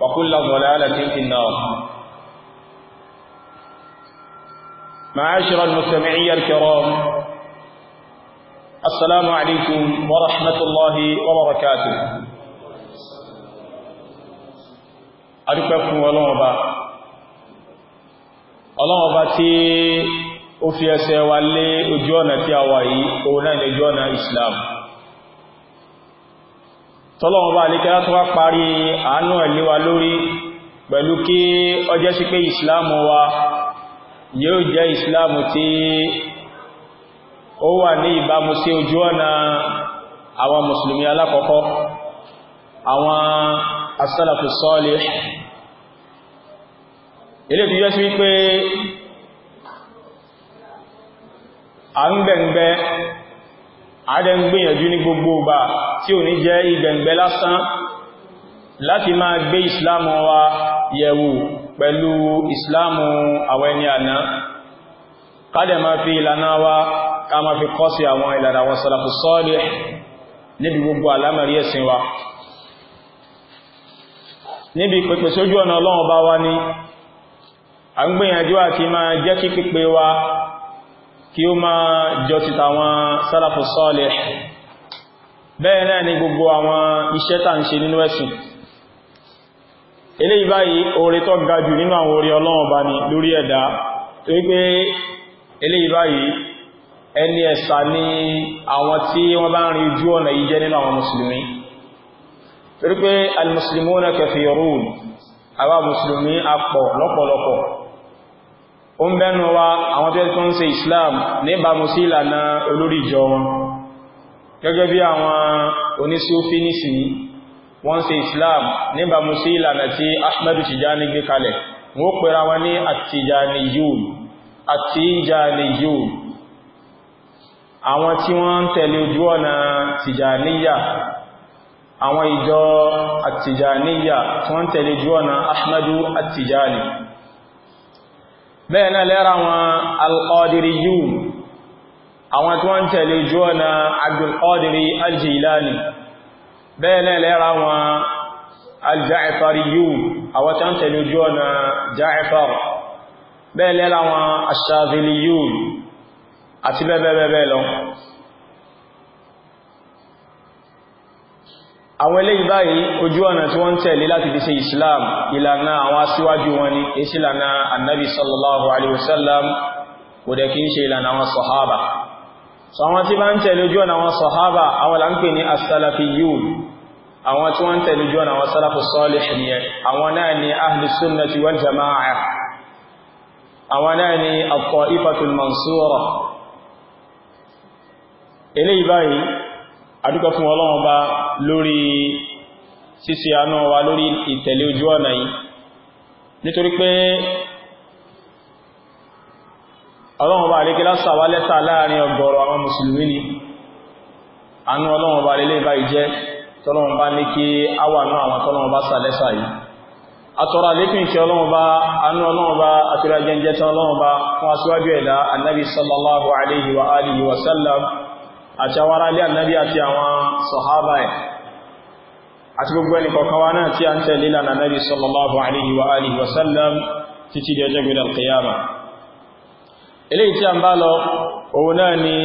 وكل ضلالة في النار معاشر المستمعين الكرام السلام عليكم ورحمة الله وبركاته أدوكم ولو أبا الله أبا تي ó fi ẹsẹ̀ wa lé ojú ọ̀nà tí a wà tọ́lọ́wọ́n bá alékẹ́lá tó wá parí àánú ẹ̀léwa lórí pẹ̀lú kí ó jẹ́ sí pé ìsìláàmù wa yóò jẹ́ ìsìláàmù tí ó wà ní ìbámu sí ojú ọ̀nà àwọn mùsùlùmí alákọ̀ọ́kọ́ àwọn asálàfù sọ́ọ̀lẹ̀ àádẹ́ ń gbìyànjú ní gbogbo ọba tí ò ní jẹ́ ìgbẹ̀ǹgbẹ́ lásán láti máa gbé ìsìláàmù wa yẹ̀wò pẹ̀lú ìsìláàmù àwọn ẹni àná kádẹ̀ máa fi ìlànà wa ká máa fi kọ́ sí àwọn ìlànà àwọn sàlàfù sọ́ọ̀lẹ̀ níbi gbogbo àlámàrí ẹ̀sìn wa níbi pẹ̀pẹ̀ sójú ọ̀nà ọlọ́run bá wá kí ó máa jọ ti tàwọn sálàfù sọ́ọ̀lẹ̀ bẹ́ẹ̀ náà ni gbogbo àwọn iṣẹ́ tà ń ṣe nínú ẹ̀sìn eléyìí báyìí oore tó ga jù nínú àwọn oore Ọlọ́run bá ní lórí ẹ̀dá wípé eléyìí báyìí ẹni ẹ̀sà ní àwọn tí wọ́n bá ń rí ojú ọ̀nà yìí jẹ́ nínú àwọn mùsùlùmí torípé al-muslimuna kathirun àwa mùsùlùmí apọ̀ lọ́pọ̀lọpọ̀ ó bẹ́nu wa àwọn tó ẹ̀sùn ṣe Islam níbàmú sí ìlànà olórí ìjọ wọn gẹ́gẹ́ bí àwọn onísúfí nísìnyí wọ́n ṣe Islam níbàmú sí ìlànà tí Ahmadu Tijani gbé kalẹ̀ wọ́n pẹ̀ra wọn ní At-Tijaniyun At-Tijaniyun àwọn tí wọ́n ń tẹ̀lé ojú ọ̀nà Tijaniya àwọn ìjọ At-Tijaniyya tí wọ́n tẹ̀lé ojú ọ̀nà Ahmadu At-Tijani bẹ́ẹ̀ náà lẹ́ra wọn alqadiriyun àwọn tí wọ́n tẹ̀lé ojú ọ̀nà abdulqadiri aljilani bẹ́ẹ̀ náà lẹ́ra wọn alja'fariyun àwọn tí wọ́n tẹ̀lé ojú ọ̀nà ja'far bẹ́ẹ̀ lẹ́ra wọn ashadiliyun àti bẹ́ẹ̀ lọ àwọn eléyìí báyìí ojú ọ̀nà tí wọ́n tẹ̀lé láti fi ṣe islam ìlànà àwọn aṣíwájú wọn ni èsì ìlànà annabi sallallahu alaihi wasallam kò dẹ̀ kí ń ṣe ìlànà àwọn sọ̀hábà so àwọn tí bá ń tẹ̀lé ojú ọ̀nà àwọn sọ̀hábà àwọn láńpẹ̀ ní as-salafiyyun àwọn tí wọ́n tẹ̀lé adúgbà fún ọlọ́run bá lórí ṣíṣe àánú wa lórí ìtẹ̀lé ojú ọ̀nà yìí nítorí pé ọlọ́run bá lékẹ́ lásàwà lẹ́sà láàrin ọgọ́rọ̀ àwọn mùsùlùmí ni àánú ọlọ́run bá lélẹ́ bá ìjẹ́ tọ́lọ́run bá ní kí áwà náà àwọn tọ́lọ́run bá sà lẹ́sà yìí sallallahu alaihi wa àti àwọn aráalé ànábí àti àwọn sọ̀hábà ẹ̀ àti gbogbo ẹni kọ̀kan wa náà tí a ń tẹ̀lé lánàá nábi sallallahu alaihi wa alihi wasallam títí di ọjọ́ gbẹ̀dẹ̀ alkiyama eléyìí tí a ń bá lọ òun náà ni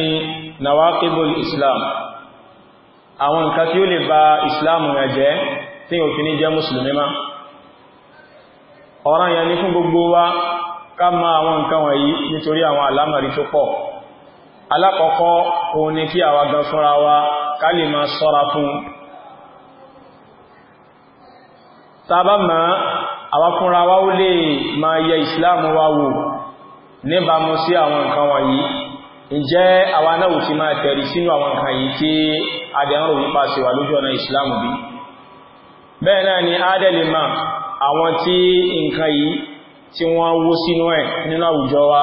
nawaqidul islam àwọn nǹkan tí ó lè ba alákọ̀ọ́kọ́ òun ni kí àwa gan fúnra wa ká lè máa sọ́ra fún tàbá ma àwa fúnra wa ó lè máa yẹ ìsìláàmù wa wò níbàmú sí àwọn nǹkan wọ̀nyí ǹjẹ́ àwa náà ti máa tẹ̀rí sínú àwọn nǹkan yìí tí adẹ̀rùn nípa sí wà lójú ọ̀nà ìsìláàmù bí bẹ́ẹ̀ náà ni adẹ́lì máa àwọn tí nǹkan yìí tí wọ́n wó sínú ẹ̀ nínú àwùjọ wa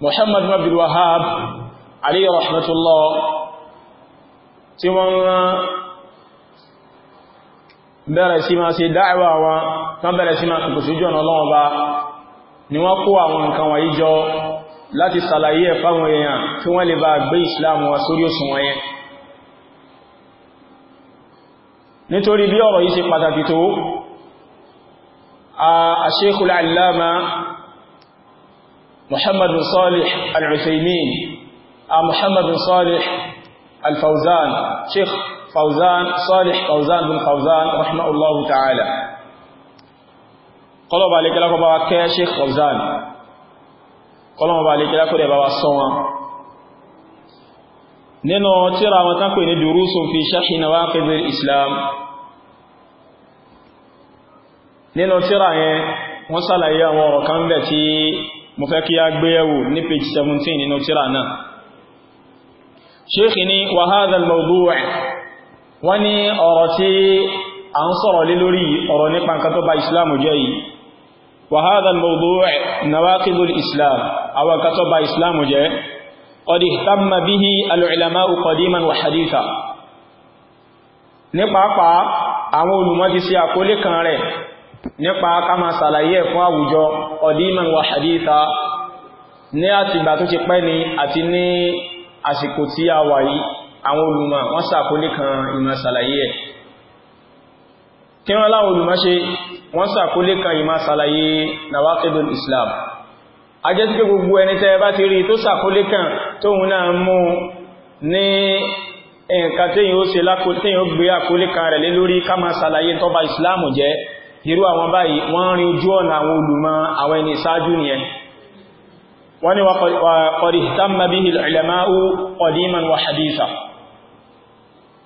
Muhammad ibn Abdul Wahhab alayhi rahmatullah tí wọ́n rán bẹ̀rẹ̀ sí máa ṣe dáẹ̀wà wọn tán bẹ̀rẹ̀ sí máa kùkù síjú ọ̀nà lọ́wọ́ bá ni wọ́n kó àwọn nǹkan wọ̀nyí jọ láti sàlàyé ẹ̀ fáwọn èèyàn kí wọ́n lè bá gbé ìsìláàmù wa sórí òsùn wọ̀nyẹn nítorí bí ọ̀rọ̀ yìí ṣe pàtàkì tó محمد بن صالح العثيمين محمد بن صالح الفوزان شيخ فوزان صالح فوزان بن فوزان رحمه الله تعالى قلوب عليك لك بابا شيخ فوزان قلوب عليك لك بابا صوان nínú tíra wọn tán دروس في durusun fi ṣáṣì na wákìdìr islam nínú tíra yẹn wọ́n sálàyé mo fẹ́ kí a gbéyẹ̀wò ní page 17 nínú tírà náà ṣéèkì ní wàhálà mọ̀dúwẹ̀ wọ́n ní ọ̀rọ̀ tí a ń sọ̀rọ̀ lé lórí ọ̀rọ̀ nípa nǹkan tó bá ìsìláàmù jẹ́ yìí wàhálà mọ̀dúwẹ̀ nawaqidul islam àwọn nǹkan tó nípa ká máa sàlàyé ẹ̀ fún àwùjọ ọdíman wa haditha ní àtìgbà tó ti pẹ́ ni àti ní àsìkò tí a wà yìí àwọn olùmọ̀ wọ́n sàkólé kan ìmọ̀ sàlàyé ẹ̀ kí wọ́n láwọn olùmọ̀ ṣe wọ́n sàkólé kan ìmọ̀ sàlàyé nawaqidul islam a jẹ́ tí pé gbogbo ẹni tẹ́ bá ti rí tó sàkólé kan tóhun náà mú ní ẹ̀ǹkan tí yóò gbé àkólé kan rẹ̀ lé lórí ká máa sàlàyé tọ́ba islam jẹ́ irú àwọn báyìí wọ́n rin ojú ọ̀nà àwọn olùmọ̀ àwọn ẹni ìsáájú nìyẹn wọ́n ni qad ihtamma bihi al-ulama'u qadiman wa hadithan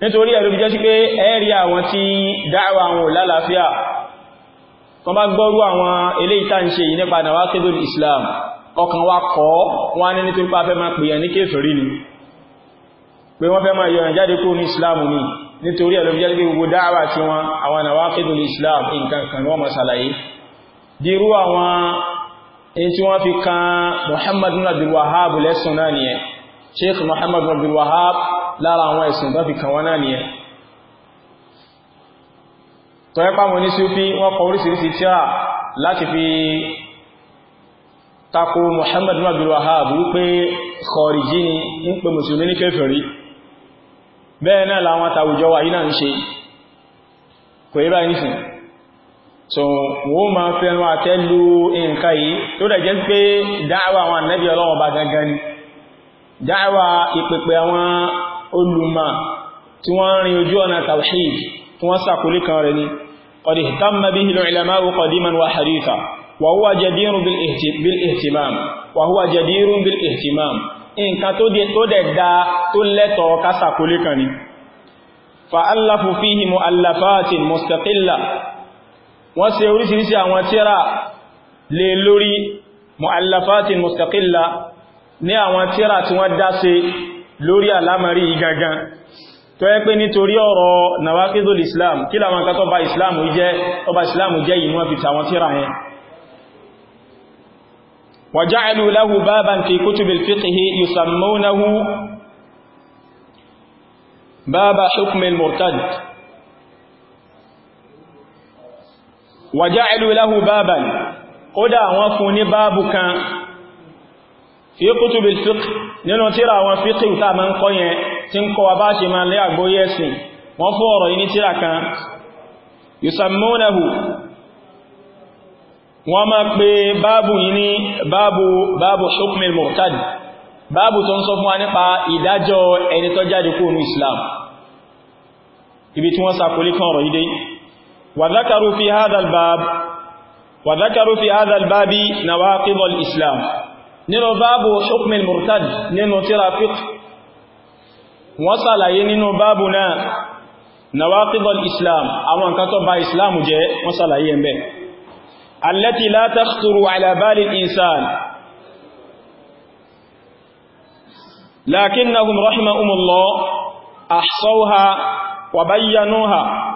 nítorí ẹ̀rù bí jẹ́ sí pé ẹ̀rí àwọn tí dáwà àwọn olálàáfíà kan bá gbọ́rú àwọn ilé ìta ń ṣe yìí nítorí ẹ̀lọ́bí jẹ́ gbogbo dáwà tí wọn àwọn nawaqidul islam nǹkan kan wọ́n ma ṣàlàyé dírú àwọn in tí wọ́n wahab lẹ́sùn náà nìyẹn sheikh muhammadu wahab lára àwọn ẹ̀sùn tó fi kan wọn náà nìyẹn tó ẹ́pá mọ̀ ní súfí wọ́n kọ orísìírísìí tíra láti fi tako muhammadu abdul wahab wípé kọ̀ọ̀rìjí ni ń pè mùsùlùmí ní kèfèrí bẹ́ẹ̀ náà láwọn àtàwùjọ wà iná ń ṣe kò yí báyìí nìsìn so wọ́n ma fẹ́nu àtẹ́lú nǹkan yìí tó dẹ̀ jẹ́ pé dáwà àwọn ànẹ́bí ọlọ́wọ́ bá gangan ni dáwà ìpèpè àwọn olùmọ̀ tí wọ́n rin ojú ọ̀nà tawhid tí wọ́n sàkúlé nǹkan tó dẹ̀ dá tó lẹ́tọ̀ọ́ kásàkólé kan ni fa'allafu fihi mu'allafatin mustaqilla wọ́n ṣe oríṣiríṣi àwọn tírà lè lórí mu'allafatin mustaqilla ní àwọn tírà tí wọ́n dá ṣe lórí alamari gangan tó yẹ pé nítorí ọ̀rọ̀ nawaqidul islam kí làwọn kan tó ba islam jẹ́ tó islam jẹ́ yìí wọ́n fi tàwọn tírà yẹn وجعلوا له بابا في كتب الفقه يسمونه باب حكم المرتد وجعلوا له بابا قدع باب كان في كتب الفقه nínú tíra wọn fíkì tá ma ń kọ́ yẹn tí ń kọ́ wa bá ṣe ma lé àgbóyẹ́sìn wọ́n fún ọ̀rọ̀ yìí ní tíra kan yusammunahu wọ́n máa pè báàbù yìí ní báàbù hukmil murtadi báàbù tó ń sọ fún wa nípa ìdájọ́ ẹni tó jáde kó ní islam ibi tí wọ́n sàkólé kan ọ̀rọ̀ ìdé wàzákarú fi hadal báàb wàzákarú fi hadal báàbí na wá píbọl islam nínú báàbù hukmil murtadi nínú tíra fiqh wọ́n sàlàyé nínú báàbù náà na wá píbọl islam àwọn nǹkan tó ba islam jẹ́ wọ́n sàlàyé ẹ̀mẹ́ التي لا تخطر على بال الإنسان لكنهم رحمهم الله أحصوها وبينوها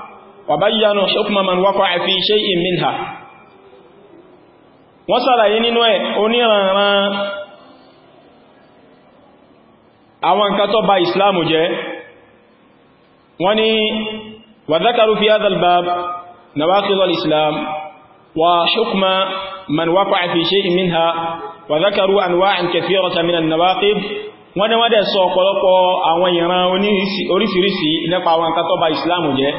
وبينوا حكم من وقع في شيء منها وصل ينينوه ونيرانا àwọn nǹkan tó bá ìsìláàmù jẹ́ wọ́n ni wàzákàrú fi hadha albab nawaqidul وحكم من وقع في شيء منها وذكروا أنواع كثيرة من النواقض wọ́n wọ́n dẹ̀ sọ ọ̀pọ̀lọpọ̀ àwọn ìran orísìírísìí nípa àwọn nǹkan tó ba ìsìláàmù jẹ́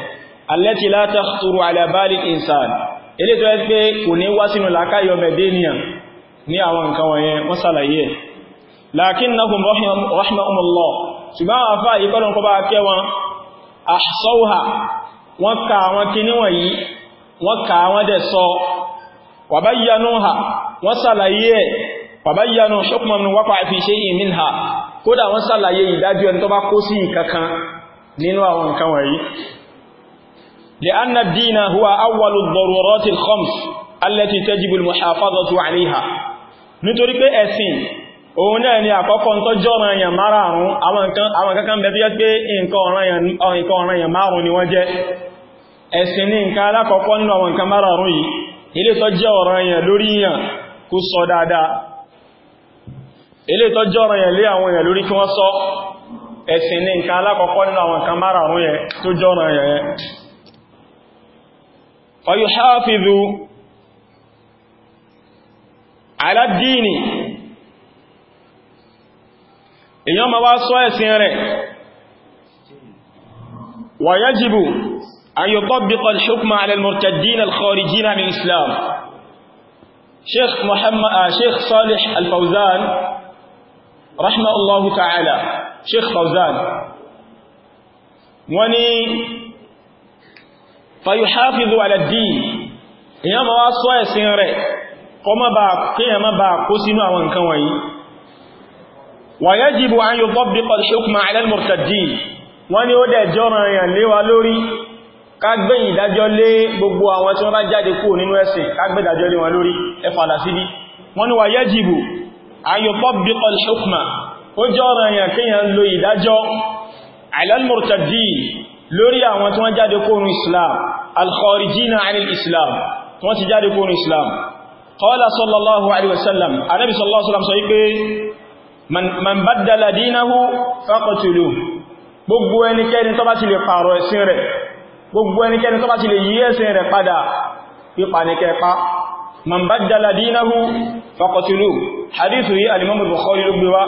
allati la takhthuru ala bali insan ilé tó ẹ́ pé kò ní wá sínú làkáyọ mẹ́dẹ́nìyàn ní àwọn nǹkan wọ̀nyẹn wọ́n sàlàyé lakinnahum wọ́n kà wọ́n dẹ̀ sọ wàbáyánúhà wọ́n sàlàyé ẹ̀ wàbáyánú ṣọ́kùnmọ̀mù wápa fi ṣe yìí minha kódà wọ́n sàlàyé ìdájú ẹni tó bá kó sí ìkankan nínú àwọn nǹkan wọ̀nyí لأن الدين هو أول الضرورات الخمس التي تجب المحافظة عليها nítorí pé ẹ̀sìn òun náà ni àkọ́kọ́ tó jọ́rọ̀ èèyàn márùn-ún àwọn kankan bẹ̀ tó pé nǹkan ọ̀ranyàn márùn-ún ni wọ́n jẹ́ ẹ̀sìn ní alákọ̀ọ́kọ́ nínú àwọn nǹkan márààrún yìí ilé tó jẹ́ ọ̀rọ̀ èèyàn lórí èèyàn kó sọ dáadáa ilé tó jẹ́ ọ̀rọ̀ lé àwọn èèyàn lórí kí wọ́n sọ ẹ̀sìn ní nǹkan alákọ̀ọ́kọ́ nínú àwọn nǹkan márààrún yẹn tó jẹ́ ọ̀rọ̀ ala dini èèyàn ma wá sọ ẹ̀sìn wa أن يطبق الحكم على المرتدين الخارجين عن الإسلام شيخ محمد آه، شيخ صالح الفوزان رحمه الله تعالى شيخ فوزان وني فيحافظ على الدين يا ما سوى سينر كما با كما با كوسينو àwọn ويجب أن يطبق الحكم على المرتدين وني ودا جرى يا لوا لوري ká gbé ìdájọ́ lé gbogbo àwọn tí wọ́n bá jáde kúrò nínú ẹ̀sìn ká gbé ìdájọ́ lé wọn lórí ẹfàdà síbí wọ́n ni wà yajibu ayọ̀pọ̀ bíkọl hukma ó jẹ́ ọ̀rọ̀ èèyàn kíyàn lo ìdájọ́ alalmurtaddi lórí àwọn tí wọ́n jáde kúrò islam alkharijina anil islam wọ́n ti jáde kúrò islam qala sallallahu alaihi wasallam anabi sallallahu alaihi gbogbo ẹnikẹ́ni tó ti lè pààrọ̀ ẹ̀sìn rẹ̀ gbogbo ẹnikẹ́ni tó bá ti lè yí ẹ̀sìn rẹ̀ padà pípa ní kẹpa man baddala dinahu faqatulu hadithu yìí alimamul bukhari ló gbé wá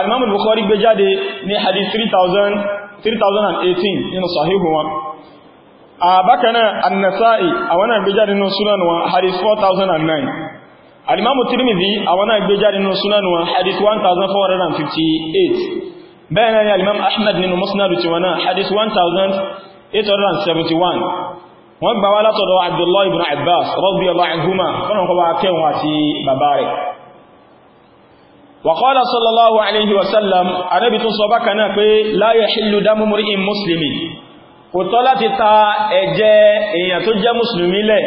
alimamul bukhari gbé jáde ní hadith 3018 nínú sahihu wọn àbákanáà annasa'i àwọn náà gbé jáde nínú sunan wọn hadith 4009 alimamu tirmidhi àwọn náà gbé jáde nínú sunan wọn hadith 1458 bẹ́ẹ̀ ni alimam ahmad nínú musnadu ti wọn náà hadith 1871 wọ́n gbà wá látọ̀dọ̀ abdullahi ibn abbas radiyallahu anhuma fọ́nà kọba kẹwọn àti bàbá rẹ̀ wa qala sallallahu alaihi wasallam anábi tún sọ bákan náà pé la yahillu damu mur'in muslimi kò tọ́ láti ta ẹ̀jẹ̀ èèyàn tó jẹ́ musulmi lẹ̀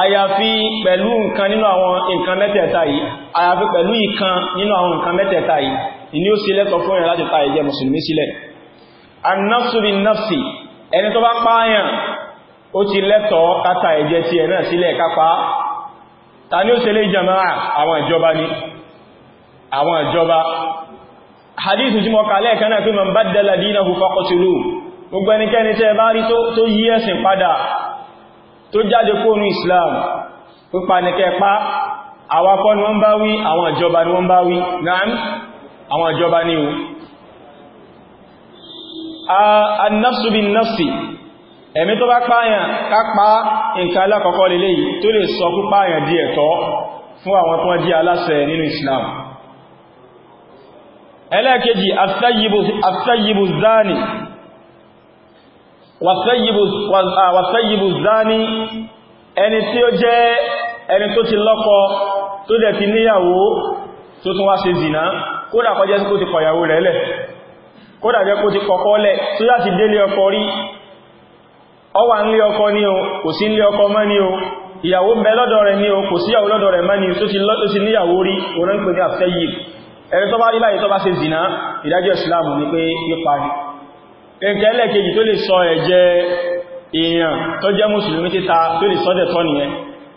àyàfi pẹ̀lú nǹkan nínú àwọn nǹkan mẹ́tẹ̀ẹ̀ta yìí àyàfi pẹ̀lú ìkan nínú àwọn nǹkan mẹ́tẹ̀ẹ̀ta yìí ìní ó sílẹ̀ tọ́ fún ìrìnlájò ta ìjẹ́ mùsùlùmí sílẹ̀ annafsu nafsi ẹni tó bá pààyàn ó ti lẹ́tọ̀ọ́ káta ẹ̀jẹ̀ ti ẹ̀ náà sílẹ̀ kápá ta ni ó ṣe lé jama'a àwọn ìjọba ni àwọn ìjọba hadith tí mọ́ kàlẹ̀ kan tó jáde kóònú Islam pípa ní kẹpa àwakọ́ ni wọ́n bá wí àwọn ìjọba ni wọ́n bá wí náà àwọn ìjọba ni o annafsu bin nafsi ẹ̀mí tó bá pààyàn kápa nǹkan alákọ̀ọ́kọ́ lè léyìí tó lè sọ pípààyàn di ẹ̀tọ́ fún àwọn tó wọ́n jí aláṣẹ nínú Islam ẹlẹ́ẹ̀kejì àtàyìbù zani wàsáyìbù ah, záni ẹni tí ó jẹ́ ẹni tó ti lọ́kọ tó dẹ̀ ti níyàwó tó tún wá ṣe zìná kódà kọjẹ́ sí kó ti kọ̀yàwó rẹ̀ lẹ̀ kódà jẹ́ kó ti kọ̀kọ́ lẹ̀ tó yá ti délé ọkọ rí ọwà ń lé ọkọ ní o kò sí ń lé ọkọ mọ́ ní o ìyàwó bẹ lọ́dọ̀ rẹ̀ ní o kò sí ìyàwó lọ́dọ̀ rẹ̀ mọ́ ní o tó ti níyàwó rí orin pè ní àfẹ́yìí ẹni tó bá rí báyìí tó bá ṣe zìná ìdájọ́ ìsìláàmù ní pé yípa ni nǹkan ẹlẹ́kejì tó lè sọ ẹ̀jẹ̀ èèyàn tó jẹ́ mùsùlùmí títa tó lè sọ́dẹ̀ tọ́ nìyẹn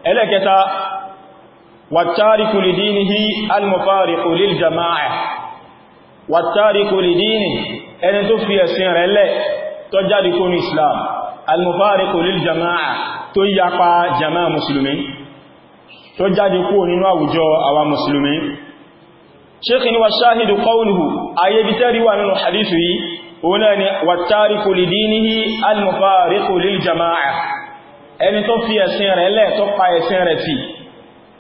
ẹlẹ́kẹta wàtàríkù lè dí ní hí alìmọ̀fàríkù lè jama'a wàtàríkù lè dí ní ẹni tó fi ẹ̀sìn rẹ̀ lẹ̀ tó jáde kó ní islam alìmọ̀fàríkù lè jama'a tó yapa jama'a mùsùlùmí tó jáde kó sheikh ni wa shahidu qawluhu ayébítẹ́ríwà nínú hadithu yìí òun náà ni wàtàríkù lè dí ní alìmọ̀fàríkù lè jama'a ẹni tó fi ẹ̀sìn rẹ̀ lẹ́ tó pa ẹ̀sìn rẹ̀ tì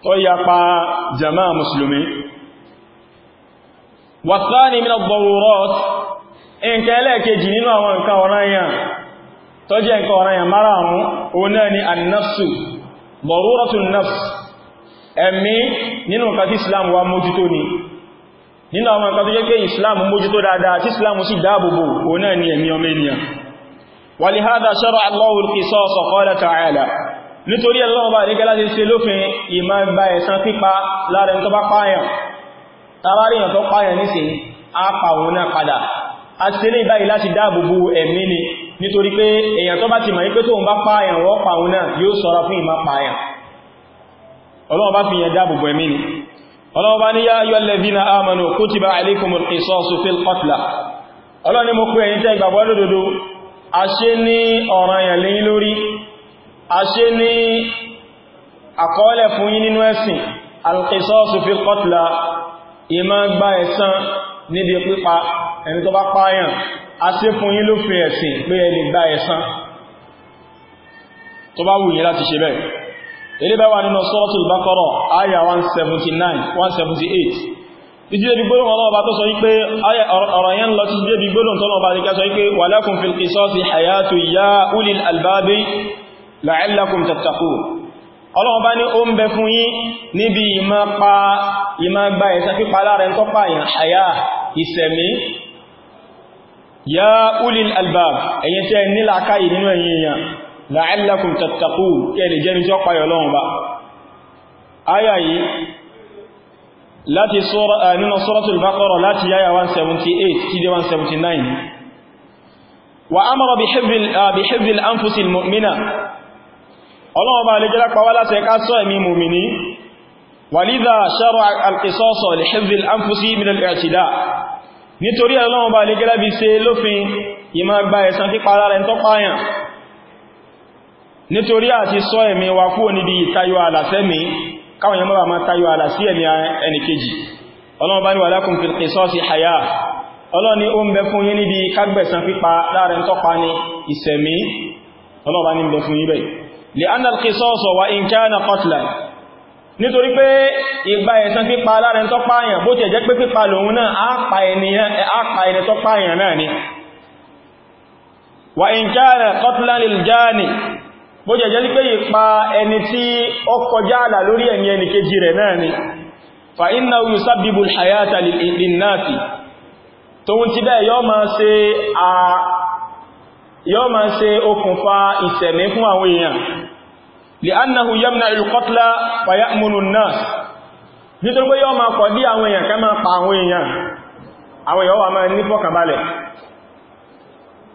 tó yapa jama'a musulmi wàtàrí mina bọ̀wọ̀rọ̀t ẹnkẹ́ ẹlẹ́ẹ̀kejì nínú àwọn nǹkan ọ̀ranyàn tó jẹ́ nǹkan ọ̀ranyàn nínú àwọn nǹkan tó jẹ́ pé islam mójútó dáadáa tí islam sì dáàbòbò òun náà ni ẹ̀mí ọmọ ènìyàn walihada ṣọ́rọ̀ allahu al-qisas qala ta'ala nítorí allah bá nígbà láti ṣe lófin ìmá gba ẹ̀san pípa lára ẹni tó bá pààyàn tàbárí èèyàn tó pààyàn nísìn á pa òun náà padà a ti tẹ́lé ìbáyìí láti dáàbòbò ọlọ́wọ́ bá ní yá yọ lẹ́bínà àmànà kútìbà àlékùnmù ìsọ́sù fil qatla ọlọ́ni mo pé ẹ̀yin tẹ́ ìgbàgbọ́ lódodo a ṣe ní ọ̀ràn yàn lẹ́yìn lórí a ṣe ní àkọọ́lẹ̀ fún yín nínú ẹ̀sìn alqisọ́sù fil qatla ìmá gba ẹ̀san níbi pípa ẹni tó bá pààyàn a ṣe fún yín lófin ẹ̀sìn pé ẹni gba ẹ̀san tó bá wù yín láti ṣe bẹ́ẹ̀ ilé bá wà nínú Suratul Baqara ayà 179 178 títí débi gbólóhùn ọlọ́ọ̀bá tó sọ wípé ọ̀rọ̀ yẹn lọ títí débi gbólóhùn tọ́lọ̀ọ̀bá rí kásọ wípé wa lakum fil qisasi hayatun ya ulil albabi la'allakum tattaqun ọlọ́ọ̀bá ní ó ń bẹ fún yín níbi ìmá gba ẹ̀sẹ̀ pípa láàrin tó pààyàn àyà ìsẹ̀mí ya ulil albab ẹ̀yin tẹ́ nílàkàyè la'allakum tattaqun kẹ́lẹ̀ jẹ́ níjọ́ payọ̀ lọ́wọ́ ba ayayi láti eh, nínú suratul baqara láti yáyà 178 kí dé 179 wa amara bi hifzil eh, anfusil mu'mina ọlọ́wọ́ ba lè jẹ́lá pàwọ́ láti ẹka sọ ẹ̀mí mùmìnì walidha shara'a al-qisas li hifzil anfusi min al-i'tida nítorí ọlọ́wọ́ ba lè jẹ́lá bí ṣe lófin ìmá gba ẹ̀san pípa lára ẹ̀ntọ́páyàn nítorí àti sọ ẹ̀mí wa kúrò níbi ìtayọ àlàfẹ́mí káwọn yẹn mọ́bà máa tayọ àlà sí ẹ̀mí ẹnìkejì ọlọ́run bá ní wà lakum fil qisasi haya ọlọ́run ni ó ń bẹ fún yín níbi kágbẹ̀san pípa láàrin tọ́pa ní ìsẹ̀mí ọlọ́run bá ní bẹ fún yín bẹ̀ li'anna al-qisasa wa in kana qatlan nítorí pé ìgbà ni bó jẹ́ jẹ́ pé ìpa ẹni tí ó kọjá àlà lórí ẹ̀mí ẹni kejì rẹ̀ náà ni fa inna yusabbibu al-hayata lin-nasi tóhun ti bẹ́ẹ̀ yọ́ ma ṣe a yọ́ ma ṣe okùnfà ìṣẹ̀mí fún àwọn èèyàn li'annahu yamna'u al-qatla wa ya'munu an nítorí pé yọ́ ma kọ̀ dí àwọn èèyàn kẹ́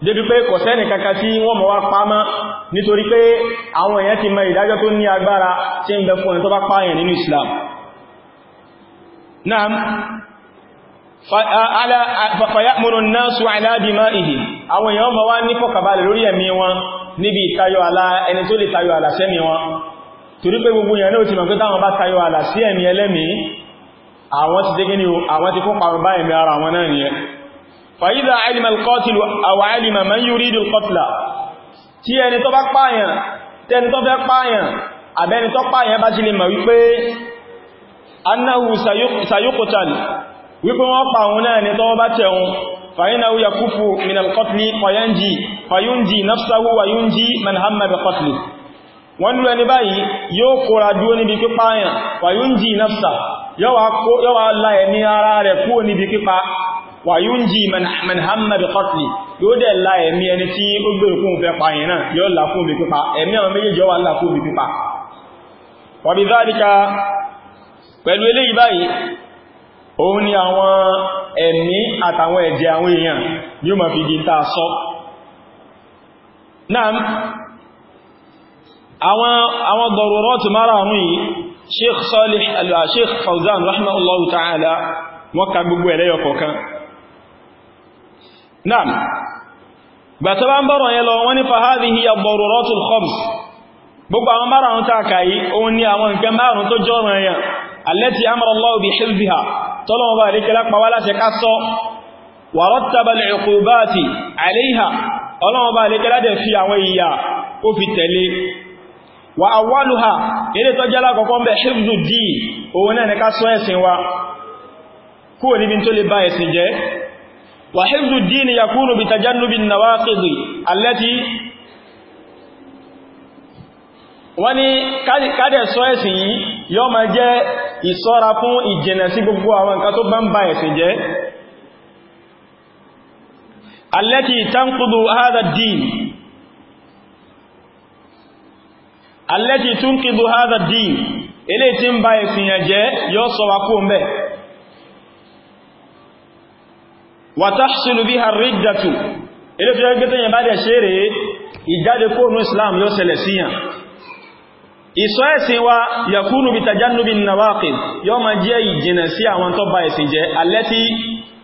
débi pé kò sẹ́ni kankan tí wọ́n mọ̀ wá pamọ́ nítorí pé àwọn èèyàn ti mọ ìdájọ́ tó ní agbára tí ń bẹ fún ẹni tó bá pààyàn nínú Islam naam fàyàmùnù náà sọ aláàdì máa ìhì àwọn èèyàn mọ̀ wá ní fọkàbalẹ̀ lórí ẹ̀mí wọn níbi ìtayọ àlà ẹni tó lè tayọ àlà sẹ́mi wọn torí pé gbogbo èèyàn náà ti mọ̀ فإذا علم القاتل أو علم من يريد القتل tí ẹni tó bá pààyàn tẹni tó fẹ́ pààyàn àbẹ́ni tó pààyàn bá ti lè mọ̀ wípé annahu sayuqtal wípé wọ́n pa òun tó bá tẹ̀un فإنه يكف من القتل فينجي فينجي نفسه وينجي من هم بقتله wọ́n lú ẹni báyìí yóò kóra dúó níbi pípáyàn fàyúnjì náfsà yóò wá la ẹ̀mí wà yóò ń jí manhamma bí kọ́tìlì yóò dẹ̀ la ẹ̀mí ẹni tí ó gbé ìkún fẹ́ pa yìí náà yóò là fún mi pípa ẹ̀mí àwọn méjèèjì wà là fún mi pípa wà bí pẹ̀lú eléyìí báyìí òun ni àwọn ẹ̀mí àtàwọn ẹ̀jẹ̀ àwọn èèyàn yóò ma fi di ta sọ àwọn àwọn tó mara àwọn yìí sheikh Salih al-sheikh Fawzan rahimahullahu ta'ala wọ́n ka gbogbo ẹ̀lẹ́yọ̀ kọ̀ọ̀kan náà gbàtọ́ bá ń bọ̀rọ̀ yẹn lọ wọ́n ní fahadi hi ad-daruratul khams gbogbo àwọn márùn-ún tààkà yìí òun ni àwọn nǹkan márùn-ún tó jọ́rọ̀ yẹn allati amara Allahu bi hifziha tọ́lọ́wọ́ bá rí kẹlá pàwálá ṣe ká sọ wa rattaba al-uqubati 'alayha ọlọ́wọ́ bá rí kẹlá dẹ̀ fi àwọn ìyà ó fi tẹ̀lé wa awwaluha ilé tó jẹ́lá kọ̀kọ́ ń bẹ̀ hifzu dì òun náà ní ká sọ ẹ̀sìn wa kúrò níbi tó lè bá ẹ̀sìn jẹ́ وحفظ الدين يكون بتجنب النواقض التي wọ́n ni kádẹ̀ sọ ẹ̀sìn yìí yọ́ ma jẹ́ ìṣọ́ra fún ìjìnà sí gbogbo àwọn nǹkan tó bá ń ba ẹ̀sìn jẹ́ التي تنقض هذا الدين التي تنقض هذا الدين ilé tí ń ba ẹ̀sìn yẹn jẹ́ yọ́ sọ wa kú ń wàtàṣìlú bí àrídàtù ilé tó jẹ́ tẹ́yìn bá dẹ̀ ṣe rèé ìjáde kóònù islam yóò ṣẹlẹ̀ síyàn ìsọ́ ẹ̀sìn wa yakúnù bí tajannubi nawaqid yóò ma jẹ́ ìjìnà sí àwọn tó bá ẹ̀sìn jẹ́ alẹ́tí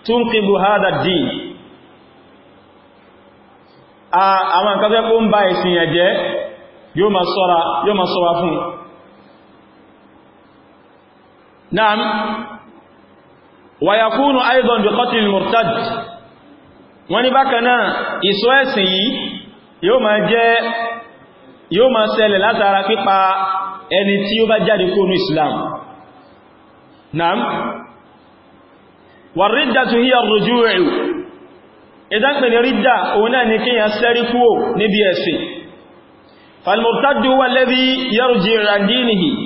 túnkìbù hádà dín àwọn nǹkan tó kó wàyàkúnù aizon bí kọtìlì murtad wọ́n ní bákanáà ìsọ ẹ̀sìn yìí yóò máa jẹ́ yóò máa ṣẹlẹ̀ látara pípa ẹni tí ó bá jáde kónú islam naam wà rídà tó híyà rojú rẹ̀ ìdápẹ̀ ni rídà òun náà ni kíyàn sẹ́rí kúò níbi ẹ̀sìn falmurtadu wà lẹ́bí yarji randinihi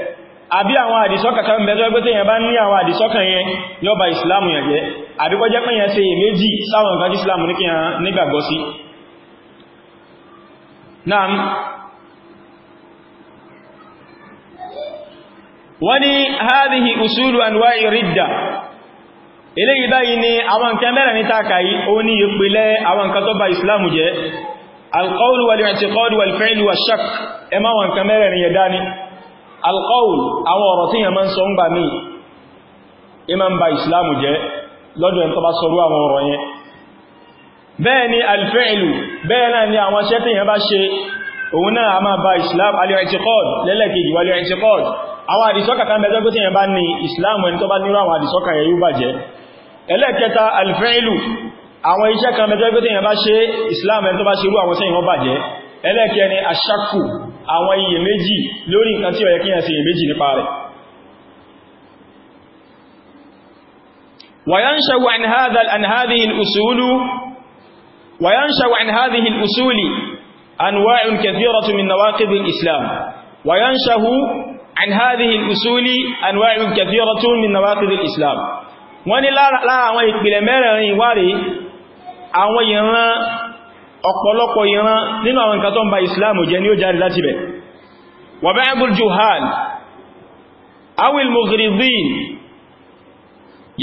àbí àwọn àdìsọ́kà kan bẹ̀rẹ̀ pé tẹ́yàn bá ní àwọn àdìsọ́kà yẹn yóò ba ìsìlámù yẹn jẹ́ àbí kó jẹ́ pé yẹn ṣe èméjì sáwọn nǹkan tí ìsìlámù ní kíyàn nígbàgbọ́ sí náà wọ́n ni hadhihi usulu anwa'i ridda eléyìí báyìí ni àwọn nǹkan mẹ́rẹ̀ ní tàkàí ó ní wọn nǹkan mẹ́rẹ̀ ní yẹ̀dá alqaul àwọn ọ̀rọ̀ tí yàn máa ń sọ ń bà mí ima ń ba ìsìláàmù jẹ́ lọ́dọ̀ ẹn tó bá sọrú àwọn ọ̀rọ̀ yẹn bẹ́ẹ̀ ni alfi'lu bẹ́ẹ̀ náà ni àwọn iṣẹ́ tí yàn bá ṣe òun náà a máa ba ìsìláàmù al-i'tiqad lẹ́lẹ́kejì wal i'tiqad àwọn àdìsọ́kà kan bẹ̀ẹ́ tó yàn bá ní ìsìláàmù ẹni tó àwọn iyèméjì lórí nǹkan tí ó yẹ kí yàn ṣe iyèméjì nípa rẹ̀ وينشأ عن هذا عن هذه الأصول وينشأ عن هذه الأصول أنواع كثيرة من نواقض الإسلام وينشأ عن هذه الأصول أنواع كثيرة من نواقض الإسلام wọ́n ni lára àwọn ìpìlẹ̀ mẹ́rẹ̀rin wárí àwọn ìran ọ̀pọ̀lọpọ̀ ìran nínú àwọn nǹkan tó ń ba ìsìláàmù jẹ́ ni ó jáde láti bẹ̀. wà bá ẹgbùl juhal awil mughridin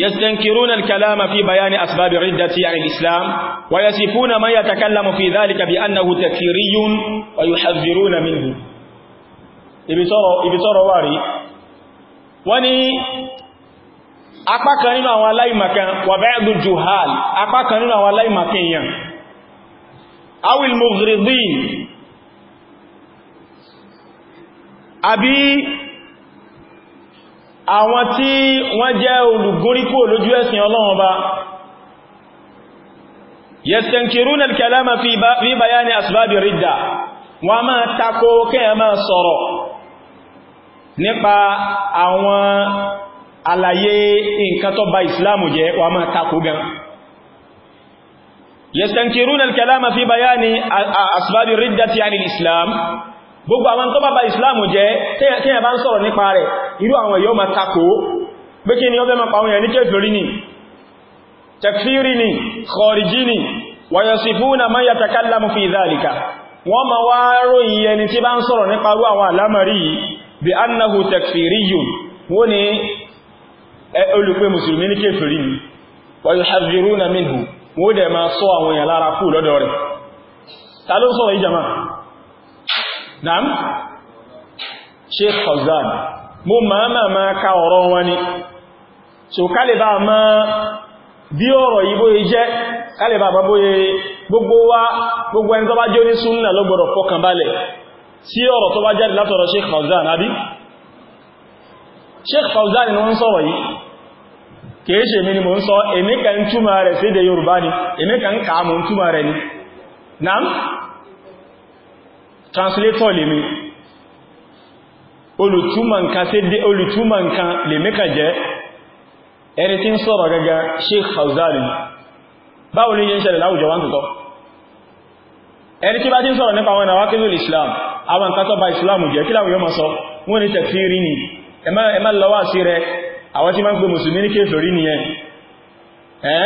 yastankiruna al-kalama fi bayani asbab riddati an al-islam wa yasifuna man yatakallamu fi dhalika bi annahu takfiriyun wa yuhadhdhiruna minhu ibi toro ibi toro wari wani apá kan nínú àwọn alaimakan wà bá ẹgbùl juhal apá kan nínú àwọn alaimakan yan awil mughridin àbí àwọn tí wọ́n jẹ́ olùgúnrípò lójú ẹ̀sìn ọlọ́run ba yastankiruna al-kalama fi bayani asbabi ridda wọ́n máa takò kẹ́yà máa sọ̀rọ̀ nípa àwọn àlàyé nǹkan tó ba ìsìláàmù jẹ́ wọ́n máa takò gan يستنكرون الكلام في بيان أسباب الردة عن الإسلام gbogbo àwọn tó bá bá ìsìláàmù jẹ́ kíyàn bá ń sọ̀rọ̀ nípa rẹ̀ irú àwọn èyàn ma takò pé kí ni ó fẹ́ ma pàwọn èyàn ní kéfèrí ni tẹ̀kfírí ni kọ̀ọ̀rìjí ni wàyọ̀sífúnà man yatakallamu fi dhalika wọ́n ma wá ròyìn ẹni wọ́n dẹ̀ máa sọ àwọn èèyàn lára kú lọ́dọ̀ rẹ̀ ta ló sọ̀rọ̀ ìjàmà naam sheikh Fauzan mo máa máa máa ka ọ̀rọ̀ wọn ni so kálẹ̀bá máa bí ọ̀rọ̀ yìí bóyé jẹ́ kálẹ̀bá bá bóyé gbogbo wa gbogbo ẹni tó bá jẹ́ onísúnnà ló fọkàn balẹ̀ sí ọ̀rọ̀ tó bá jáde látọ̀rọ̀ sheikh Fauzan Abi. sheikh Fauzan ni wọ́n sọ̀rọ̀ yìí kìí ṣe mi ni mo ń sọ èmi kan ń túmọ̀ rẹ̀ sí èdè Yorùbá ni èmi kan ń kàá mo ń túmọ̀ rẹ̀ ni nam translator lèmi olùtúmọ̀ nǹkan sí èdè olùtúmọ̀ nǹkan lèmi kan jẹ́ ẹni tí ń sọ̀rọ̀ gẹ́gẹ́ Sheikh Hauzali báwo ní yẹn ṣẹlẹ̀ láwùjọ wọn tuntọ́ ẹni tí bá tí ń sọ̀rọ̀ nípa àwọn ìnàwákìlú Islam àwọn nǹkan tó ba Islam jẹ́ kí láwùjọ mọ́ sọ wọ́n ni tẹ̀fírí ni ẹmá lọ́wọ́ sí rẹ̀ àwọn tí ma ń pè mùsùlùmí ní kéfèrí nìyẹn ẹ́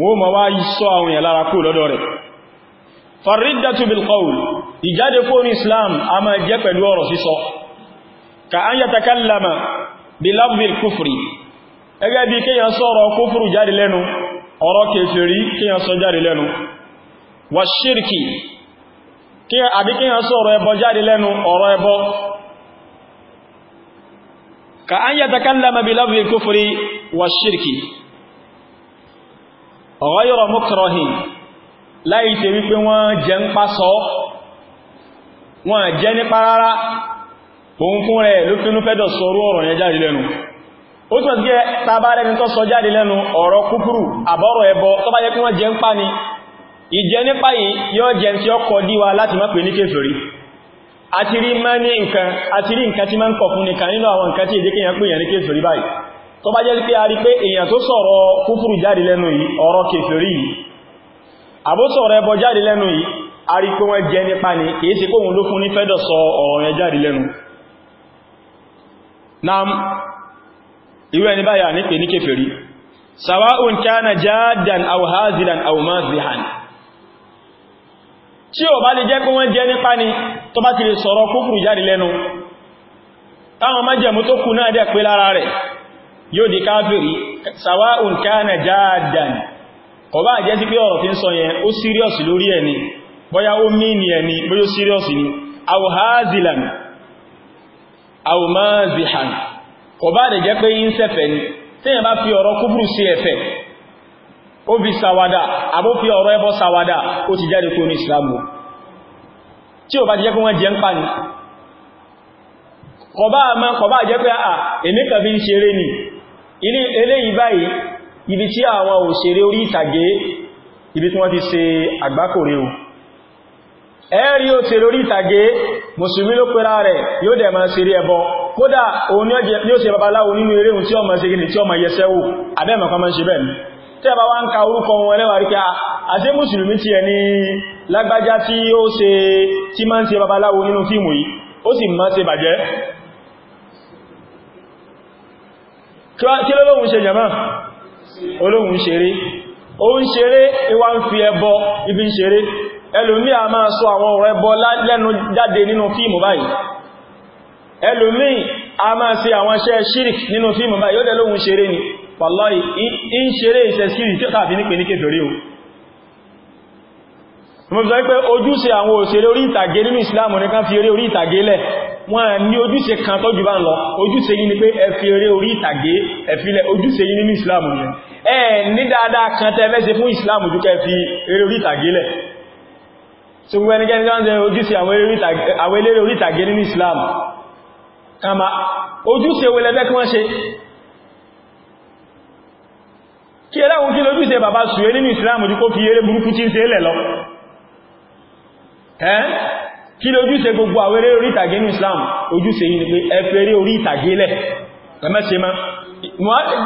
wọ́n ma wá sọ àwọn èèyàn lára kú lọ́dọ̀ rẹ̀ farriddatu bil qawl ìjáde kó ní islam a ma jẹ́ pẹ̀lú ọ̀rọ̀ sísọ ka an yatakallama bi lafzil kufri ẹgẹ́ bí kíyàn sọ̀rọ̀ kúfùrù jáde lẹ́nu ọ̀rọ̀ kéfèrí kíyàn sọ jáde lẹ́nu wa shirki àbí kíyàn sọ̀rọ̀ ẹbọ jáde lẹ́nu ọ̀rọ̀ ẹbọ كأن يتكلم بلفظ الكفر والشرك غير مكره láì ṣe wípé wọ́n jẹ ń pa sọ wọ́n jẹ nípa rárá òun fún rẹ̀ ló fínú fẹ́dọ̀ sọrú ọ̀rọ̀ yẹn jáde lẹ́nu ó tún àti jẹ́ tàbárẹ́ ní tó sọ jáde lẹ́nu ọ̀rọ̀ kúkúrù àbọ́rọ̀ ẹbọ tó bá jẹ́ pé wọ́n jẹ ń pa ni ìjẹ nípa yìí yóò jẹ tí ó díwa láti má ní kéfèrí àti rí má ní nǹkan àti rí nǹkan tí má ń kọ̀ fún nìkan nínú àwọn nǹkan tí èdè kíyàn pè yàn ní kéfèrí báyìí tó bá jẹ́ pé a rí pé èyàn tó sọ̀rọ̀ kúfùrù jáde lẹ́nu yìí ọ̀rọ̀ kéfèrí yìí àbó ẹbọ jáde lẹ́nu yìí a rí pé wọ́n ni tí ò bá lè jẹ́ pé wọ́n jẹ́ nípa ni tó bá ti lè sọ̀rọ̀ kúrù jáde lẹ́nu táwọn májẹ̀mú tó kù náà dẹ̀ pé lára rẹ̀ yóò di káfìrí sawa'un kana jaddan kò bá jẹ́ sí pé ọ̀rọ̀ tí ń sọ yẹn ó serious lórí ẹni bóyá ó ẹni ni bá jẹ́ pé ń sẹ́fẹ̀ ni tí bá fi ọ̀rọ̀ sí ẹ̀fẹ̀ ó fi sàwádà àbó fi ọ̀rọ̀ ẹbọ sàwádà ó ti jáde kó ní ìsìlámù tí ó bá ti jẹ́ pé wọ́n jẹ ń pa ní kọba àmá kọba jẹ́ pé àà ah, èmi kàn fi ń ṣeré ni ilé eléyìí báyìí ibi tí àwọn òṣèré orí ìtàgé ibi tí wọ́n ti ṣe àgbákòrè o ẹ̀rí òṣèré orí kódà òun ni ó ṣe babaláwo nínú eré tí ọmọ ṣe gini tí ọmọ yẹsẹ́wò abẹ́mọ̀kan máa ṣe bẹ́ẹ̀ tẹ́ bá wá ń ka orúkọ wọn ẹlẹ́wà rí ká ah, àṣẹ mùsùlùmí ti ẹni lágbájá tí ó ṣe tí máa ń ṣe babaláwo nínú fíìmù yìí ó sì máa ṣe bàjẹ́ kí lọ́lọ́hun ṣe jẹ̀mọ́ olóhun ṣeré ó ń ṣeré ìwà ń fi ẹbọ ibi ń ṣeré ẹlòmí a máa sọ àwọn ọ̀rọ̀ ẹbọ lẹ́nu jáde nínú fíìmù báyìí ẹlòmí a máa ṣe àwọn iṣẹ́ shirk nínú fíìmù báyìí ó dẹ̀ ṣeré ni wàláì in ṣeré ìṣẹ́sírì tí ó tàbí ní pè ní kéfèrí o mo fi sọ pé ojúṣe àwọn òṣèré orí ìtàgé nínú ìsìláàmù ní kan fi eré orí ìtàgé lẹ̀ wọ́n ní ojúṣe kan tọ́jú bá ń lọ ojúṣe yìí ni pé ẹ fi eré orí ìtàgé ẹ fi lẹ̀ ojúṣe yìí nínú ìsìláàmù ni ẹ ní dáadáa kan tẹ́fẹ́ ṣe fún ìsìláàmù jù kẹ́ fi eré orí ìtàgé lẹ̀ tí wọ́n ẹnikẹ́ni tó ń jẹ ojúṣe àwọn eléré orí ìtàgé nínú ìsìláàmù kama ojúṣe wẹlẹ́fẹ́ kí wọ́n ṣe kí ẹláwọn kí lójú ṣe bàbá sùúrẹ́ nínú ìsìláàmù jí kó fi eré burúkú tí ń ṣe lẹ̀ lọ ẹ́ kí lójú ṣe gbogbo àwọn eré orí ìtàgé nínú ìsìláàmù ojú ṣe yìí ni pé ẹfẹ́ eré orí ìtàgé lẹ̀ ẹmẹ́ṣe ma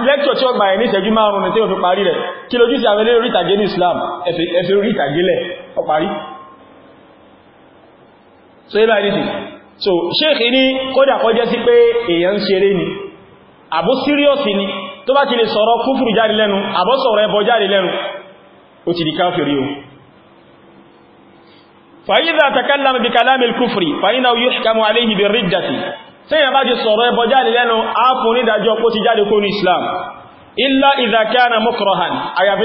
lẹ́kṣọ̀ tí ó gbà ẹ̀ ní ìṣẹ́jú márùn-ún tí ó fi parí rẹ̀ kí lójú ṣe àwọn eré orí ìtàgé ní Islam ẹfẹ́ orí ìtàgé lẹ̀ ó parí so ilá ìdíṣì so ṣéèkì ní kódà kọjẹ́ sí pé èèyàn ń ṣeré ni àbó síríọ̀sì ni tó bá ti lè sọ̀rọ̀ kúfùrù jáde lẹ́nu àbọ́sọ̀rọ̀ ẹbọ jáde lẹ́nu ó ti di káfìrí o fàyíza takallama bí kalami kúfùrì fàyína yuhkamu alayhi bí rídàtì tẹ́yìn bá ti sọ̀rọ̀ ẹbọ jáde lẹ́nu ápùnrin dájọ́ kó ti jáde kó ní Islam illa idha kana mukrahan àyàfi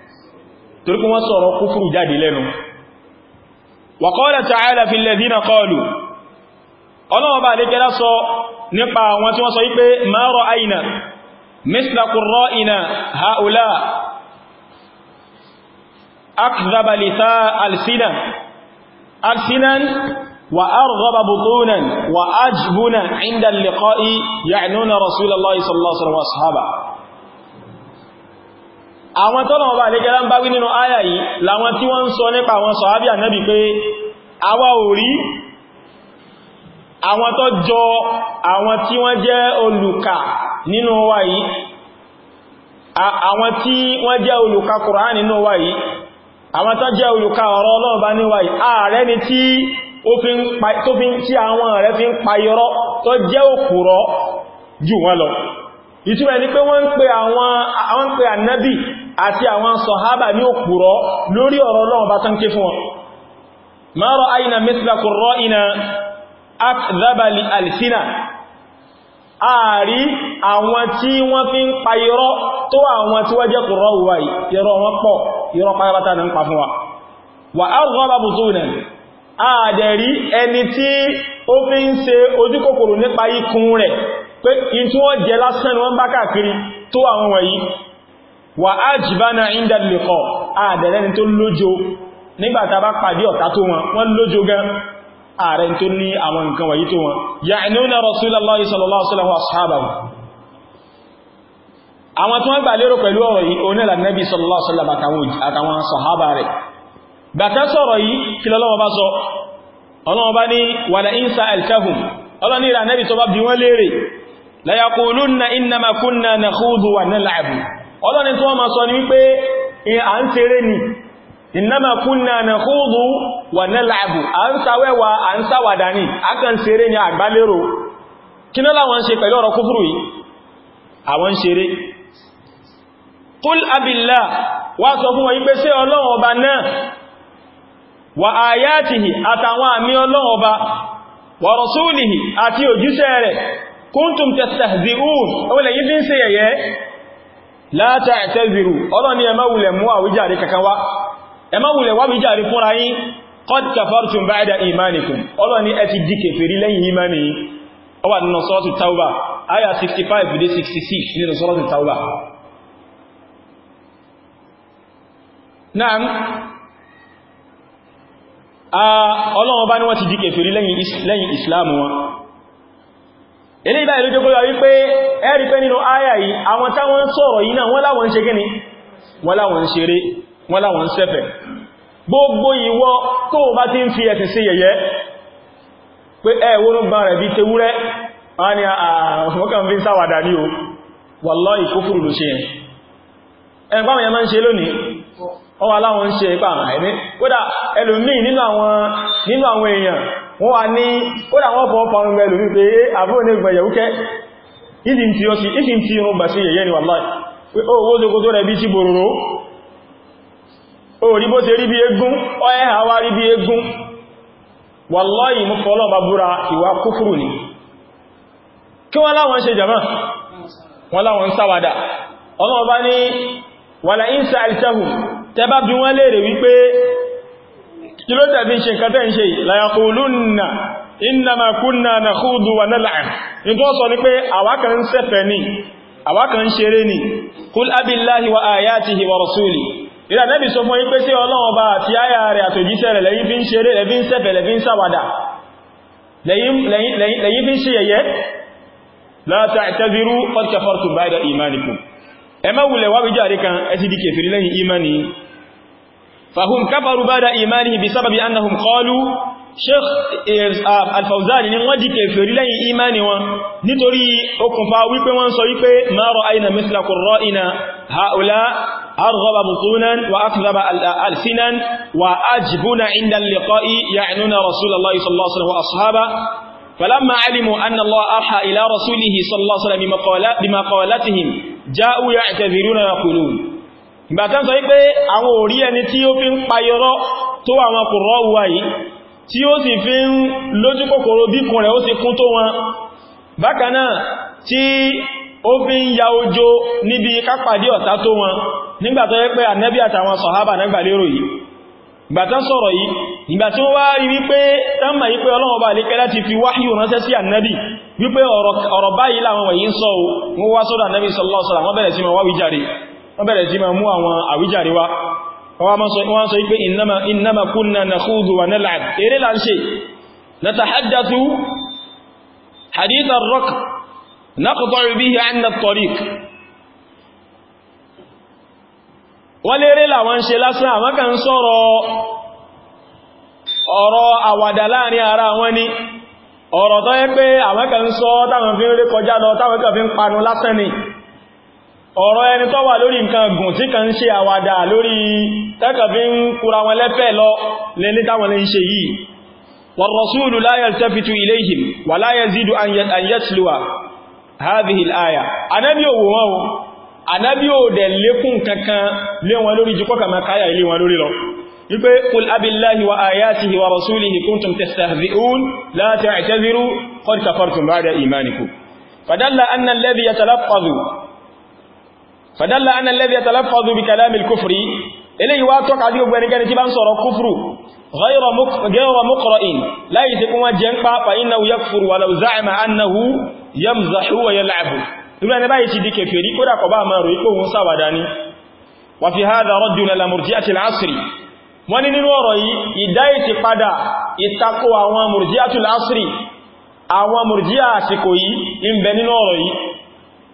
torí kí wọ́n sọ̀rọ̀ kúfùrù jáde lẹ́nu wa qala ta'ala fil ladhina qalu ọlọ́wọ́ bá lè kẹ́lá sọ nípa àwọn tí wọ́n sọ wípé ma ra'ayna misla qurra'ina ha'ula akdhaba lithaa alsina alsinan wa arghaba àwọn tọ́lọ̀wọ́ bá lẹ́gẹ́lá ń bá wí nínú àyà yìí láwọn tí wọ́n ń sọ nípa àwọn sọ̀hábí ànábì pé àwa ò rí àwọn tó jọ àwọn tí wọ́n jẹ́ olùkà nínú wa yìí àwọn tí wọ́n jẹ́ olùkà Kùránì nínú wa yìí àwọn tó jẹ́ olùkà ọ̀rọ̀ Ọlọ́run bá ní wa ni tí àwọn ń payọrọ tó jẹ́ ń pe àwọn àti àwọn sọ̀hábà ní òkúrọ lórí ọ̀rọ̀ lọ́wọ́ bá tán ké fún ọ ma ra'ayna mithla qurra'ina akdhaba li alsina ààrí àwọn tí wọ́n fi ń pa irọ́ tó àwọn tí wọ́n jẹ́ qurra wa irọ́ wọn pọ̀ irọ́ pàyàbátà ní ń pa fún wa wà wà ájìbánà ìndà lèkọ̀ ààdẹ̀rẹ́ ni tó lójó nígbàtà bá pàdé ọ̀tá tó wọn wọ́n lójó gan ààrẹ tó ní àwọn nǹkan wọ̀nyí tó wọn ya'nuna rasulallahi sallallahu alaihi wa ashabahu àwọn ọlọ́ni tí wọ́n ma sọ ni wípé à ń ṣeré ni innama kunna nakhudu wa nal'abu à ń sawẹ́wà à ń sáwàdà ní akàn ṣeré ni àgbálérò kí náà láwọn ṣe pẹ̀lú ọ̀rọ̀ kúfùrù yìí àwọn ṣeré qul abillah wá sọ fi ń ṣe yẹ̀yẹ́ láta ẹ̀tẹ́zìrù ọlọ́ni ẹ má wulẹ̀ mú àwíjàre kankan wá ẹ má wulẹ̀ wábíjàre fúnra yín qad kafartum ba'da imanikum ọlọ́ni ẹ ti di kèfèrí lẹ́yìn imani ó wà nínú sọ́ọ̀tù tauba aya 65 dé 66 nínú sọ́ọ̀tù tauba Naam ah, ọlọ́wọ́ bá ní wọ́n ti di kèfèrí lẹ́yìn islamu ilé ìbá ìlú jókòó yà wípé ẹ̀rí pé nínú àyà yìí àwọn táwọn sọ̀rọ̀ yìí náà wọ́n láwọn ń ṣe kíni wọ́n láwọn ń ṣeré wọ́n láwọn ń ṣẹ̀fẹ̀ gbogbo ìwọ tó bá ti ń fi ẹ̀sìn sí yẹ̀yẹ́ pé ẹ̀wọ́n bá rẹ̀ bí tewúrẹ́ wọ́n ni àwọn fi ń sáwàdà ní o wallahi kúfùrù ló ṣe ẹn pàmì ẹmà ń wọ́n wà ní kódà wọ́n fọ́ ọkọ̀ ọmọ ẹlòmí pé àbúrò ní ìgbẹ̀yẹ̀ wúkẹ́ ìdí tí ó sì tí ó bà sí yẹ̀yẹ́ ni wàláì pé ó wó tó rẹ̀ bí sí bòròró ó rí bó rí bí egún ọyẹ́ àwá rí bí egún kí ló dàbí ṣe nǹkan tẹ́ ń ṣe láyàkùlúnà innama kunna nakhudu wa nal'ab ní tó sọ ní pé àwákan ń sẹ́fẹ̀ ní àwákan ń ṣeré ní kul abillahi wa ayatihi wa rasuli ìrà nẹ́bì sọ fún ipé tí ọlọ́wọ́n bá àti ayà rẹ̀ àtòjíṣẹ́ rẹ̀ lẹ́yìn fi ń ṣeré lẹ́yìn fi ń sẹ́fẹ̀ lẹ́yìn fi ń sàwàdà ti فهم كفروا بعد إيمانهم بسبب أنهم قالوا شيخ آه، الفوزاني الفوزان نمجي كفر لأي إيمان نتري أكم فاويك وانصويك ما رأينا مثل قرائنا هؤلاء أرغب بطونا وأكذب ألسنا وأجبنا عند اللقاء يعنون رسول الله صلى الله عليه وسلم وأصحابه فلما علموا أن الله أرحى إلى رسوله صلى الله عليه وسلم بمقالاتهم جاءوا يعتذرون ويقولون ìgbàtán sọ wípé àwọn òrí ẹni tí ó fi ń payọrọ tó àwọn kòrọ wà yìí tí ó sì fi ń lójú kòkòrò bíkùn rẹ̀ ó sì kún tó wọn bákanáà tí ó fi ń ya ojo níbi kápàdé ọ̀tá tó wọn nígbàtán yẹ pé ànẹ́bí àtàwọn sọ̀hábà náà gbàlérò yìí ìgbàtán sọ̀rọ̀ yìí ìgbà tí wọ́n wá rí wípé tánmà yí pé ọlọ́wọ́ bá lè kẹ́lá ti fi wáhíù ránṣẹ́ ọ̀rọ̀ báyìí láwọn wọ̀nyí ń wọ́n wá sọ́dọ̀ ànẹ́bí sallallahu wọ́n bẹ̀rẹ̀ sí ma wáwí járe wọ́n bẹ̀rẹ̀ sí máa mú àwọn àwíjàre wá wọ́n sọ pé innama kunna nakhudu wa nal'ab eré là ń ṣe natahaddathu hadith ar-raq naqta'u bihi 'anna at-tariq wọ́n léré làwọn ṣe lásán àwọn kan sọ̀rọ̀ ọ̀rọ̀ àwàdà láàrin ara wọn ni ọ̀rọ̀ tó yẹ pé àwọn kan sọ táwọn fi ń rékọjá lọ táwọn fi ń panu lásán ni ọ̀rọ̀ ẹni tó wà lórí nǹkan gùn tí kan ṣe àwàdà lórí tẹ́kàbí ń kúra wọn lẹ́fẹ́ lọ lẹ́lé táwọn lè ń ṣe yìí والرسول لا يلتفت إليهم ولا يزيد أن يتلو هذه الآية Ànábì ò wò wọ́n o, Ànábì ò dẹ̀ lékún kankan lé wọn lórí jù kọ́kà ورسوله كنتم تستهزئون لا تعتذروا قد كفرتم بعد إيمانكم فدل أن الذي يتلفظ fàdálà annà lẹ́bí àtàláfàzù bí kàlámi kúfùrí eléyìí wá tọ́ka sí gbogbo ẹnikẹ́ni tí bá ń sọ̀rọ̀ kúfùrù gẹ́rọ mọ́kọ̀rọ̀ in láyìí tí kún wá jẹ́ ń pàápàá iná ya kúfùrù wà láwù záàmà annahu ya wa ya láàbù irú ẹni ti di kèfèrí kó dà kọ bá máa rò ipò wọn sáwàdá ni fi hádà rọ́dùn na lamurji àti lásìrì wọ́n ní nínú ọ̀rọ̀ yìí ìdáyìí ti padà ìtakò àwọn murji àti lásìrì àwọn murji àsìkò yìí ń bẹ nínú ọ̀rọ̀ yìí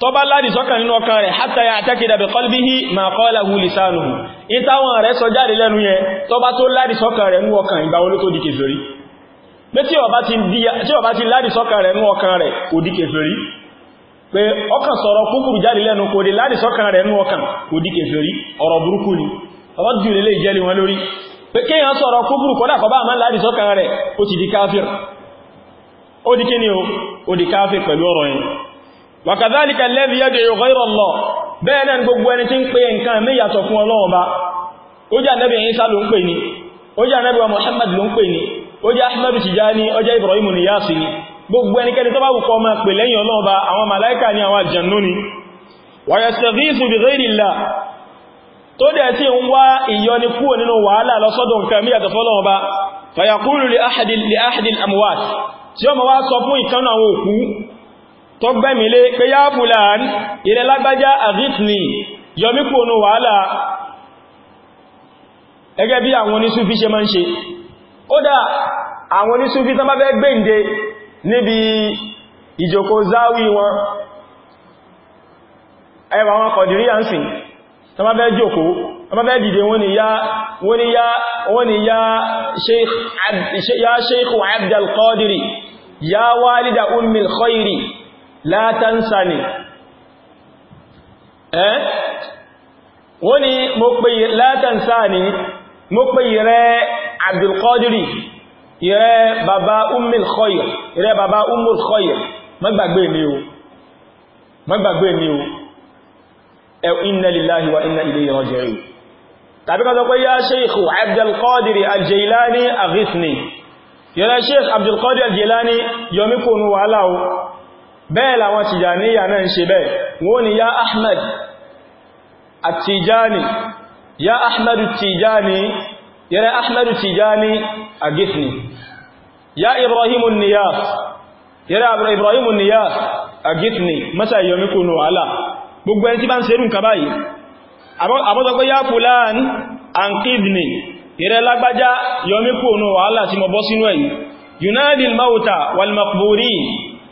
tó bá láti sọ́kàn nínú ọkàn rẹ̀ hatta ya'taqida bi qalbihi ma qalahu lisanuhu ìtàwọn rẹ̀ sọ jáde lẹ́nu yẹn tó bá tó láti sọ́kàn rẹ̀ nínú ọkàn ìgbà wo ló tó di kèfèrí pé tí ó bá ti láti sọ́kàn rẹ̀ nínú ọkàn rẹ̀ kò di kèfèrí pé ọkàn sọ̀rọ̀ kúkúrú jáde lẹ́nu kò di láti sọ́kàn rẹ̀ nínú وكذلك الذي يدعو غير الله بين ان gbogbo ẹni tí ń pe nǹkan mí yàtọ̀ fún Ọlọ́run ba ó jẹ́ Ànábì Isa ló ń pè ní ó jẹ́ Ànábì Muhammad ló ń pè ní ó jẹ́ Ahmad Tijani ó jẹ́ Ibrahim Niyasi ni gbogbo ẹnikẹ́ni tó bá wù kó pè lẹ́yìn Ọlọ́run àwọn tó gbẹ́mílé pé yá fúlàn ilẹ̀ lágbájá àríkìní yọmípò ní wàhálà ẹgẹ́ bí àwọn onísúfí ṣe máa ń ṣe ó dá àwọn onísúfí tán bá fẹ́ gbẹ́ǹde níbi ìjòkó záwí wọn ẹwà wọn kọ̀dìrí yánsìn tán bá fẹ́ jòkó tán bá fẹ́ dìde wọ́n ni ya wọ́n ni sheikh abdul qadiri ya walida ummil khairi látánsáni ẹ́ eh? wọ́n ni látánsáni mo pè ìrẹ́ abdulkadiri ìrẹ́ bàbá umul khoyir ìrẹ́ bàbá umul khoyir má gbàgbé mi o má gbàgbé mi o ẹ̀ inna lillahi wa inna ilayhi raji'un tàbí kan tó pé yá ṣeéhù abdulkadiri aljailani aghithni yọ́rẹ́ ṣeéhù abdulkadiri aljailani yọmí kò nù wàhálà o bẹ́ẹ̀ làwọn tìjàníyà náà ń ṣe bẹ́ẹ̀ wọ́n ni ya ahmed àtìjáni ya ahmed tìjáni yẹrẹ ahmed tìjáni agifni ya ibrahimun niyas yẹrẹ ibrahimun niyas agifni masa yomi kunu ala gbogbo ẹni tí bá ń ṣe rùn kaba yìí àbọ́sọ pé ya fulan ankidni yẹrẹ lágbájá yomi kunu ala tí mo bọ́ sínú ẹ̀yí yunadil mauta wal maqburin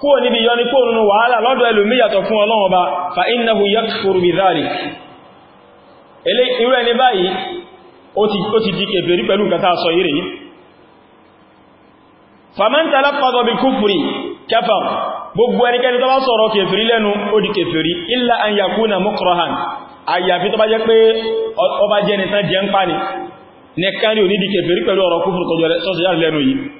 kúrò níbi yọ ní kúrò nínú wàhálà lọ́dọ̀ ẹlòmí yàtọ̀ fún Ọlọ́run Ọba fa innahu yakfuru bi dhalik ele irú ẹni báyìí ó ti ó ti di kèfèrí pẹ̀lú nǹkan tá sọ yìí faman talaffadha bi kufri kafar gbogbo ẹnikẹ́ni tó bá sọ̀rọ̀ kèfèrí lẹ́nu ó di kèfèrí illa an yakuna mukrahan àyàfi tó bá jẹ́ pé ọba jẹ́ nìtàn jẹ́ ń pa ni nìkan ni ò ní di kèfèrí pẹ̀lú ọ̀rọ̀ kúfùrù tó jẹ́ lẹ́nu yìí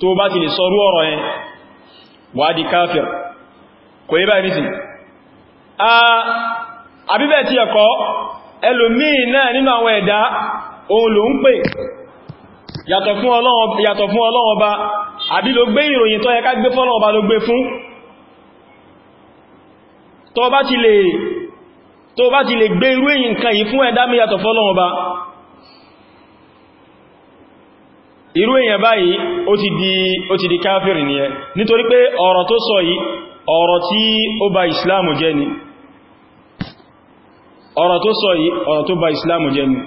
tó bá ti lè sọrú ọ̀rọ̀ yẹn wà di káfir kò yí báyìí nìsìn àbíbẹ̀ tí ẹ̀kọ́ ẹlòmíì náà nínú àwọn ẹ̀dá ohun ló ń pè yàtọ̀ fún Ọlọ́run Ọba àbí ló gbé ìròyìn tó yẹ gbe gbé fọ́lọ́run Ọba ló gbé fún tó bá ti lè gbé irú èyí nǹkan yìí fún ẹ̀dá mi yàtọ̀ fọ́lọ́run irú èyàn báyìí ó ti di káfìrì nìyẹn nítorí pé ọ̀rọ̀ tó sọ yìí ọ̀rọ̀ tí ó ba ìsìláàmù jẹ́ ni ọ̀rọ̀ tó sọ yìí ọ̀rọ̀ tó ba ìsìláàmù jẹ́ ni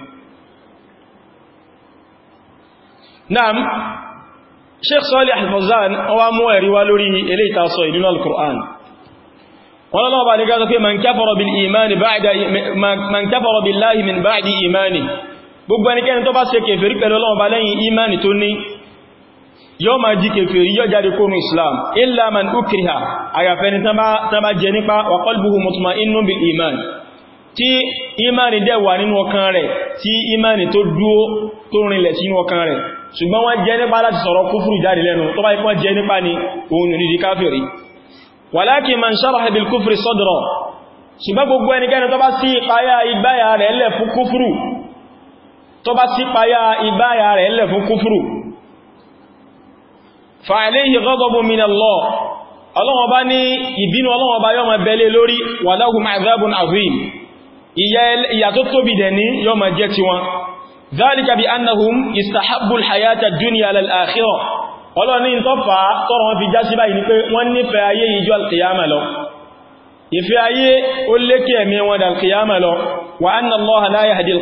naam sheikh Salih al-Fawzan wá mú ẹ̀rí wá lórí eléyìí tá sọ gbogbo ẹnikẹ́ni tó bá ṣe kèfèrí pẹ̀lú ọlọ́ọ̀bá lẹ́yìn imani tó ní yóò máa jí kèfèrí yóò jáde kó ní islam illa man ukriha àyàfẹ́ni tán bá jẹ nípa wa qalbuhu mutma'innun bil iman tí imani dẹ̀ wà nínú ọkàn rẹ̀ tí imani tó dúó tó rinlẹ̀ sínú ọkàn rẹ̀ ṣùgbọ́n wọ́n jẹ nípa láti sọ̀rọ̀ kúfùrù jáde lẹ́nu tó bá ikọ́ jẹ nípa ni òun nìdí káfìrí walakin man sharaha bil kufri sadra ṣùgbọ́n gbogbo ẹnikẹ́ni tó bá sí ìpáyà ìgbáyà rẹ̀ lẹ̀ fún kúfùrù tó bá sí payá ìgbáyà rẹ̀ lẹ̀ fún kúfùrù fa'alayhi ghadabun min Allah ọlọ́wọ́n bá ní ìbínú ọlọ́wọ́n bá yọ́mọ bẹ́lẹ̀ lórí wa lahum 'adhabun 'azim ìyà tó tóbi dẹ̀ ní yọ́mọ jẹ́ ti wọn dhalika bi annahum istahabbu al-hayata ad-dunya 'ala al-akhirah ọlọ́ni tó fà tọ́rọ wọn fi já sí báyìí ni pé ìfẹ́ ayé ó lékè ẹ̀mí wọn dal lọ wa anna Allah la yahdi al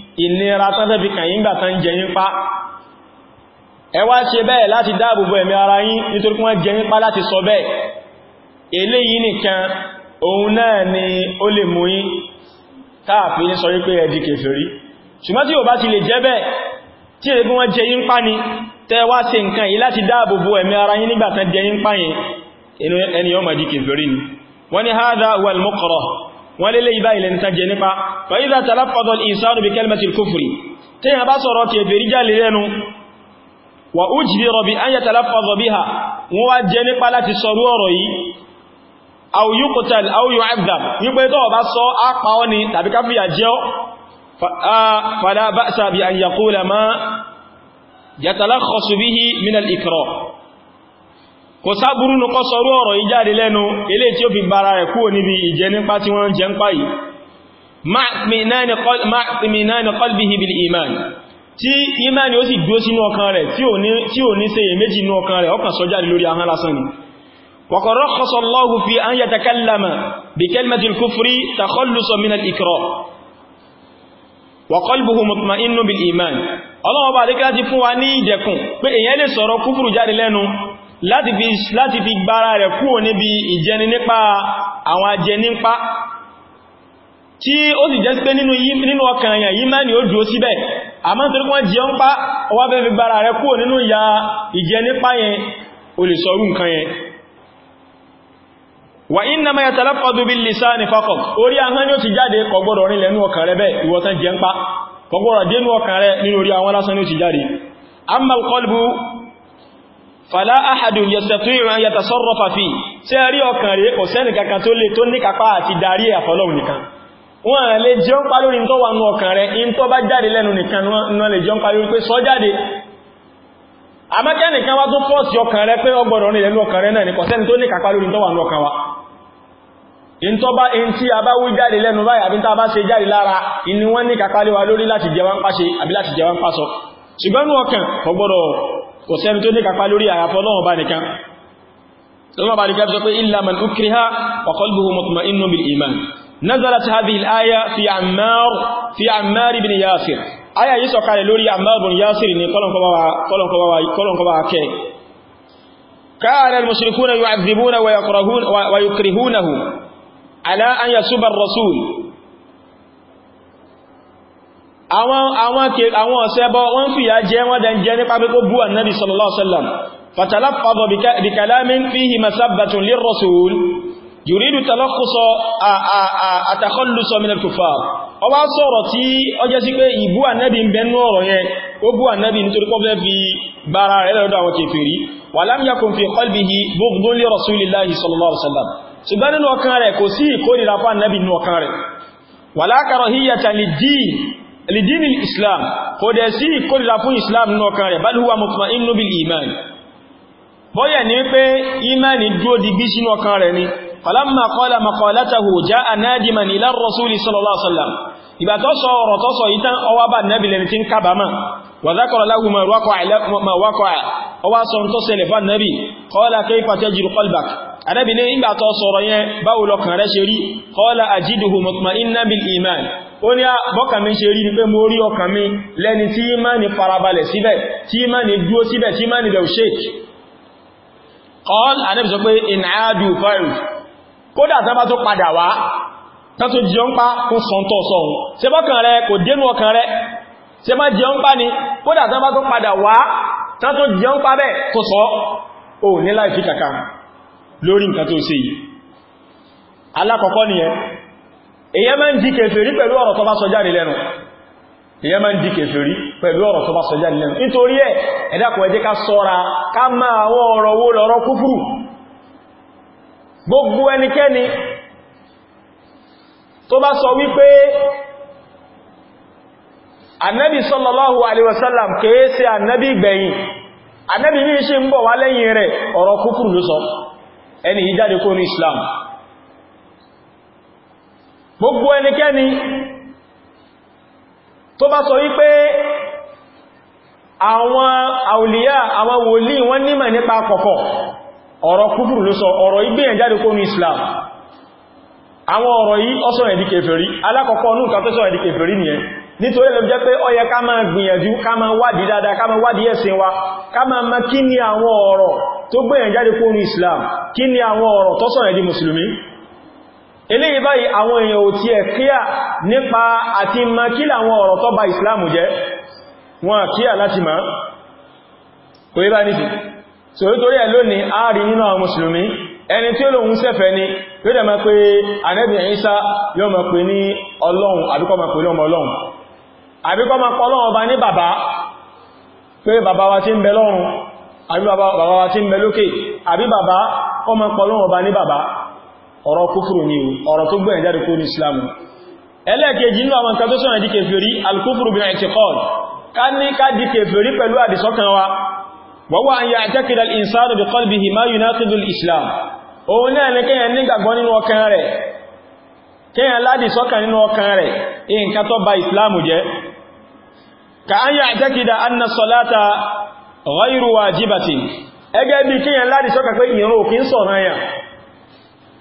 ìnira tán fẹ́ fi kàn yí ńgbà tán jẹ yín pa ẹ wá ṣe bẹ́ẹ̀ láti dáàbòbò ẹ̀mí ara yín nítorí kí wọ́n jẹ yín pa láti sọ bẹ́ẹ̀ eléyìí nìkan òun náà ni ó lè mú yín káàfin sọ wípé ẹ̀dì kèfèrí ṣùgbọ́n tí ò bá ti lè jẹ́ bẹ́ẹ̀ wọ́n lélé ibá ilẹ̀ nìta jẹ nípa wa idha talaffaza al-insanu bi kalimati al-kufri tí a bá sọ̀rọ̀ kèfèrí jáde lẹ́nu wa ujbira bi an yatalaffaza biha wọ́n wá jẹ nípa láti sọ̀rọ̀ ọ̀rọ̀ yìí aw kò sáburú nù kọ́ sọrú ọ̀rọ̀ yìí jáde lẹ́nu ilé tí ó fi gbára rẹ̀ kúrò níbi ìjẹ nípa tí wọ́n jẹ ń pa yìí ma'minani qalbihi bil iman tí imani ó sì bá lè láti fún wa ní ìjẹkùn pé èyàn lè sọ̀rọ̀ kúfùrù jáde lẹ́nu láti fi gbára rẹ̀ kúrò níbi ìjẹni nípa àwọn ajẹni nípa tí ó sì jẹ́ pé nínú ọkàn èèyàn yí mẹ́ni ó dúó síbẹ̀ àmọ́ torí wọ́n jẹ́ ń pa ọwá fẹ́ fi gbára rẹ̀ kúrò nínú ìyà ìjẹ nípa yẹn o lè sọrú nǹkan yẹn wà innama yatalaffadhu bil lisani faqat ni ó ti jáde kò gbọdọ̀ rin lẹ́nu fàlá àhàdùn yẹ̀sẹ̀tún ìran yẹ̀tẹ̀sọ́rọ̀fà fi a rí ọkàn rẹ̀ kò sẹ́nì kankan tó lè tó ní kápá àti darí àfọ́lọ́wù nìkan wọ́n lè jẹ́ ń parí orin tó wà ní ọkàn rẹ̀ in tó bá jáde lẹ́nu nìkan wọ́n lè jẹ́ ń parí pé sọ jáde amẹ́kẹ́nìkan wá tó fọ́ọ̀sì ọkàn rẹ̀ pé ọgbọ̀dọ̀ ní ẹnu ọkàn rẹ̀ náà ní kọ̀sẹ́ni tó ní kápá lórí tó wà ní ọkàn wa in in tí a bá wí jáde lẹ́nu báyìí àbí tá bá ṣe jáde lára inú wọ́n ní kápá lórí láti jẹ kò sẹ́mi tó ní kàpá lórí àyàfọ́ lọ́wọ́ bá nìkan Ọlọ́run bá nìkan fi sọ pé illa man ukriha wa qalbuhu mutma'innun bil iman nazalat hadhihi al-aya fi Ammar fi Ammar ibn Yasir aya yìí sọ̀kalẹ̀ lórí Ammar ibn ni kọlọ̀nkọba kẹ́ kana àwọn ọ̀sẹ́bọ́ wọ́n fìyà jẹ wọ́n dẹ̀ jẹ nípa pé kó bú annabi sallallahu alaihi wasallam فتلفظ بكلام فيه مسبة للرسول يريد تلخص التخلص من الكفار ọba sọ̀rọ̀ tí ó jẹ́ sí pé ìbú ànẹ́bì ń bẹnú ọ̀rọ̀ yẹn ó bú ànẹ́bì nítorí pọ́blẹ́ fi bára rẹ̀ lọ́dọ̀ àwọn kèfèrí ولم يكن في قلبه بغض لرسول الله صلى الله عليه وسلم ṣùgbọ́n nínú ọkàn rẹ̀ kò sí ìkórìíra ولا كراهية للدين lidini islam kò dẹ̀ sí ìkórìlà fún islam ní ọkàn rẹ̀ bal huwa mutma'innu bil iman bọ́yẹ̀ ní pé imani dúó di bí sínú ọkàn rẹ̀ ni falamma qala maqalatahu ja'a nadiman ila ar-rasuli sallallahu alaihi wasallam ìgbà tó sọ ọ̀rọ̀ tó sọ ìtàn ọwá bá nẹ́bì lẹ́ni tí ń kábàmà wa dhakara lahu ma waqa'a ọwá sọ tó ajiduhu mutma'innan bil iman ó ní ah, bọ́kàn mi ṣe rí ni pé mo rí ọkàn mi lẹ́ni tí má ní farabalẹ̀ síbẹ̀ tí má ní dúó síbẹ̀ tí má ní bẹ̀ òṣèkì all anẹ́bì sọ pé ìnáyàdù fẹ́rù kódà tẹ́bá tó padà wá tán tó kún sọ́ntọ́ ni kódà tẹ́bá tó padà wá tán tó jẹun pa bẹ́ẹ̀ tó sọ ò ní láìfi kàkà lórí èyẹ máa ń di kèfèrí pẹ̀lú ọ̀rọ̀ tó bá sọ jáde lẹ́nu sọ nítorí ẹ̀ wo lọ́rọ̀ kúfùrù gbogbo ẹnikẹ́ni tó bá sọ wípé annabi sallallahu alaihi wasallam kèé sí annabi gbẹ̀yìn annabi ní ṣe ń bọ̀ wá lẹ́yìn rẹ̀ sọ ẹni islam gbogbo ẹnikẹ́ni tó bá sọ wípé àwọn àwòlíyà àwọn wòlí wọ́n nímọ̀ nípa kọ̀kọ̀ ọ̀rọ̀ kúfùrù ló sọ ọ̀rọ̀ ìgbìyànjáde kó ní Islam àwọn ọ̀rọ̀ yìí ọsọ ẹ̀dí kèfèrí alákọ̀ọ́kọ́ ní nǹkan nìyẹn nítorí lọ jẹ́ pé ó ká máa gbìyànjú ká máa wádìí dáadáa ká máa wádìí ma kí ni àwọn ọ̀rọ̀ tó gbìyànjáde kó ní Islam kí ni àwọn ọ̀rọ̀ eléyìí báyìí àwọn èèyàn ò ti ẹ̀ kíyà nípa àti ma kí làwọn ọ̀rọ̀ tó ba ìsìláàmù jẹ́ wọn kíyà láti ma kò yíba nìsì so nítorí ẹ̀ lónìí ààrí nínú àwọn mùsùlùmí ẹni tí ó lòun sẹ́fẹ́ ni yóò dẹ̀ ma pé Ànábì Ìsá yóò ma pè ní Ọlọ́run àbíkọ́ ma pè ní ọmọ Ọlọ́run àbíkọ́ ọ̀rọ̀ kúfùrù ni ọ̀rọ̀ tó gbẹ̀yìn jáde kó ní islamu ẹlẹ́ẹ̀kejì nínú àwọn kàtó sọ́nà díkẹ̀ fèrí alkúfùrù bí i ẹ̀kẹ́kọ́d ká ní ká díkẹ̀ fèrí pẹ̀lú àdìsọ́kan wa wọ́wọ́ an yà àtẹ́kìdà ìsáàdù bí kọ́lbì hìmá yunaqidul islam òun náà ni kẹ́yàn nígbàgbọ́ nínú ọkàn rẹ̀ kẹ́yàn ládìsọ́kan nínú ọkàn rẹ̀ nǹkan tó ba islam jẹ́ ka an yà àtẹ́kìdà anna salata ghayru wajibatin ẹgẹ́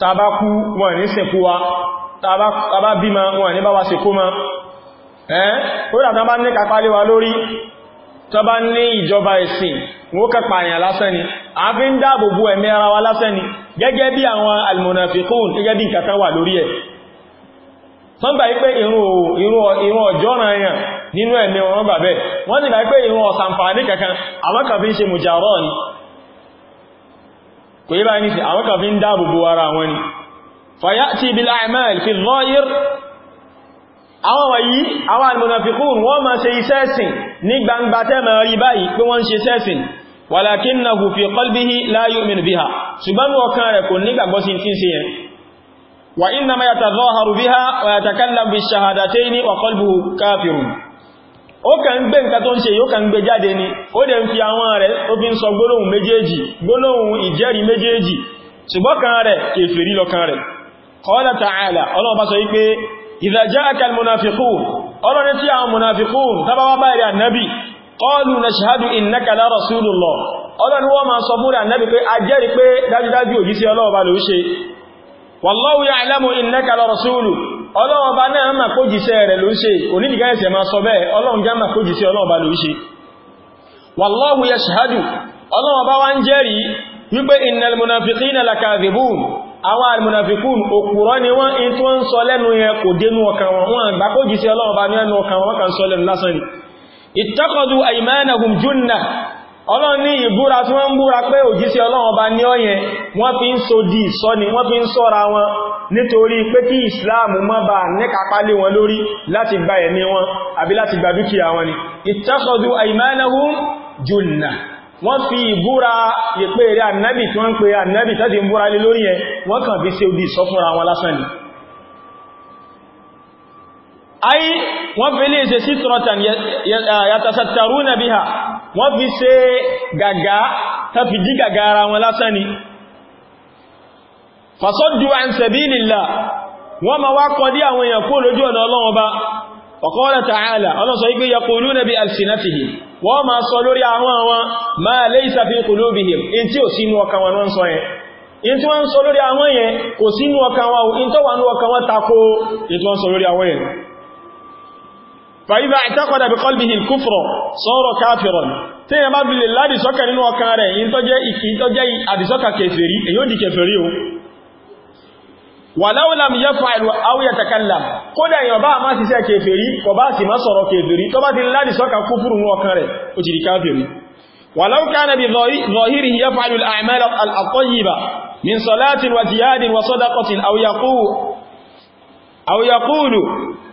tàbá kú wọn ní sẹ̀kú wa tàbá bímọ wọn ní bá wa sẹ̀kú ma ẹ́ ó dà tàbá ní kàpálé wa lórí tàbá ní ìjọba ẹ̀sìn wọ́n kàpà àyàn lásán ni a fi ń dáàbò bú ẹ̀mí ara wa lásán ni gẹ́gẹ́ bí àwọn almunafiqun gẹ́gẹ́ bí nǹkan wà lórí ẹ̀ wọ́n gbà wípé ìrun ọjọ́ ràn yàn nínú ẹ̀mí wọn gbà bẹ́ẹ̀ wọ́n kò yí bá ní sí àwọn kàfí ń dáàbò bo ara wọn ni fayati bil a'mal fi dhahir àwọn wọ̀nyí àwọn almunafiqun wọ́n ma ṣe iṣẹ́sìn ní gbangba tẹ́mà rí báyìí pé wọ́n ṣe iṣẹ́sìn walakinnahu fi qalbihi la yu'minu biha ṣùgbọ́n ó kàn ń gbé nǹkan tó ń ṣe yóò kàn ń gbé jáde ni ó dẹ̀ ń fi àwọn rẹ̀ ó fi ń sọ gbólóhùn méjèèjì gbólóhùn ìjẹ́rìí méjèèjì ṣùgbọ́n kan rẹ̀ kèfèrí lọ́kàn rẹ̀ qala ta'ala ọlọ́run bá sọ wípé idha ja'aka al-munafiqun ọlọ́run tí àwọn munafiqun tábáwá bá rí ànábì qalu nashhadu innaka la rasulullah ọlọ́run ọba náà mà kó jíṣẹ́ rẹ̀ ló ń ṣe onídìgá ẹ̀sẹ̀ máa sọ bẹ́ẹ̀ ọlọ́run já mà kó jíṣẹ́ ọlọ́run ọba ló ń ṣe wallahu yashhadu ọlọ́run ọba wá ń jẹ́rìí wípé innal munafiqina lakadhibun àwọn almunafikun òkúrọ́ ni wọ́n in tó ń sọ lẹ́nu yẹn ọlọ́run ní ìbúra tí wọ́n ń búra pé òjíṣẹ́ ọlọ́run ọba ní ọ̀yẹn wọ́n fi ń so di ìsọ́ni wọ́n fi ń sọ́ra wọn nítorí pé kí ìsìláàmù má bá nẹ́kàpálé wọn lórí láti gba ẹ̀mí wọn àbí láti gba dúkìá wọn ni ittakhadhu aymanahum junna wọ́n fi ìbúra ìpèrè ànábì tí ayi wọ́n fi lè ṣe sítrọ̀tàn yàtàsàtàrú na bí ha wọ́n fi ṣe gàgá ta fi jí gàgá ara wọn lásán ni fasọ́dù an sabilillah wọ́n ma wá kọ́ dí àwọn èèyàn kó lójú ọ̀nà ọlọ́wọ́ ba ọ̀kọ́lẹ̀ ta'ala ọlọ́sọ igbe ya kò lúnà bí alsinatihi wọ́n ma sọ lórí àwọn àwọn ma laysa fi qulubihim in tí wọ́n sọ sọ lórí àwọn yẹn kò sínú ọkàn wọn ní ọkàn wọn tako in sọ lórí àwọn yẹn فإذا اعتقد بقلبه الكفر صار كافرا tí yẹn bá bí lè láti sọ́kà nínú ọkàn rẹ̀ yìí tó jẹ́ ìkí tó jẹ́ àdìsọ́kà kèfèrí èyí ó di kèfèrí o wà láwọ́lá mi yẹ́ fàìlú àwúyẹ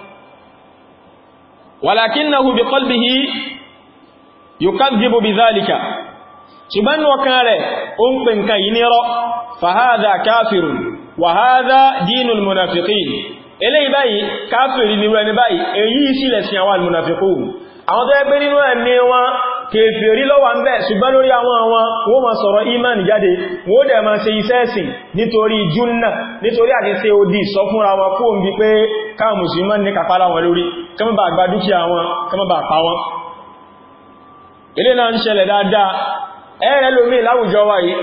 ولكنه بقلبه يكذب بذلك سبحان وكاره ام بنك ينيرو فهذا كافر وهذا دين المنافقين eléyìí báyìí káfìrí nírú ẹni báyìí èyí sílẹ̀ sí àwọn alìmùnàfikún àwọn tó ẹgbẹ́ nínú ẹni wọn kèfèrí ló wà ń bẹ ṣùgbọ́n lórí àwọn àwọn wọ́n ma sọ̀rọ̀ iman jáde wọ́n dẹ̀ ma ṣe iṣẹ́ ẹ̀sìn nítorí júnnà nítorí àti ṣe odi sọ fúnra wọn kó ń bí pé káà musulman ní kàpálà wọn lórí kama ba gba dúkìá wọn kama ba pa wọn ilé náà ń ṣẹlẹ̀ dáadáa ẹ̀rẹ́ wa yìí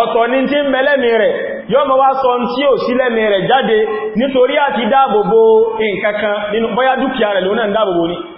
ọ̀tọ̀ ní tí ń bẹ lẹ́mìí rẹ̀ yọ́ ma wá sọ tí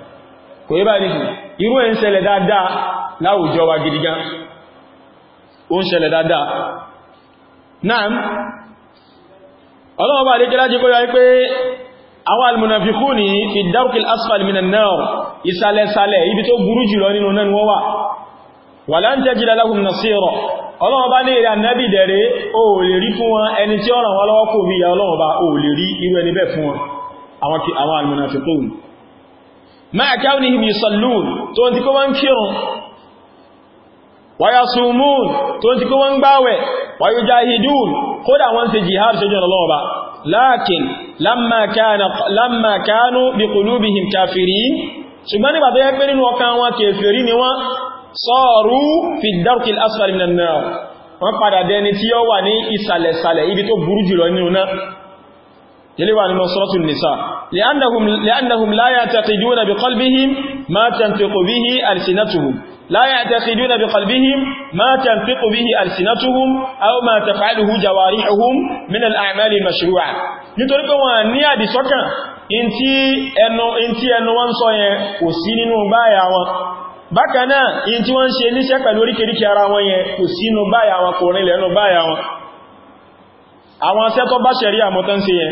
kò yẹ báyìí irú ẹ̀ ń ṣẹlẹ̀ dáadáa láwùjọ wa gidi gan ó ń ṣẹlẹ̀ dáadáa náà ọlọ́wọ́ bá dékẹ́ láti kóyọ pé àwọn almunafikuni fi dárkìl asfal minan nar ìsàlẹ̀sàlẹ̀ ibi tó burú jùlọ nínú náà wọ́n wà wà láńtẹ́ jìdá lahum nasira ọlọ́wọ́ bá ní ìrìn ànábì dẹ̀rẹ́ o lè rí fún wọn ẹni tí ó ràn máa kaunihim yusallun tó ń tí kó wọ́n kírun wa yasumun tó ń tí kó wọ́n gbáwẹ̀ wa yujahidun kódà wọ́n ṣe jihad ṣe jọ́nà lọ́wọ́ ba lakin lamma kanu bi qulubihim kafirin ṣùgbọ́n nígbà tó yẹ pé nínú ọkàn wọn kèfèrí ni wọ́n sọ́ọ̀rú fi darkil asfali minan nar wọ́n padà dẹni tí ó wà ní ìsàlẹ̀sàlẹ̀ ibi tó burú jùlọ nínú náà يلوى عن مصرة النساء لأنهم, لأنهم لا يعتقدون بقلبهم ما تنطق به ألسنتهم لا يعتقدون بقلبهم ما تنطق به ألسنتهم أو ما تفعله جوارحهم من الأعمال المشروعة نتركوا أن نيادي سكا inti ẹnu wọn sọ yẹn kò sí nínú báyà wọn bákanáà inti wọ́n ṣe níṣẹ́ pẹ̀lú oríkèríkè ara wọn yẹn kò sí nínú báyà wọn kò rìnlẹ̀ nínú báyà wọn àwọn asẹ́tọ́ bá ṣẹ̀rí àmọ́tán sí yẹn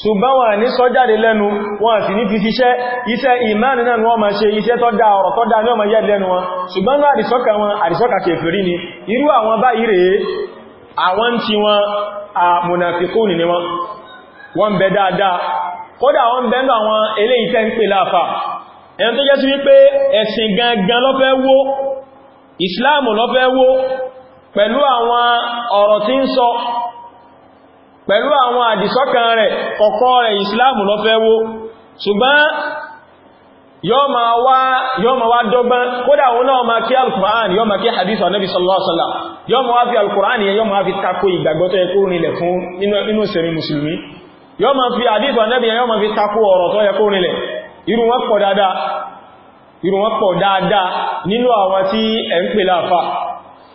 ṣùgbọ́n wọn ní sọ jáde lẹ́nu wọn sì ní fi ṣiṣẹ́ iṣẹ́ ìmáàni náà wọ́n ma ṣe iṣẹ́ tó dá ọ̀rọ̀ tó dá ní ọmọ yẹ́ lẹ́nu wọn ṣùgbọ́n ní àdìsọ́kà wọn àdìsọ́kà kèfèrí ni irú àwọn báyìí rèé àwọn tí ni wọn wọ́n bẹ dáadáa kódà wọ́n bẹ náà wọn eléyìí tẹ́ ń pè láàfà ẹni tó jẹ́ sí wípé ẹ̀sìn gangan ló fẹ́ wó pẹ̀lú àwọn àdìsọ́kàn rẹ̀ ọkọ̀ rẹ̀ ìsìláàmù lọ fẹ́ wó ṣùgbọ́n yóò ma wá dọ́gbọ́n kódà òun náà ma kí alkùnrán yóò ma kí hadith anabi sallallahu alaihi wasallam yóò ma wá fi alkùnrán yẹn yóò ma fi tako ìgbàgbọ́ tó yẹ kó rinlẹ̀ fún inú ìsẹ̀rí musulmi yóò ma fi hadith anabi yẹn yóò ma fi tako ọ̀rọ̀ tó yẹ kó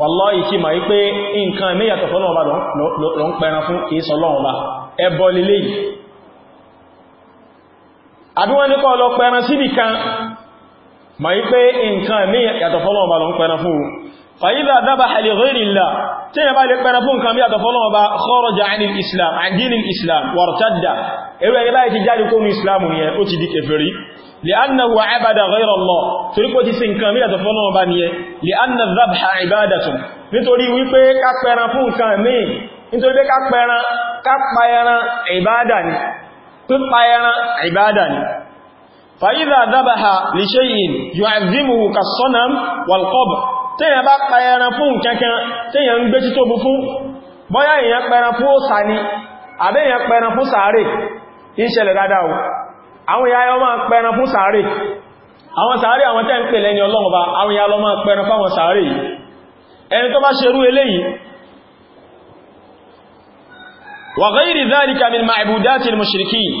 wọ́lọ́ ìkí ma wípé nǹkan méyàtọ̀ fọ́lọ́ọ̀bá lọ ń pẹran fún kìísọ lọ́wọ́ba ẹbọ lílé yìí àbí wọ́n ní kó lọ pẹran síbì kan ma wípé nǹkan méyàtọ̀ fọ́lọ́ọ̀bá lọ ń pẹran fún fàyílà dábà àlèghérìlá tí yẹn bá lè pẹran fún nǹkan méyàtọ̀ fọ́lọ́ọ̀bá kọ́rọ̀jà àdínil islam àdínil لأنه عبد غير الله تريكو تي سين كان ميدا تفولو با نيه لأن الذبح عبادة nítorí wípé ká pẹran fún nǹkan mi nítorí pé ká pẹran ká pa ẹran ìbádà ni pé pa ẹran ìbádà ni fa idha dhabaha li shay'in yu'azzimuhu kas-sanam wal qabr tẹ́yàn bá pa ẹran fún nǹkan kan tẹ́yàn ń gbé tí tó bu fún bóyá èèyàn pẹran fún òsà ni àbẹ́yàn pẹran fún sàárè ìṣẹ̀lẹ̀ dáadáa àwọn ìyá yọ máa pẹran fún sàárè àwọn sàárè àwọn tẹ́ ń pè lẹ́ni ọlọ́ọ̀bá àwọn ìyá lọ máa pẹran fáwọn sàárè yìí ẹni tó bá ṣerú eléyìí wa ghayri dhalika min ma'budati al-mushrikin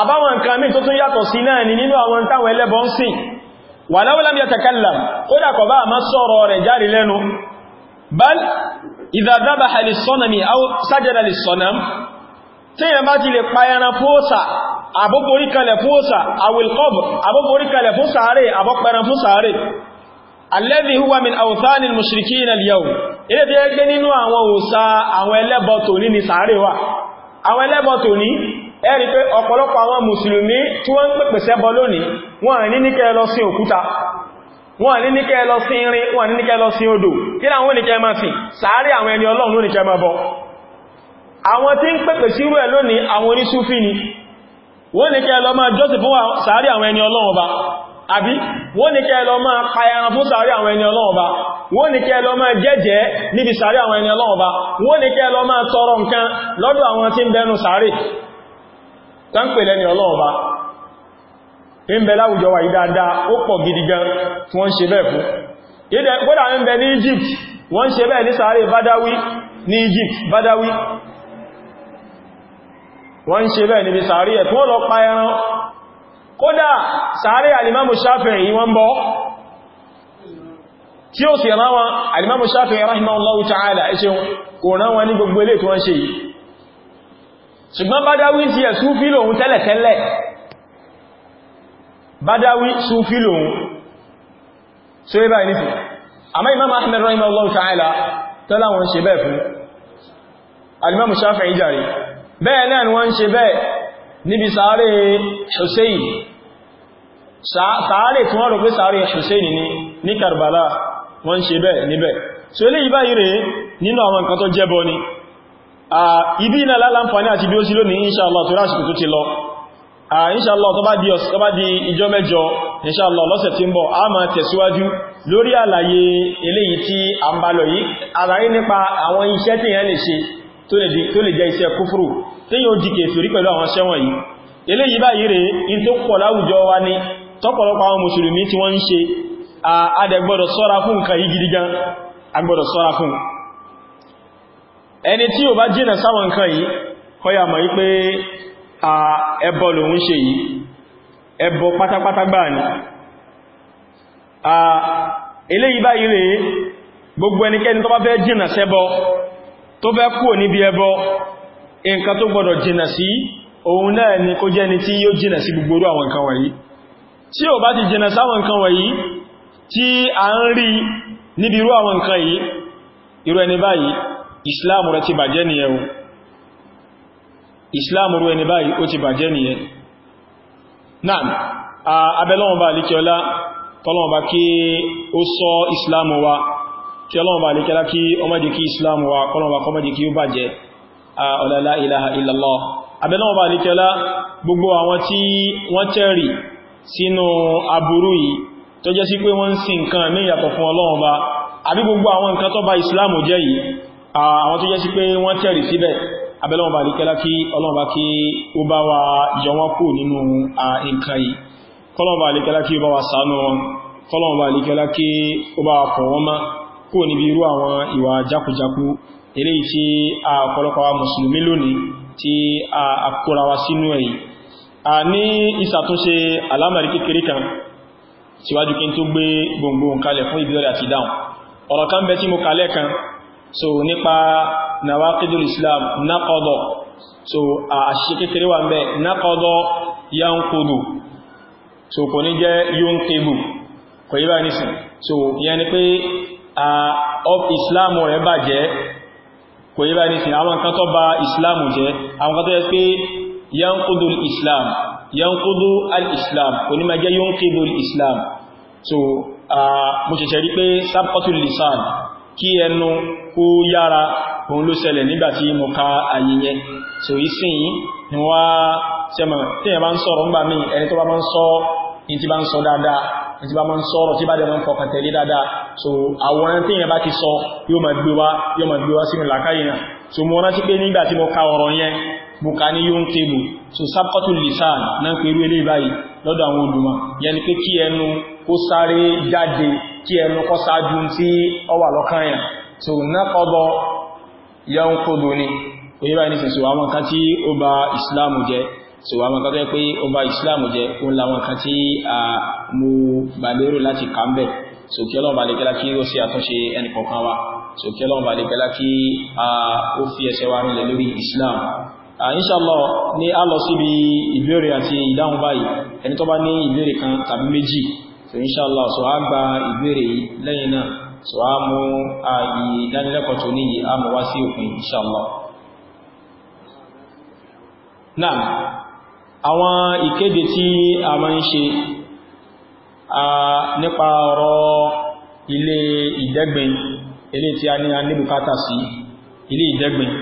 àbáwọn nǹkan mí tó tún yàtọ̀ sí náà ni nínú àwọn táwọn ẹlẹ́bọ ń sìn walaw lam yatakallam ó ti lè pa ẹran fóòsà àbóborí kalẹ̀ fún òsà àwìlkọ́b àbóborí kalẹ̀ fún sàárè àbọ́pẹran fún sàárè alẹ́bí huwa min àwòsáni mùsùlùkí na liyau ilé tí ó gbé nínú àwọn òsà àwọn ẹlẹ́bọ tòní ni sàárè wà àwọn ẹlẹ́bọ tòní ẹ̀rí pé ọ̀pọ̀lọpọ̀ àwọn mùsùlùmí tí wọ́n ń pèpè sẹ́bọ lónìí wọ́n ní ní kẹ́ lọ sí òkúta wọ́n ní ní kẹ́ lọ wọ́n ní kẹ́ lọ máa jọ́sìn fún sàárì àwọn ẹni Abi ba àbí wọ́n ní lọ máa payaran fún sàárì àwọn ẹni ọlọ́run ba wọ́n lọ máa jẹ́jẹ́ níbi sàárì àwọn ẹni ọlọ́run wọ́n lọ máa tọrọ nǹkan lọ́dọ̀ àwọn tí ń bẹnu sàárì tán pè lẹ́ni ọlọ́run wọ́n ń ṣe bẹ́ẹ̀ níbi sàárì ẹ̀ tí wọ́n lọ pa ẹran kódà sàárì alimamu Shafi'i yí wọ́n bọ́ tí ó sì ránwà alimamu Shafi'i rahimahullahu ta'ala ẹṣẹ́ kò ránwà ní gbogbo ilé tí wọ́n ṣe yìí ṣùgbọ́n Badawi ti ẹ̀ súfí lòun tẹ́lẹ̀tẹ́lẹ̀ Badawi súfí lòun ṣe bẹ́ẹ̀ náà ni wọ́n ń ṣe bẹ́ẹ̀ níbi sàárè Hussein sàárè tí wọ́n rò pé sàárè Hussein ni ní Karbala wọ́n ń ṣe bẹ́ẹ̀ níbẹ̀ so ilé ìbá ire nínú àwọn nǹkan tó jẹ́bọ ni ibi iná lálàǹfàní àti bí ó sí lónìí inṣàlá tó ráṣìkò tó ti lọ inṣàlá tó bá di ìjọ mẹ́jọ inṣàlá lọ́sẹ̀ tí ń tó lè jẹ́ iṣẹ́ kúfúrù tí yóò di kèfèrí pẹ̀lú àwọn iṣẹ́ wọ̀nyí eléyìí báyìí rẹ̀ in tó pọ̀ láwùjọ wa ní tọ́pọ̀lọpọ̀ àwọn musulmi tí wọ́n ń ṣe àdẹ̀gbọ́dọ̀ sọ́ra fún nǹkan yìí gbogbo tó bá fẹ́ jìnà tó fẹ́ kúrò níbi ẹbọ nǹkan tó gbọdọ̀ jìnà sí òun náà ni kó jẹ́ ni tí yóò jìnà sí gbogbo àwọn nǹkan wọ̀nyí tí ò bá ti jìnà sáwọn nǹkan wọ̀nyí tí a ń rí níbi irú àwọn nǹkan yìí irú ẹni báyìí islam rẹ̀ ti bàjẹ́ nìyẹn islam rẹ̀ ti bàjẹ́ wa kí ọlọ́wọ́ bá lè kẹ́lá kí ọmọdé kí islam wa kọlọ̀wà kọmọdé kí ó bàjẹ́ ọ̀lọ́lá ilaha illallah abẹ́lọ́wọ́ bá lè kẹ́lá gbogbo àwọn tí wọ́n tẹ́rì sínú aburú yìí tó jẹ́ sí pé wọ́n sin nǹkan mí yàtọ̀ fún ọlọ́wọ́ bá àbí gbogbo àwọn nǹkan tó bá islam jẹ́ yìí àwọn tó jẹ́ sí pé wọ́n tẹ́rì síbẹ̀ abẹ́lọ́wọ́ bá lè kí ó bá wa yọ wọ́n kù nínú nǹkan yìí kọlọ̀wọ́ bá lè kẹ́lá wa ṣàánú wọn kọlọ̀wọ́ bá kí ó bá wa kọ̀ máa kó níbi irú àwọn ìwà jákújákú eléyìí tí a ọ̀pọ̀lọpọ̀ wa mùsùlùmí lónìí tí a kóra wa sínú èyí a ní ìsàtúnṣe alámàrí kékeré kan síwájú kí n tó gbé gbòǹgbò kalẹ̀ fún ìbílẹ̀ àti dáhùn ọ̀rọ̀ kan bẹ tí mo kalẹ̀ kan so nípa nawaqidul islam naqada so àṣìṣe kékeré wà so kò ní jẹ́ yóò ń kébù so ìyẹn ìsìláàmù rẹ̀ bàjẹ́ kò yíba ní sin àwọn kan tó ba ìsìláàmù jẹ́ àwọn kan tó yẹ pé yankudu islam yankudu al-islam kò ní ma jẹ́ yankudu islam so a, ṣẹ̀ṣẹ̀ rí pé sabqatul lisan kí ẹnu kó yára òun ló ṣẹlẹ̀ nígbàtí mo ka àyíyẹ so ìsìn yìí ni wá sẹ́mọ̀ tí ẹ̀ bá ń sọ̀rọ̀ tí ba máa ń sọ̀rọ̀ tí bá dẹ̀ máa ń fọkàn tẹ̀lé dáadáa so àwòrán tí yẹn bá ti sọ yóò ma gbé wá yóò máa gbé wá sínú làkáyì náà so mo rántí pé nígbà tí mo ka ọ̀rọ̀ yẹn mo ka ní yóò ń tèbù so sábkọ́tù lisan náà pẹ̀lú eléyìí báyìí lọ́dọ̀ àwọn olùmọ̀ yẹn ni pé kí ẹnu kó sáré jáde kí ẹnu kó sáájú tí ó wà lọ́kàn yẹn so nákọ́bọ yẹn ń kó doni òyìnbá ní sẹ̀sọ̀ àwọn kan tí ó ba ìsìláàmù jẹ́ so àwọn kan tó yẹ pé ó bá islam jẹ ó ń la àwọn kan tí mo gbà lérò láti kà ń so kí ọlọ́run bá lè kí ó sì àtúnṣe ẹnì kọ̀ọ̀kan wa so kí ọlọ́run bá lè kẹ́lá kí ó fi ẹsẹ̀ wa rinlẹ̀ lórí islam inshallah ní a lọ síbi ìbéèrè àti ìdáhùn báyìí ẹni tó bá ní ìbéèrè kan tàbí méjì so inshallah so a gba ìbéèrè yìí lẹ́yìn náà so a mú ààyè ìdánilẹ́kọ̀ọ́ tó níyìí a mọ̀ wá sí òpin inshallah àwọn ìkéde tí a máa ń ṣe nípa ọ̀rọ̀ ilé ìdẹ́gbìn ilé tí a ní a ní bùkátà sí ilé ìdẹ́gbìn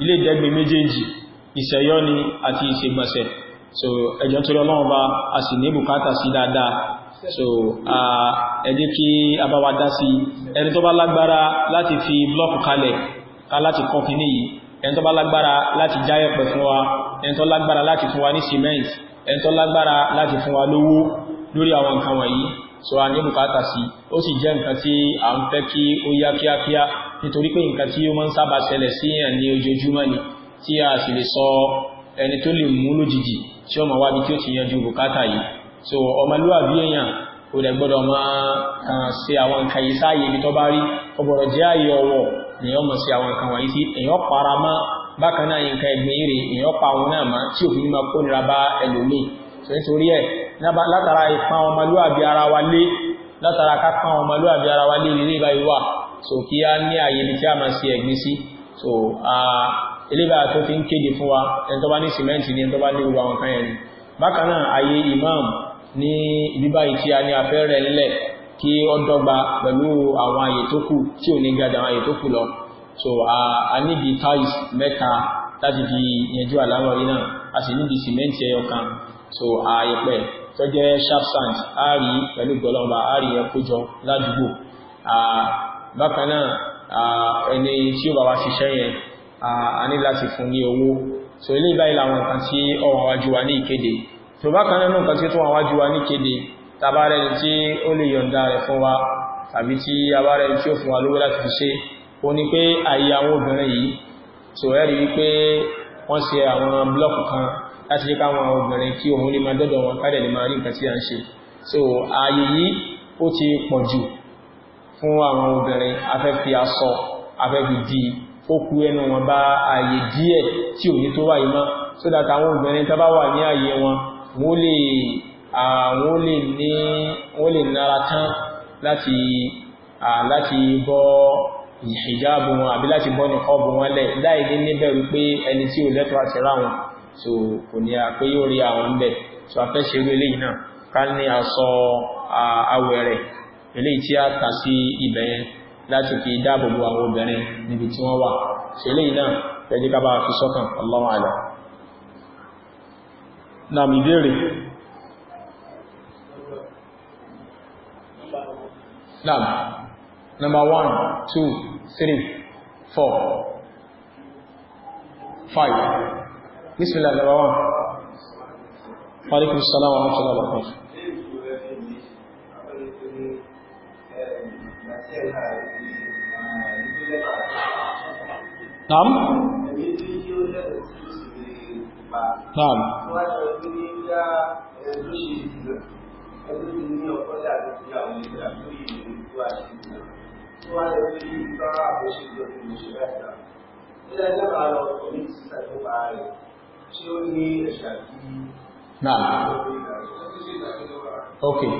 ilé ìdẹ́gbìn méjèèjì ìṣẹ̀yọ́ àti ìṣègbọ̀nsẹ̀ so ẹjọ́ torí ọlọ́run bá a sì ní bùkátà sí dáadáa so ẹ kí a bá wa dá sí ẹni tó bá lágbára láti fi blọ́ọ̀kù kalẹ̀ láti kọ́ kìíní yìí ẹni tó bá lágbára láti jáyẹ̀pẹ̀ fún wa ẹni tó lágbára láti fún wa ní cement ẹni tó lágbára láti fún wa lówó lórí àwọn nǹkan wọ̀nyí so a ní bùkátà sí ó sì jẹ́ nǹkan tí a ń fẹ́ kí ó yá kíákíá nítorí pé nǹkan tí ó máa ń sábà ṣẹlẹ̀ sí èèyàn ní ojoojúmọ́ ni tí a sì lè sọ ẹni tó lè mú lójijì tí ó máa wá bí tí ó ti yanjú bùkátà yìí so ọmọlúwàbí èèyàn kò dẹ̀ gbọ́dọ̀ máa kàn sí àwọn nǹkan yìí sáàyè ibi tó bá rí ọgbọ̀rọ̀ jẹ́ àyè ọwọ́ èèyàn mọ̀ sí àwọn nǹkan wọ̀nyí sí èèyàn para mọ́ bákan náà nǹkan ẹgbẹ́ ire èèyàn pa àwọn náà mọ́ tí òfin máa kó nira bá ẹlòmíì tó nítorí ẹ̀ látara ìpán ọmọlúwàbí ara wa lé látara kápán ọmọlúwàbí ara wa lé ilé báyìí wà so kí á ní àyè ibi tí a máa ṣe ẹ̀gbin sí so ilé báyìí tó fi ń kéde fún wa ẹni tó bá ní sìmẹ́ǹtì ni ẹni tó bá ní gbogbo àwọn kan yẹn ni bákan náà àyè imam ní ibi báyìí tí a ní afẹ́rẹ́ ńlẹ̀ kí ó dọ́gba pẹ̀lú àwọn àyè tó kù tí ò ní ga àwọn àyè tó kù lọ so a níbi tiles mẹ́ta láti fi yanjú àlámọ̀ yìí náà a sì níbi sìmẹ́ǹtì ẹyọ kan so a yẹ̀pẹ̀ tó jẹ́ sharp sand a rí pẹ̀lú gbọ́lọ́mbà a rí yẹn kójọ ládùúgbò bákan náà ẹni tí ó bá wá ṣiṣẹ́ yẹn a ní láti fún ní owó so ilé ìbáyìí làwọn nǹkan tí ó wà wájú wa ní ìkéde so bákan náà nǹkan tí ó tún wà wájú wa ní ìkéde tabarẹni tí ó lè yọ̀ǹda rẹ̀ fún wa tàbí tí abárẹni tí ó fún wa lówó láti fi ṣe o ní pé àyè àwọn obìnrin yìí so ẹ́rì wípé wọ́n ṣe àwọn blọ́ọ̀kù kan láti jẹ́ káwọn obìnrin kí òun lè máa dọ́dọ̀ wọn kádẹ̀ lè máa rí nǹkan tí a ń ṣe so ààyè yìí ó ti pọ̀ jù fún àwọn obìnrin afẹ́fi aṣọ afẹ́fi di ó ẹnu wọn bá ààyè díẹ̀ tí ò ní tó wáyé mọ́ so that àwọn obìnrin tó bá wà ní ààyè wọn wọ́n lè àwọn lè ní wọ́n nára tán láti bọ́ ìṣèjáàbò wọn àbí láti bọ́ nìkọ́bù wọn lẹ̀ láì ní níbẹ̀rù pé ẹni tí ò lẹ́tọ̀ọ́ àti ráwọn so kò ní a pé yóò rí àwọn ń bẹ̀ so afẹ́ṣe irú eléyìí náà ká ní aṣọ awẹ̀rẹ̀ eléyìí tí a tà sí ibẹ̀ yẹn láti fi dáàbòbò àwọn obìnrin níbi tí wọ́n wà so eléyìí náà fẹ́jú ká bá fi sọ́kàn Allahu a'lam náà mi number one two three four five bismillah number one alaikum salam wa rahmatullahi Naam. Naam. Naam tí wọ́n lè fi bá àbòsí ìjọba ìṣẹ̀lẹ̀ ẹ̀dá. Ilé ẹjọ́ máa lọ orí ti sẹ́kọ̀ọ́ bá rẹ̀ tí ó ní ẹ̀ṣà bí Náà. Ok. Náà.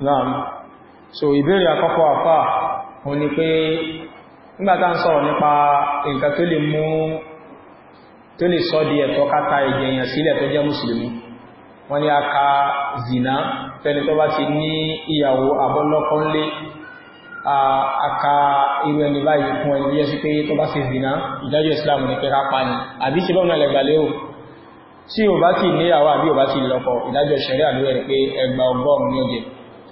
Náà. So ìbéèrè àkọ́kọ́ àfà, òun ni pé nígbàtá ń sọ̀rọ̀ nípa nǹkan tó lè mú tó lè sọ di ẹ̀tọ́ káta ìjẹyàn sílẹ̀ tó jẹ́ mùsùlùmí wọ́n ní aka zina fẹ́ni tó bá ti ní ìyàwó a ka irú ẹni báyìí fún ẹni yẹ́ sí pé tó bá ti zina ìdájọ́ islam ní pẹ́ká pani àbí sí bọ́nà lẹ́gbàlẹ́ o tí o bá ti níyàwó àbí o bá ti lọ́kọ ìdájọ́ ṣẹ̀rí àlúwẹ̀ pé ẹgbà ọgọ́rùn-ún ní ọjẹ́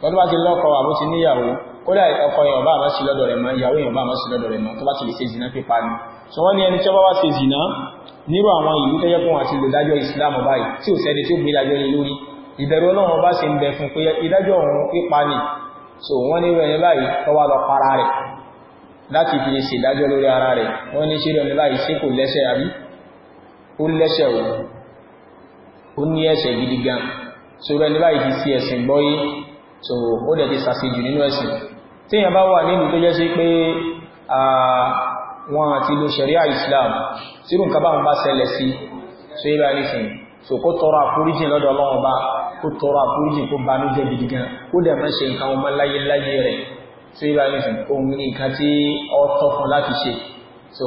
tó bá ti lọ́kọ àbó ti níyàwó kódà ọkọ èèyàn bá àmásí lọ́dọ̀ rẹ̀ mọ́ ìyàwó èèyàn bá àmásí lọ́dọ̀ rẹ̀ mọ́ tó bá ti lè ṣe zina pípa ni so wọ́n ní ẹni tí ó bá wá ṣe zina nírò àwọn ìlú tó yẹ fún àti ìdájọ́ Islam báyìí tí ò sẹ́ni tí ó gbé ìdájọ́ lórí ìbẹ̀rù Ọlọ́run bá ṣe ń bẹ fún pé ìdájọ́ ọ̀run pípa ni so wọ́n ní ẹni báyìí tó wá lọ para rẹ̀ láti fi ṣe ìdájọ́ lórí ara rẹ̀ wọ́n ní ṣe ẹni báyìí ṣé kò lẹ́ṣẹ̀ àbí ó lẹ́ṣẹ̀ ò ó ní ẹ̀ṣẹ̀ gidi gan so ẹni dẹ̀ ti ṣàṣejù nínú ẹ̀sìn tí yẹn bá wà nínú tó jẹ́ sí pé wọn àti lo sharia islam sírù nǹkan báwọn bá ṣẹlẹ̀ sí so ibà nìsìn so kó tọrọ àforíjì lọ́dọ̀ ọlọ́run bá kó tọrọ àforíjì kó banú jẹ́ gidi gan kó dẹ̀ mọ́ ṣe nǹkan ọmọ láyé láyé rẹ̀ so ibà nìsìn ohun ní nǹkan tí ọ tọ́ fún láti ṣe so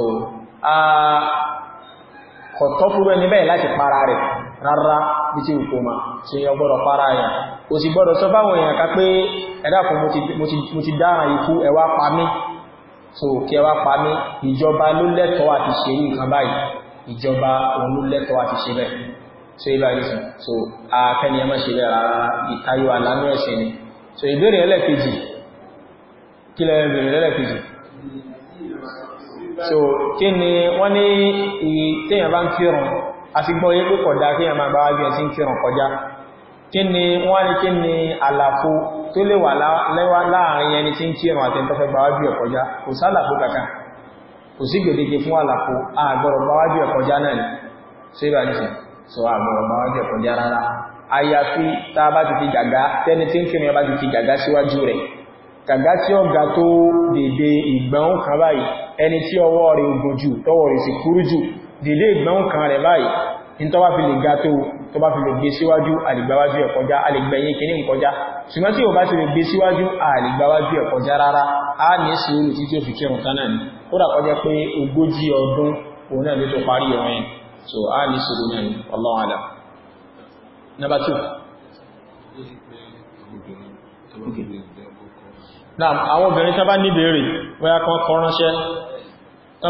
kọ̀tọ́ fún ẹni bẹ́ẹ̀ láti para rẹ̀ rárá bí tí ò kó ma ṣe yọ gbọ́dọ̀ para ẹ̀ o sì gbọ́dọ̀ sọ fáwọn èèyàn ká pé ẹ̀dàkùn mo ti dára ikú ẹwà pa so kí ẹwà pa mí ìjọba ló lẹ́tọ̀ọ́ àti ṣe ní nǹkan báyìí ìjọba òun ló àti ṣe bẹ́ẹ̀ so ibà ìsìn so akẹ́ni ẹ má ṣe bẹ́ẹ̀ so ìbéèrè ẹlẹ́kejì kí lẹ́yìn so kí ni wọ́n ní ìtẹ́yàn bá ń kírun àti gbọ́ yé pé kọ̀dá kí a máa bá wájú ẹ̀sìn kírun kọjá kí ni wọ́n ní kí ni àlàfo tó lè wà láàrin ẹni tí ń kírun àti ẹ̀ntọ́fẹ́ bá wájú ẹ̀ kọjá kò sálàfo kàkà kò sí gbèdéke fún àlàfo àgbọ̀rọ̀ bá wájú ẹ̀ kọjá náà ni ṣé bá ní sọ àgbọ̀rọ̀ bá wájú ẹ̀ kọjá rárá àyàfi tá a bá ti fi gàgá tẹ́ni tí ń kírun yẹn bá ti fi gàgá dèdè ìgbọ́n kan rẹ̀ báyìí in tó bá fi lè ga tó tó bá fi lè gbé síwájú àlìgbàwájú ẹ̀ kọjá àlìgbẹ̀yìn kìíní kọjá ṣùgbọ́n tí ò bá ti lè gbé síwájú àlìgbàwájú ẹ̀ kọjá rárá a ní sùúrù tí tí ó fi kírun kan náà ni kódà kọjá pé ogójì ọdún òun náà ló tó parí ọ̀rọ̀ so a ní sùúrù náà ni alam number two náà àwọn obìnrin tó bá níbèérè wọ́n yá kan kọ́ ránṣẹ́ tó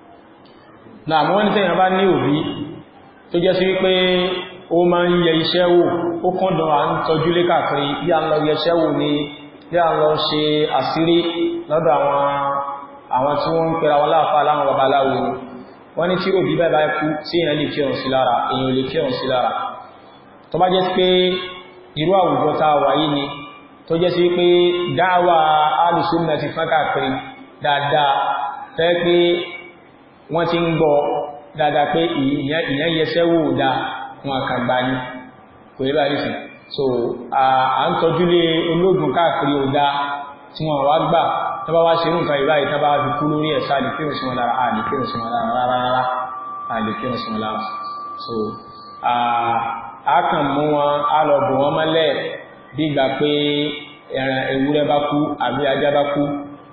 náà mọ́ ní tẹ́yàn bá ní òbí tó jẹ́ sí wípé ó máa ń yẹ iṣẹ́ wò ó kọ́ndọ̀ à ń tọ́jú lé káàkiri bí a lọ yẹ iṣẹ́ wò ní bí a lọ ṣe àṣírí lọ́dọ̀ àwọn àwọn tí wọ́n ń pera wọn láàfà láwọn babaláwo wọ́n ní tí òbí bẹ́ẹ̀ bá kú sí èèyàn lè kírun sí lára èèyàn lè ni wọ́n ti ń gbọ́ dáadáa pé ìyẹn yẹsẹ́ wò dá wọn àkàgbà ní kò yẹ báyìí sùn so à ń tọ́jú lé ológun káàkiri ọ̀dá tí wọ́n wá gbà tọ́bá wá ṣe nǹkan ìbáyìí tọ́bá fi kú lórí ẹ̀sá àlèkírùn sí wọn lára so a kàn mú wọn a lọ bò wọn mọ́lẹ̀ bí ìgbà pé ẹran ewúrẹ́ bá kú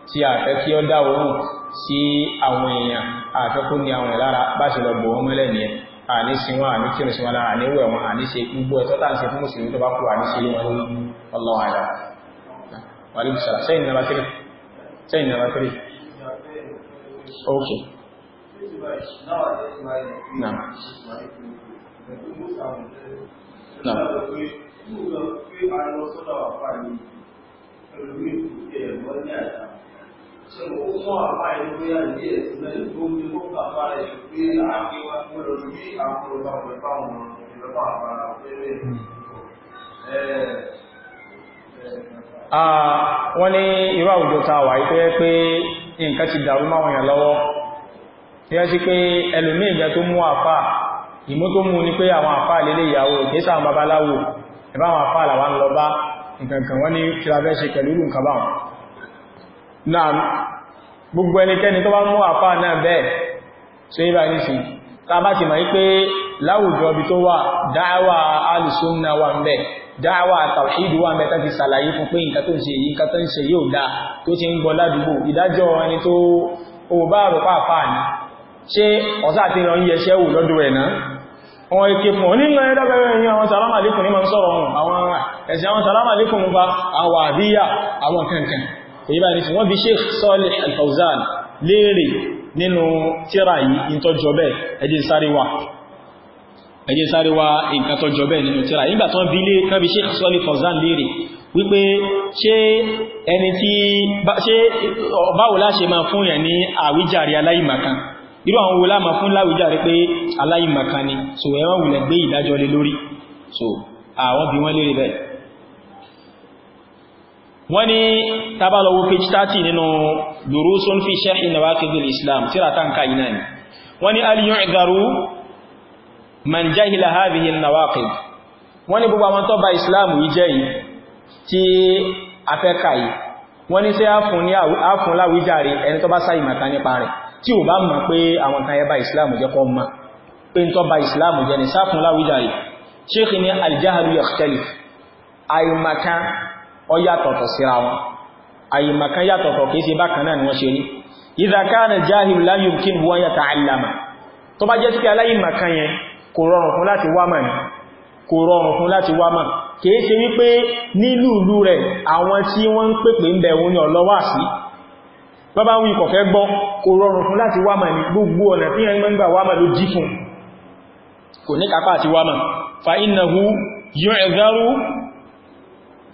kí ó dá òórùn sí àwọn èèyàn àfẹ́kú ní àwọn ìlara bá ṣe lọ bò wọ́n mọ́lẹ̀ ní àní sí wọn àní kí sí wọn lára àní wẹ̀ wọn àní ṣe gbogbo ẹ̀tọ́ tàà sí fún mùsùlùmí tó bá kú àní sí wọn ní ọlọ́wọ́ àìlá Ìgbìmọ̀ pé a lọ sọ́dọ̀ àpá ní ẹlùmí ìpínlẹ̀ ẹ̀mọ́ ní àìsàn so ó mú àpá ẹni pé àyè ẹ̀sìn mẹ́rin tó ní ó bàbá rẹ̀ pé àgbéwá gbọ́dọ̀ bí àwọn ọba pẹ̀lú àwọn ìjọba àbára pẹ̀lú wọ́n ní irú àwùjọ ta wà tó yẹ pé nǹkan ti dàrú máwọn èèyàn lọ́wọ́ tí yẹ́ sí pé ẹlòmí ìgbà tó mú àfà ìmú tó mú ní pé àwọn àfà lélé ìyàwó ìgbésà àwọn babaláwo ẹ̀bá àwọn àfà làwọn lọ bá nǹkan kan wọ́n ní kí la fẹ́ ṣe pẹ̀lú irú báwọn náà gbogbo ẹnikẹ́ni tó bá mú àfáà náà bẹ́ẹ̀ tó yíba ní sí tàbá ti máa pé láwùjọ bí tó wà dáwà alùsùnà wà ń bẹ̀ dáwà tàwíìdù wà ń bẹ̀ tàbí sàlàyé fún pé nǹkan tó ń ṣe yìí nǹkan tó ń ṣe yóò dá tó ti ń gbọ́ ládùúgbò ìdájọ́ ẹni tó owó bá rọ̀ pàápàá ní ṣe ọ̀sá àti ìran yẹ ṣẹ́wò lọ́dọ̀ ẹ̀ náà wọn ike kò yí bá ní wọ́n bí Sheikh Salih Al-Fawzan léèrè nínú tíra yìí in tó jọ bẹ́ẹ̀ ẹjẹ́ sáré wá ẹjẹ́ sáré wá nǹkan tó jọ bẹ́ẹ̀ nínú tíra nígbà tó bí lé kan bí Sheikh Salih Al-Fawzan léèrè wípé ṣé ẹni tí ṣé báwo láṣe máa fún yẹn ní àwíjàre aláìmọ̀kan irú àwọn wo láàmà fún láwíjàre pé aláìmọ̀kan ni so ẹ̀wọ̀n wùlẹ̀ gbé ìdájọ́ lé lórí so àwọn bí wọ́n léèrè bẹ́ẹ̀ wọ́n ní tabalọ́wọ́ page 30 nínú durusun fi sharhi nawaqidil islam tíra tánkà iná ni wọ́n ní al-yu'dharu man jahila hadhihi an-nawaqid wọ́n ní gbogbo àwọn tó bá islam yìí jẹ́ yìí tí a fẹ́ kà yìí wọ́n ní sí àfún láwíjàre ẹni tó bá sáyì màkà nípa rẹ̀ tí ò bá mọ̀ pé àwọn kan yẹba islam jẹ́ kọ́ mọ́ pé ń tó islam jẹ́ ni sáfún láwíjàre ṣéèkì ní al-jahlu yakhtalif àìmàkà ọ yàtọ̀tọ̀ síra wọn àyìmọ̀kan yàtọ̀tọ̀ kìí ṣe bákan náà ni wọ́n ṣe rí idha kana jahil la yumkinu an yata'allama tó bá jẹ́ síkẹ́ aláyìmọ̀kan yẹn kò rọrùn fún láti wá mọ̀ kò rọrùn fún sí kò ní kápá àti wá mọ̀ fa innahu yu'dharu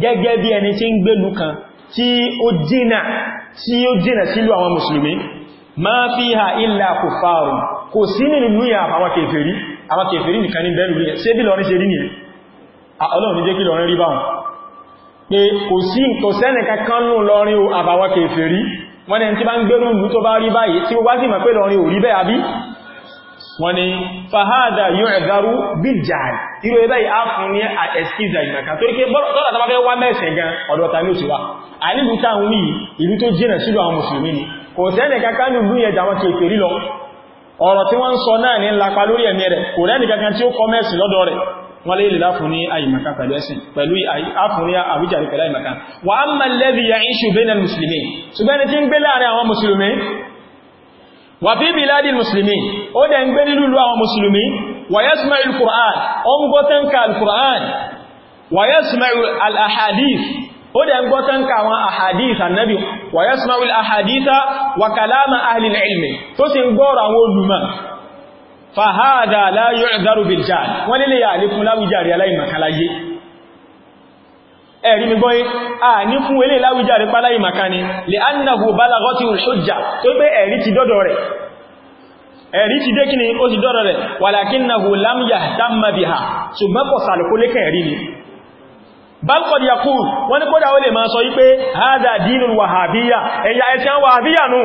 gẹ́gẹ́ bí ẹni tí ń gbélú kan tí ó jìnà tí ó jìnà sílú àwọn mùsùlùmí ma fiha illa kuffarun kò sí nínú yà àwọn kèfèrí àwọn kèfèrí nìkan ní bẹ́ẹ̀lú rí ṣe bí lọrin ṣe rí nìyẹn ọlọ́run ní jẹ́ kí lọrin rí báhùn pé kò sí kò lọrin àbàwọn rí wọ́n ni fàhádà yóò ẹ̀gáru bíjà irú ẹbẹ́ yìí á fún ní ẹ̀skíza ìgbàkà torí pé bọ́rọ̀ tàbá fẹ́ wá mẹ́sẹ̀ gan ọ̀dọ̀ ta ní ó ti wá àìlú ta ń wí ìlú tó jìnà sílò àwọn mùsùlùmí ni kò sẹ́nì kankan ní ìlú yẹn jàwọn kèfè rí lọ ọ̀rọ̀ tí wọ́n ń sọ náà ní ńlapa lórí lè lè fún ní àyìmaka pẹ̀lú ẹ̀sìn pẹ̀lú àfún ní àwíjàrí pẹ̀lú àyìmaka wà á mọ̀ lẹ́bí ya ń ṣùgbẹ́ na mùsùlùmí ṣùgbẹ́ni tí ń gbé láàrin àwọn mùsùlùmí wà fi biladil musulmi ó dẹ̀ ń gbé nínú ìlú àwọn musulmi wà yasma'u al-Qur'an ó ń gbọ́tánka al-Qur'an wà yasma'u al-ahadith ó dẹ̀ ń gbọ́tánka àwọn ahadith annabi wà yasma'u al wà kalama ahli tó sì ń gbọ́rọ̀ àwọn olùmọ̀ ẹ̀rí mi gbọ́yé a ní fún ilé láwíjá rí páláyì makani lè annahu balagọ́tí ṣójá tó pé ẹ̀rí ti dọ́dọ̀ rẹ̀ ẹ̀rí ti dé kíni ó ti dọ́dọ̀ rẹ̀ walakinnahu lam yahtamma biha ṣùgbọ́n kò sàlùkólékẹ̀ rí ni balkọ̀dì yakú wọ́n ní kódà ó lè máa sọ wípé haza dinul wahabiyya ẹ̀yà ẹ̀sìn wahabiyya nù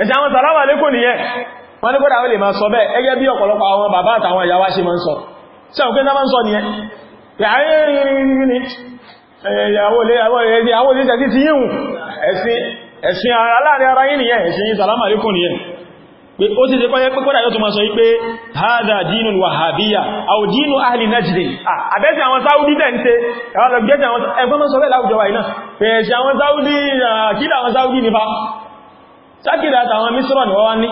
ẹ̀sìn àwọn sàlámà lékò nìyẹn wọ́n ní kódà ó lè máa sọ bẹ́ẹ̀ ẹgẹ́ bí ọ̀pọ̀lọpọ̀ àwọn bàbá àtàwọn ìyàwó ṣe máa ń sọ ẹ̀sìn aláàrin ara yìí nìyẹn ẹ̀sìn yìí sàlámà lékún nìyẹn pé ó sì ṣe kọ́ yẹ pé kọ́dà yóò tó máa sọ wípé haza dínú wàhábíyà àwọn dínú ahìlì najdin àbẹ́sì àwọn sáúdí tẹ́ ń tẹ́ ẹgbọ́n mọ́ sọ bẹ́ẹ̀ láwùjọ wà iná pẹ̀ẹ̀sì àwọn sáúdí àkídà àwọn sáúdí nípa sákìdà àtàwọn mísírọ̀ ni wọ́n wá ní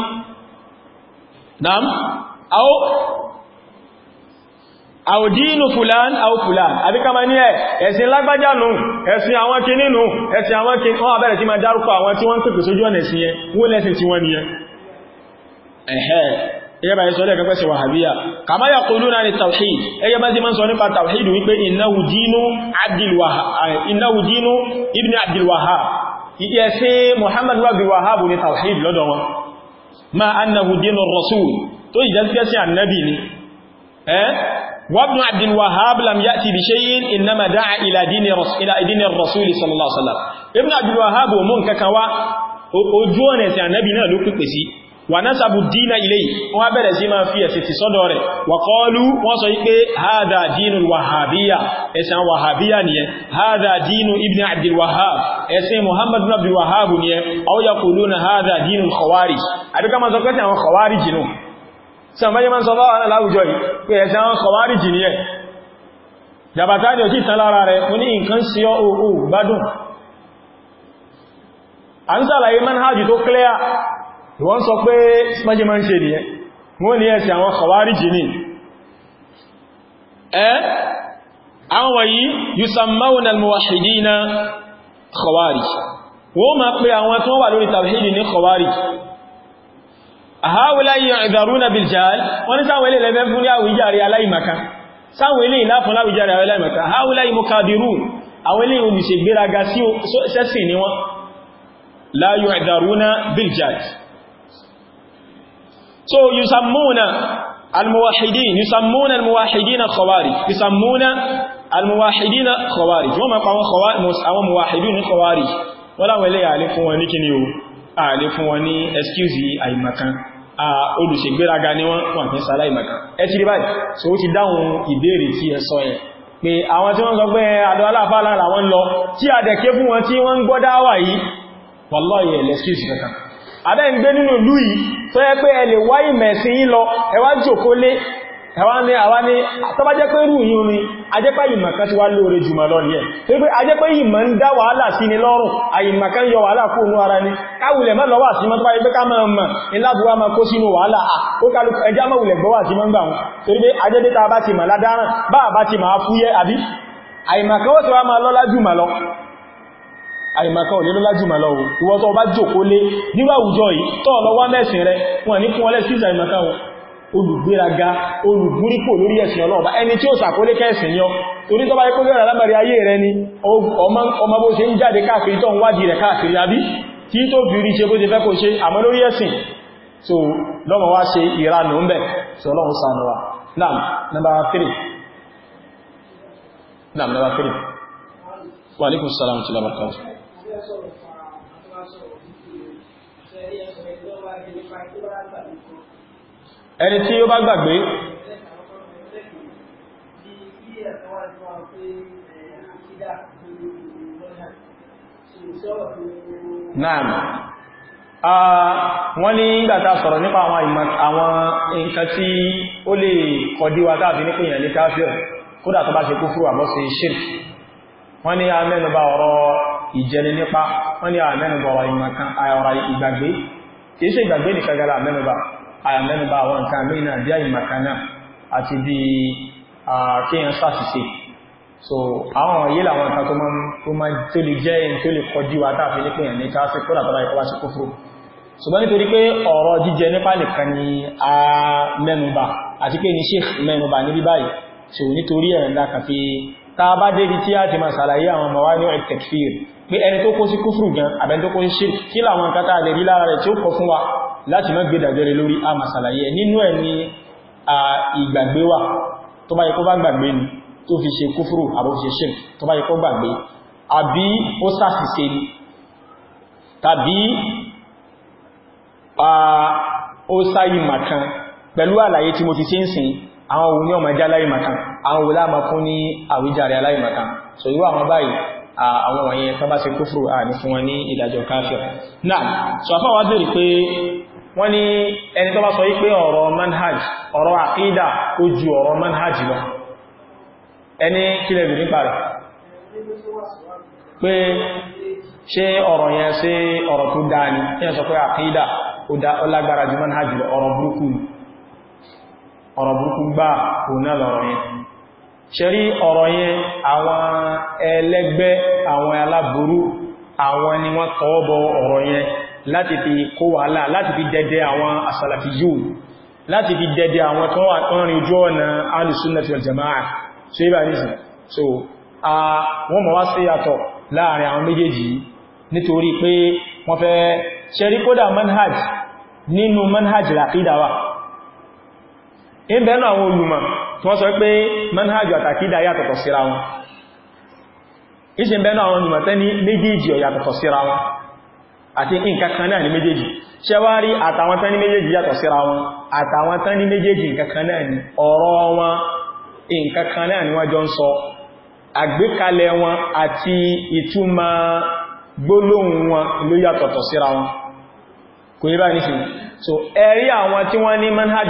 àwòdínú fulan àwò fulan àbí ká ma ní ẹ̀ ẹ̀sìn lágbájá nù ẹ̀sìn àwọn kìíní nù ẹ̀sìn àwọn kìíní wọ́n abẹ́rẹ̀ tí ma dárúkọ àwọn tí wọ́n ń pèpè sójú ọ̀nà ẹ̀sìn yẹn wó lẹ́sìn tí wọ́n ni ẹ̀hẹ́ ẹgbẹ́ ìsọ́ lẹ́gbẹ́ pẹ́sẹ̀ wàhábíyà kàmá yà kò lónà ní tàwíd ẹgbẹ́ bá ti máa ń sọ nípa tàwíd wípé ìnáwó dínú eh, ibn abdulwaha ìyẹsẹ́ muhammad abdulwaha bú ní tàwíd lọ́dọ̀ wọn ma annahu dínú rasul tó ìjẹ́síkẹ́sí annabi ni eh? وابن عبد الوهاب لم يأتي بشيء إنما دعا إلى دين, الرسول صلى الله عليه وسلم ابن عبد الوهاب ومن ككوا أجوانا سيانبنا لكتسي ونسب الدين إليه وابد زما فيه في صدره وقالوا وصيك هذا دين الوهابية اسم وهابية نية هذا دين ابن عبد الوهاب اسم محمد بن عبد الوهاب نية أو يقولون هذا دين الخوارج أبقى ما ذكرت عن الخوارج نوم sàmàyé ma ń sọ báwọn aláwùjọ yìí pé ẹ̀ṣẹ̀ àwọn kọwàrí jì ní ẹ̀ jàbàtà ní òkú ìtàn lára rẹ̀ wọ́n ní nǹkan sí ọ́ òhù gbádùn a ń sàlàyé manhajì tó clear ìwọ́n sọ pé sàmàyé ma ń ṣe nìyẹn wọ́n ní ẹ̀ṣẹ̀ àwọn kọwàrí jì ní ẹ́ wọ́n ma pè àwọn tó wà lórí tawhid ní khawarij هؤلاء يعذرون بالجهل wọ́n sáwọn ilé lẹ́fẹ́ fún ní àwíjàrí aláìmaka sáwọn ilé ìláfún láwíjàrí aláìmaka هؤلاء مكابرون àwọn ilé olùsè gbéraga sí sẹ́sì ni wọ́n لا يعذرون بالجهل so يسمون الموحدين يسمون الموحدين خوارج يسمون الموحدين خوارج wọ́n ma pa àwọn موحدين خوارج wọ́n láwọn ilé àlè fún wọn ní kíni o àlè fún wọn ní excuse àìmakan olùṣègbéraga ni wọ́n wọ́n fi sàlá ìmọ̀kan ẹ ti rí báyìí so ó ti dáhùn ìbéèrè tí ẹ sọ yẹn pé àwọn tí wọ́n sọ pé àdọ́ aláàfà lára wọn lọ tí a dẹ̀ ké fún wọn tí wọ́n ń gbọ́dá wà yìí wọ́lọ́yẹ̀ lẹ́síkìsì kankan adẹ́ ń gbé nínú ìlú yìí tó yẹ pé ẹ lè wáyìí mẹ̀sìn yìí ẹwà ní àwá ní tọ́bá jẹ́ pé rú yìí ni ajẹ́pá ìmọ̀ kan ti wá lóore jùmọ̀ lọ ní ẹ̀ tó pé ajẹ́pá ìmọ̀ ń dá wàhálà sí ni lọ́rùn àìmọ̀ kan yọ wàhálà kó nú ara ní káwùlẹ̀ mọ́ lọ́wà sí mọ́tọ́ pé ká máa mọ̀ ìlàbúwá máa kó sínú wàhálà ó kálù ẹjá mọ́wùlẹ̀ gbọ́wà sí mọ́ ń gbà wọn torí pé ajẹ́ bí ta bá ti mọ̀ ládáràn bá bá ti máa fúyẹ́ àbí àìmọ̀kan ó ti wá máa lọ́lá jùmọ̀ lọ àìmàkà ò lè lọ́lá jùmà lọ ìwọ́n tó bá jòkó lé níwà àwùjọ yìí tọ́ lọ mẹ́sìn rẹ wọn ní fún ọlẹ́sìn àìmàkà wọn olùgbéraga olùgbúrípò lórí ẹ̀sìn ọlọ́ọ̀bá ẹni tí ó sàkólé kẹ́ẹ̀sìn yọ torí tọ́bá ikú ayé rẹ ni ọmọ bó ṣe ń jáde káàkiri tó ń wádìí rẹ̀ káàkiri kí tó fi rí ṣe bó ṣe fẹ́ kó ṣe àmọ́ wa Thank ẹni tí ó bá gbàgbé naam ah, wọ́n ní ìgbàta sọ̀rọ̀ nípa àwọn nǹkan tí ó lè kọdíwa tàbí ní pèyàn ní káfíọ̀ kódà tó bá ṣe kú fúrò àbọ́sí ṣírkì wọ́n ní àmẹ́nubà ọ̀rọ̀ ìjẹni nípa wọ́n ní àmẹ́nubà ọ̀rọ̀ ìgbàgbé kìí ṣe ìgbàgbé nìkan àyàmẹ́nubá àwọn nǹkan mìíràn bí i makana àti bí kíyàn sàṣìṣe so àwọn yìí làwọn nǹkan tó máa tó lè jẹ́ in tó lè kọjú wa tàbí ní pèyàn ní káàsì a mẹ́nubà àti pé ní sheikh mẹ́nubà ní bí báyìí so nítorí ẹ̀rìn lákàfí ta bá débi tí a ti máa sàlàyé àwọn ọmọ wá ní ẹ̀tẹ̀kfíìr pé wa láti má gbé dàgbére lórí a máa ṣàlàyé nínú ẹ̀ ni a ìgbàgbé wà tó bá yẹ kó bá gbàgbé ni tó fi ṣe kúfúrù àbó fi ṣe ṣirk tó bá yẹ kó gbàgbé àbí ó ṣàṣìṣe ni tàbí ó sáyì màkan pẹ̀lú àlàyé tí àwọn so irú àwọn báyìí àwọn wọ̀nyẹn tó bá ṣe kúfúrù à ní fún wọn ní ìdájọ́ káfíà náà so afáwà bèèrè pé wọ́n ní ẹni tó bá sọ yí pé ọ̀rọ̀ manhaj ọ̀rọ̀ àkídà ó ju ọ̀rọ̀ manhaj lọ ẹni kílẹ̀ lè nípa rẹ̀ pé ṣe ọ̀rọ̀ yẹn sí ọ̀rọ̀ tó dáa ni yẹn sọ pé àkídà ó lágbára ju manhaj lọ ọ̀rọ̀ burúkú ọ̀rọ̀ burúkú gbá lọ̀rọ̀ yẹn ṣe rí ọ̀rọ̀ yẹn àwọn ẹlẹ́gbẹ́ àwọn aláburú àwọn ni wọ́n tọwọ́bọ ọ̀rọ̀ yẹn láti fi kó wàhálà láti fi dẹdẹ àwọn asàlàfí yóò láti fi dẹdẹ àwọn tó wà tọ́rin ojú ọ̀nà alìsúnnàtí wal jama'a so ibà nìsì so a wọ́n mọ̀ wá sí yàtọ̀ láàrin àwọn méjèèjì nítorí pé wọ́n fẹ́ ṣẹ́rí kódà manhaj nínú manhaj làkídà wà ìbẹ̀nà àwọn olùmọ̀ tí wọ́n sọ pé manhaj àtàkídà yàtọ̀tọ̀ àti nǹkankan náà ni méjèèjì ṣẹwárí àtàwọn tán ní méjèèjì yàtọ̀ síra wọn àtàwọn tán ní méjèèjì nǹkankan náà ni ọ̀rọ̀ wọn nǹkankan náà ni wọ́n jọ ń sọ àgbékalẹ̀ wọn àti ìtumọ̀ gbólóhùn wọn ló yàtọ̀tọ̀ síra wọn kò yí bá ní sí so ẹ̀rí àwọn tí wọ́n ní manhaj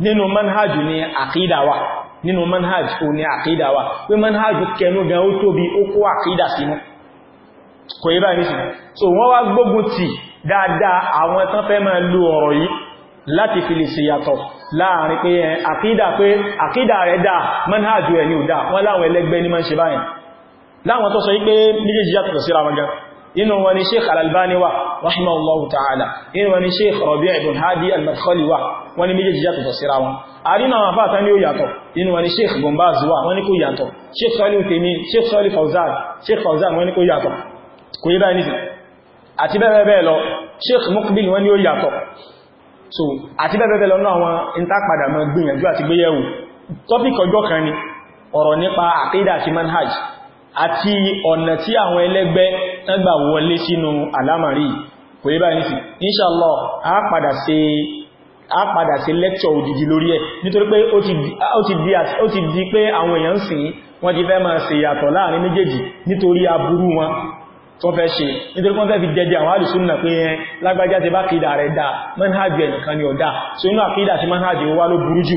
ni manhaj wà ni àkìídà wà nínú manhaj o ní àkídà wa pé manhaj kẹnu gan ó tóbi ó kó àkídà sínú kò yí báyìí sùn so wọ́n wá gbógun ti dáadáa àwọn tán fẹ́ máa lo ọ̀rọ̀ yìí láti fi lè ṣe yàtọ̀ láàrin pé àkídà pé àkídà rẹ̀ dáa manhaj rẹ̀ ní ò dáa wọ́n láwọn ẹlẹ́gbẹ́ ní máa ń ṣe báyìí láwọn tó sọ yí pé méjèèjì yàtọ̀ síra wọn gan inú wọn ni sheikh al-albani wà rahimahullahu ta'ala inú wọn ni sheikh rabi' ibn hadi al-madkhali wà wọ́n ni méjèèjì yàtọ̀ tó síra wọn a rí náà fà tán ní ó yàtọ̀ inú wọn ni sheikh gombaz wà wọ́n ni kó yàtọ̀ sheikh salihu tèmi sheikh salihu fauzan sheikh fauzan wọ́n ni kó yàtọ̀ kò yí báyìí nìsìn àti bẹ́ẹ̀ bẹ́ẹ̀ lọ sheikh mukbil wọ́n ni ó yàtọ̀ so àti bẹ́ẹ̀bẹ́ẹ̀ lọ́nà àwọn intapadà mọ́ gbìyànjú àti gbéyẹ̀wò tọ́píkì ọjọ́ kan ni ọ̀rọ̀ nípa àkídà àti manhaj àti ọ̀nà tí àwọn ẹlẹ́gbẹ́ tẹ́gbà wọlé sínú àlámàrí kò yí báyìí sí inṣàlọ́ a padà ṣe a padà ṣe lẹ́kṣọ̀ òdìdí lórí ẹ̀ nítorí pé ó ti di pé àwọn èèyàn sìn wọ́n ti fẹ́ máa ṣe yàtọ̀ láàrin méjèèjì nítorí aburú wọn tó fẹ́ ṣe nítorí wọ́n fẹ́ fi jẹjẹ àwọn alìsúnnà pé ẹn lágbàjá ti bá kìdà rẹ̀ dáa manhajj ẹnìkan ni ọ̀dá so inú àkídà sí manhajj wá ló burú jù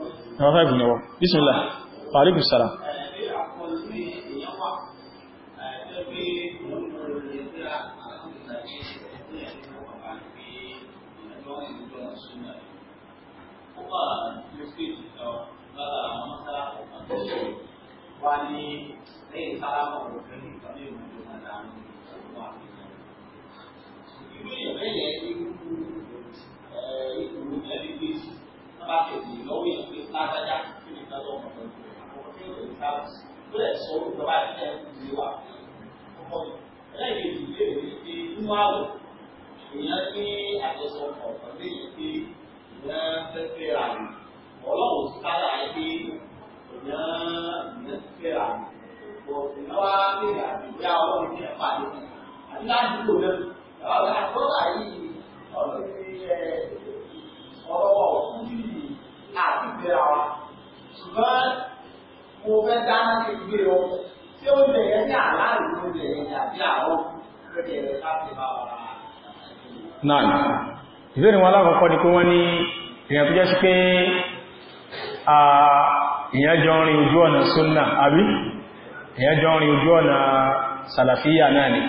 Number ni ọwọ́. sára. mọ̀ òfin ìtọ́lé ìwọ̀n lágbájá kí ni ìgbà tó wọn àwọn tí ó lè ta ó lè sọ orúkọ bá ìdílé ìdílé wa ọkọ ẹlẹ́yìn ìdílé rẹ̀ ti nínú àlọ́ èèyàn ní àjọsọpọ̀ pẹ̀lú èyí pé èèyàn fẹ́ fẹ́ ra mi ọlọ́run ti ká láàyè pé èèyàn èèyàn ti fẹ́ ra mi bọ̀ èèyàn wá ní ìgbà ọlọ́run ní ẹ̀fà ló ní àti ládùúgbò náà àwọn àgbọ̀dà yìí ọ̀rọ̀ ti ọ̀rọ̀ ọ̀hún àti ìgbéra wa ṣùgbọ́n mo fẹ́ dáná sí gbé o tí ó lè yẹ ní àláàlú ló lè yẹ ní àbí àwọn lóde ẹ̀rẹ́ láti bá wa. náà ìbéèrè wọn alákọ̀ọ́kọ́ ni pé wọ́n ní èèyàn tó jẹ́ sí pé èèyàn jọ ń ojú ọ̀nà sunna àbí èèyàn jọ ń rin ojú ọ̀nà sàlàfíyà náà ni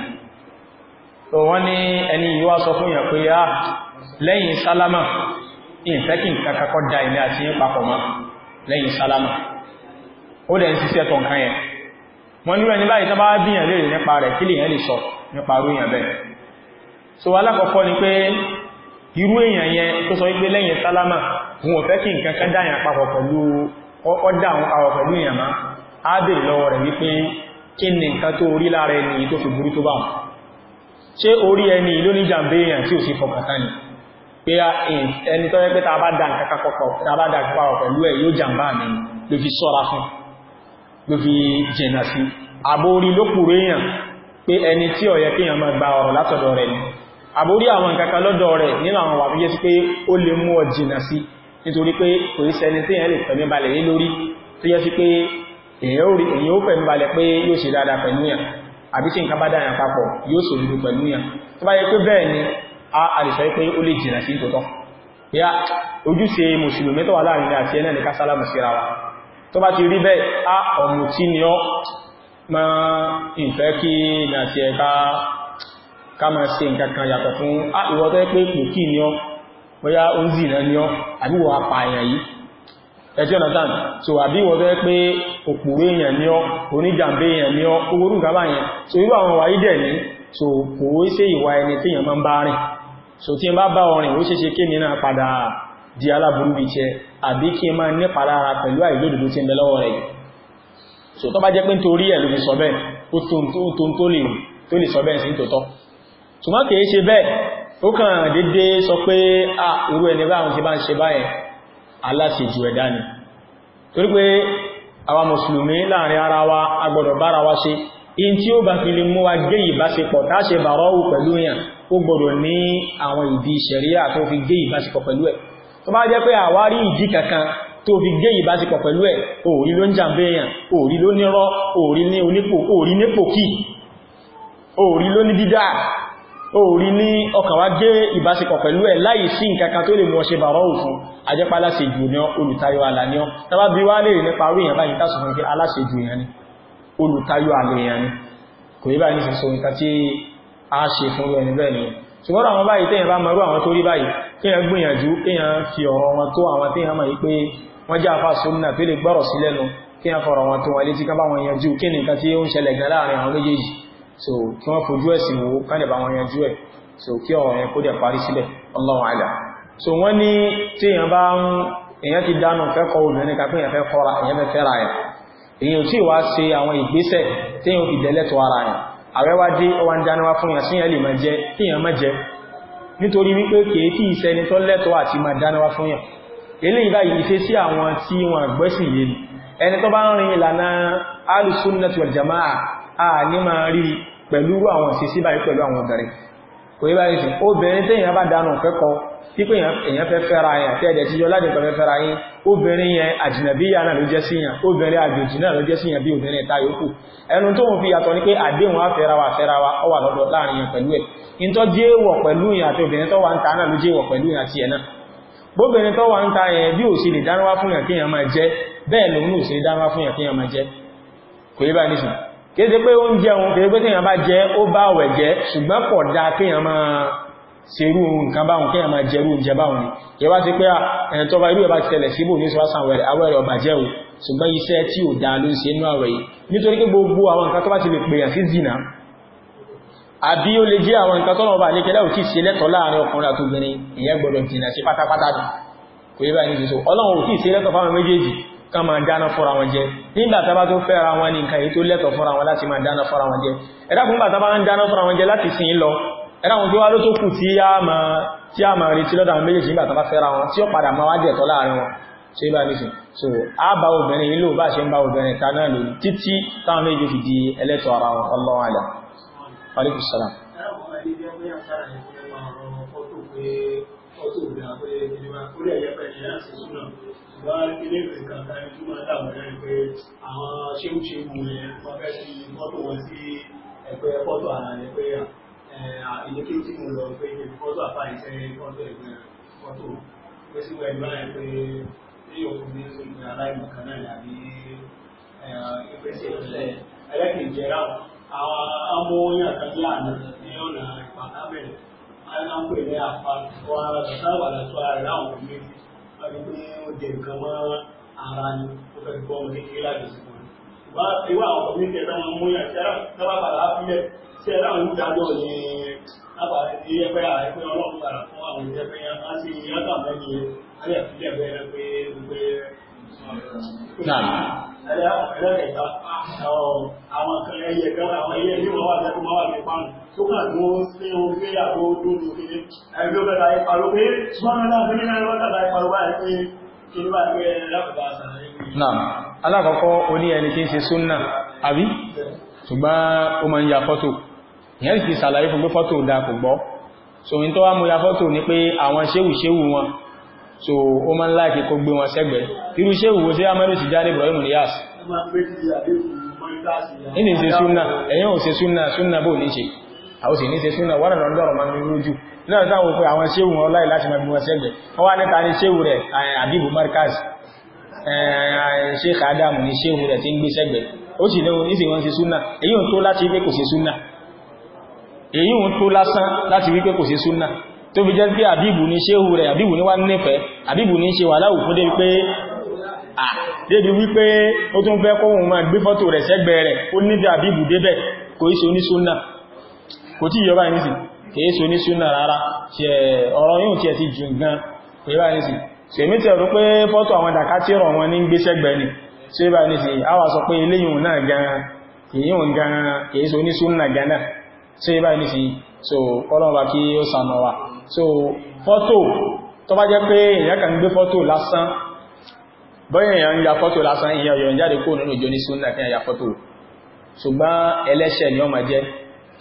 so wọ́n ní ẹni yíwá sọ fún èèyàn pé ah lẹ́yìn sálámà ìfẹ́kì kakakọ́ da ilẹ̀ àti yín papọ̀ mọ́ lẹ́yìn salama. ó dẹ̀ ń ṣiṣẹ́ tọ̀ nǹkan yẹn wọ́n nílò ẹni báyìí tó bá bíyàn lè nípa rẹ̀ kí lè yẹn lè sọ nípa irú èèyàn bẹ́ẹ̀ so alákọ̀ọ́kọ́ ni pé irú èèyàn yẹn tó sọ wípé lẹ́yìn sálámà wọn ò fẹ́ kí nǹkan kan dáyàn papọ̀ pẹ̀lú ọdá àwọn papọ̀ pẹ̀lú èèyàn má á bèèrè lọ́wọ́ rẹ̀ wípé kí ni nǹkan tó orí lára ẹni tó fi burú tó bá wọn ṣé orí ẹni ló ní jàǹbé èèyàn tí ò sí fọkàtà ni pé ẹni tó yẹ pé ta bá dá nǹkan kakọ̀pọ̀ ta bá dá pàwọ̀ pẹ̀lú ẹ̀ yóò jàmbá mi ló fi sọ́ra fún ló fi jìnà sí àbórí lókùrú èèyàn pé ẹni tí ó yẹ kéèyàn máa gba ọ̀rọ̀ látọ̀dọ̀ rẹ̀ ni àbórí àwọn nǹkan kan lọ́dọ̀ rẹ̀ nínú àwọn wà fíjẹ́ sí pé ó lè mú ọ jìnà sí nítorí pé kò í sẹni tí èèyàn lè fẹ̀mí balẹ̀ yé lórí tó yẹ sí pé èèyàn ó fẹ̀mí balẹ̀ pé a lè sọ pé ó lè jìnà sí tòótọ́ ya ojúṣe mùsùlùmí tó wà láàrin àti ẹ̀nà ní ká wa tó bá ti rí bẹ́ a ọ̀mù tí ni ọ ma ń fẹ́ kí ní àti ẹka ká máa ṣe nǹkan kan fún a ìwọ tó pé pò kí ni bóyá ń ni yìí so wọ́n tó pé èèyàn ni èèyàn ni ọ so irú àwọn wáyé dẹ̀ ní so ẹni tí èèyàn máa ń bá so tí n bá bá ọrìn ó ṣeṣe kí nínú padà di aláburú bí jẹ àbí kí n máa nípa lára pẹ̀lú àìlódòdó tí ń bẹ lọ́wọ́ rẹ̀ so tó bá jẹ́ pé nítorí ẹ̀ ló fi sọ bẹ́ẹ̀ ó tó tó lè tó lè sọ bẹ́ẹ̀ sí tòótọ́ ṣùgbọ́n kìí ṣe bẹ́ẹ̀ ó kàn dédé sọ pé à ẹni bá àwọn ti bá ń ṣe báyẹn aláṣejù ẹ̀dá ni torí pé àwa mùsùlùmí láàrin ara wa agbọ́dọ̀ bára wa ṣe in tí ó bá fi lè mú wa gbé ìbáṣepọ̀ táṣe bàrọ́wù pẹ̀lú yàn ó gbọ́dọ̀ ní àwọn ìdí ṣẹ̀ríà tó fi gé ìbáṣepọ̀ pẹ̀lú ẹ̀ tó bá jẹ́ pé àwárí ìdí kankan tó fi gé ìbáṣepọ̀ pẹ̀lú ẹ̀ òòrí ló ń jàmbé èèyàn òòrí ló nírọ́ òòrí ní onípò òòrí nípò kí òòrí ló ní dídá òòrí ní ọkàn wá gé ìbáṣepọ̀ pẹ̀lú ẹ̀ láì sí nǹkankan tó lè mú ọṣẹ bàrọ̀ òfin ajẹ́pá aláṣejù ní olùtayọ àlà tàbá bí wá lè rí nípa orí èèyàn báyìí tásùn pé aláṣejù èèyàn ni olùtayọ àlà èèyàn ni kò yí báyìí sì nǹkan tí a ṣe fún ẹni bẹ́ẹ̀ ni ṣùgbọ́n àwọn báyìí tẹ́yàn bá mọ̀rú àwọn tó rí báyìí kéèyàn gbìyànjú kéèyàn fi ọ̀rọ̀ wọn tó àwọn téèyàn mọ̀ pé wọ́n jẹ́ àfà súnnà tó lè gbọ́rọ̀ sí lẹ́nu kéèyàn fọ̀rọ̀ wọn tó wọn létí ká bá wọn yanjú kí ni nǹkan tí ó ń ṣẹlẹ̀ gan láàrin àwọn méjèèjì so kí wọ́n fojú ẹ̀sìn wo ká lè bá wọn yanjú ẹ̀ so kí ọ̀rọ̀ yẹn kó dẹ̀ parí sílẹ̀ Allahu a'lam so wọ́n ní téèyàn bá ń èyàn ti dánù fẹ́kọ̀ obìnrin kan péyàn fẹ́ kọ́ra èyàn fẹ́ fẹ́ra ẹ̀ èyàn ò tí wá ṣe àwọn ìgbésẹ̀ téèyàn fi dẹ̀lẹ́tọ̀ ara ẹ̀ àwẹ́wádé ọwá ń dánáwá fún ìyàn sí ẹ̀lì máa jẹ kí ìyàn máa jẹ nítorí wípé kèé tí ìsẹni tó lẹ́tọ̀ọ́ àti máa dánáwá fún ìyàn eléyìí báyìí ìfẹ́ sí àwọn tí wọ́n gbẹ́sì yé ni ẹni tó bá ń rin ìlànà alùsùn network jama'a a ní máa rí pẹ̀lú àwọn ìfẹ́ sí báyìí pẹ̀lú àwọn obìnrin kò báyìí sùn obìnrin tí èyàn bá dánù kẹ́kọ́ pípé èyàn fẹ́ fẹ́ra yẹn àti ẹ̀dẹ̀ tí yọ láti pẹ̀fẹ́ fẹ́ra yín obìnrin yẹn àjìnàbíyà náà ló jẹ́ sí àjòjì náà ló jẹ́ bí obìnrin ta yòókù ẹnu tó ń fi yàtọ̀ ní pé àdéhùn afẹ́ra wa fẹ́ra lọ́dọ̀ láàrin yẹn pẹ̀lú ẹ̀ ìntọ́ jẹ́ wọ̀ pẹ̀lú yẹn àti obìnrin kéde pé oúnjẹ òun kéde pé tíyàn bá jẹ ó bá ọ̀wẹ̀ jẹ ṣùgbọ́n pọ̀ dáa kíyàn máa serú ohun nǹkan báhùn kíyàn máa jẹrú oúnjẹ báhùn ni ìwá ti pé ẹ̀yàn tọba irú ẹ̀bá ti tẹ̀lẹ̀ síbò ní sọ́sàn awẹ́rẹ̀ ọba jẹ́ o ṣùgbọ́n iṣẹ́ tí ò dáa ló ń ṣe inú àwẹ̀ yìí nítorí pé gbogbo àwọn nǹkan tó bá ti lè pèèyàn sí zina àbí ó lè jẹ́ àwọn nǹkan tọ́lọ̀ ọba kan máa dáná fọ́ra wọn jẹ nígbà tàbá tó fẹ́ra wọn ní nǹkan èyí tó lẹ́tọ̀ fọ́ra wọn láti máa dáná fọ́ra wọn jẹ ẹ̀dàkùn bà tàbá ń dáná fọ́ra wọn jẹ láti sin lọ ẹ̀dàkùn tó wá ló tó kù tí a máa retí lọ́dà àwọn méjèèjì nígbà tàbá fẹ́ra wọn tí ó padà máa wá jẹ̀tọ́ láàrin wọn ṣe bá nísìn so a bá obìnrin ilé ò bá ṣe ń bá obìnrin ta náà lórí títí táwọn méjì fi di ẹlẹ́tọ̀ ara wọn ọlọ́wọ́ àlà alikussala Thank you wá ilé ìwé kan tàbí tí máa dà wọ́n lẹ́rìn pé àwọn ṣéwúṣéwú yẹn wọ́n fẹ́ fi mọ́tò wọn sí ẹgbẹ́ fọ́tò ara rẹ̀ pé ìlékè tí mo lọ pé ibi fọ́tò àfáà iṣẹ́ fọ́tò ẹgbẹ́ fọ́tò pé sí wẹ́ẹ̀ bá yẹn pé tí òkú ní sọ ìgbé aláìmọ̀ kan náà àbí ìpèsè ìpìlẹ̀ ẹlẹ́kìnjẹ́ àwọn ọmọ oyin àtàgbé àná ní ọ̀nà ìpàtàbẹ̀rẹ̀ àwọn pè ní àpapọ̀ ara ṣáwà látọ̀ ara láwọn ọmọ méjì wọ́n ti pé jẹ nǹkan mọ́ ara ni ó fẹ́ gbọ́ ọmọ kékeré láti sùn wọn. wá ìwà àwọn ọmọ kékeré náà mú yàn sí ara sábà padà fúnlẹ̀ sí ẹ̀rọ àwọn olùdájọ́ ní àbàlẹ̀ ní ẹgbẹ́ àìpẹ́ ọlọ́run padà fún àwọn ìjẹ́pẹ́ yẹn á sì yá tàbí yẹn á yà fúnlẹ̀ bẹ́ẹ̀ pé gbogbo ẹlẹ́kẹta àwọn kan ẹyẹ kan àwọn ẹyẹ ní wọ́n wà jẹ́ fún wà ní pàánù tó kà tó sí ohun pé àbó dúdú kéré ẹgbẹ́ bẹ́ẹ̀ láyé pàrọ̀ pé ṣùgbọ́n náà fún ní náà lọ́kàtà ìpàrọ̀ báyìí pé Naam, alákọ̀ọ́kọ́ ó ní ẹni tí ń ṣe súnnà, àbí? Ṣùgbọ́n ó máa ń ya fọ́tò. Ìyẹn ti ṣàlàyé fún pé fọ́tò dá kò gbọ́. So, in tó wá mú ya fọ́tò ní pé àwọn ṣéwù-ṣéwù wọn. So, ó máa ń láìkí kó gbé wọn sẹ́gbẹ̀ẹ́. Irú ṣéwù wo sí Amadu Tijani Ibrahim Niyas? Ìní ṣe súnnà, ẹ̀yìn ò ṣe súnnà, súnnà bò ní ṣe àwọn sì ní ṣe súnà wọ́n lọ lọ́rọ̀ ma ní rújú náà táwọn òpin àwọn ṣéwù wọn láì láti mẹ́bí wọn sẹ́gbẹ̀ wọ́n wá níta ní ṣéwù rẹ̀ àbíbù eh, markaz ṣéka eh, adam ní ṣéwù rẹ̀ tí ń gbé sẹ́gbẹ̀ ó sì lẹ́wọ́n ní sì wọ́n ṣe súnà èyí ń tó láti wípé kò ṣe súnà èyí ń tó lásán láti wípé kò ṣe súnà tó fi ní ṣéwù kò tí yọba ní sí kìí so ní súnà rárá ṣe ọ̀rọ̀ yóò tí ẹ ti jù gan kò yọba ní sí ṣe mí tẹ̀rù pé fọ́tò àwọn dàkátírọ̀ wọn ní gbéṣẹ́gbẹ̀ ni ṣe yọba ní sí àwà sọ pé eléyìn so ní súnà gan wa so fọ́tò tó bá jẹ́ pé èèyàn kan gbé fọ́tò lásán bọ́yìn èèyàn ya fọ́tò lásán èèyàn yọ̀ jáde kó nínú ìjọ ní súnà ṣùgbọ́n ẹlẹ́ṣẹ̀ ni ó jẹ́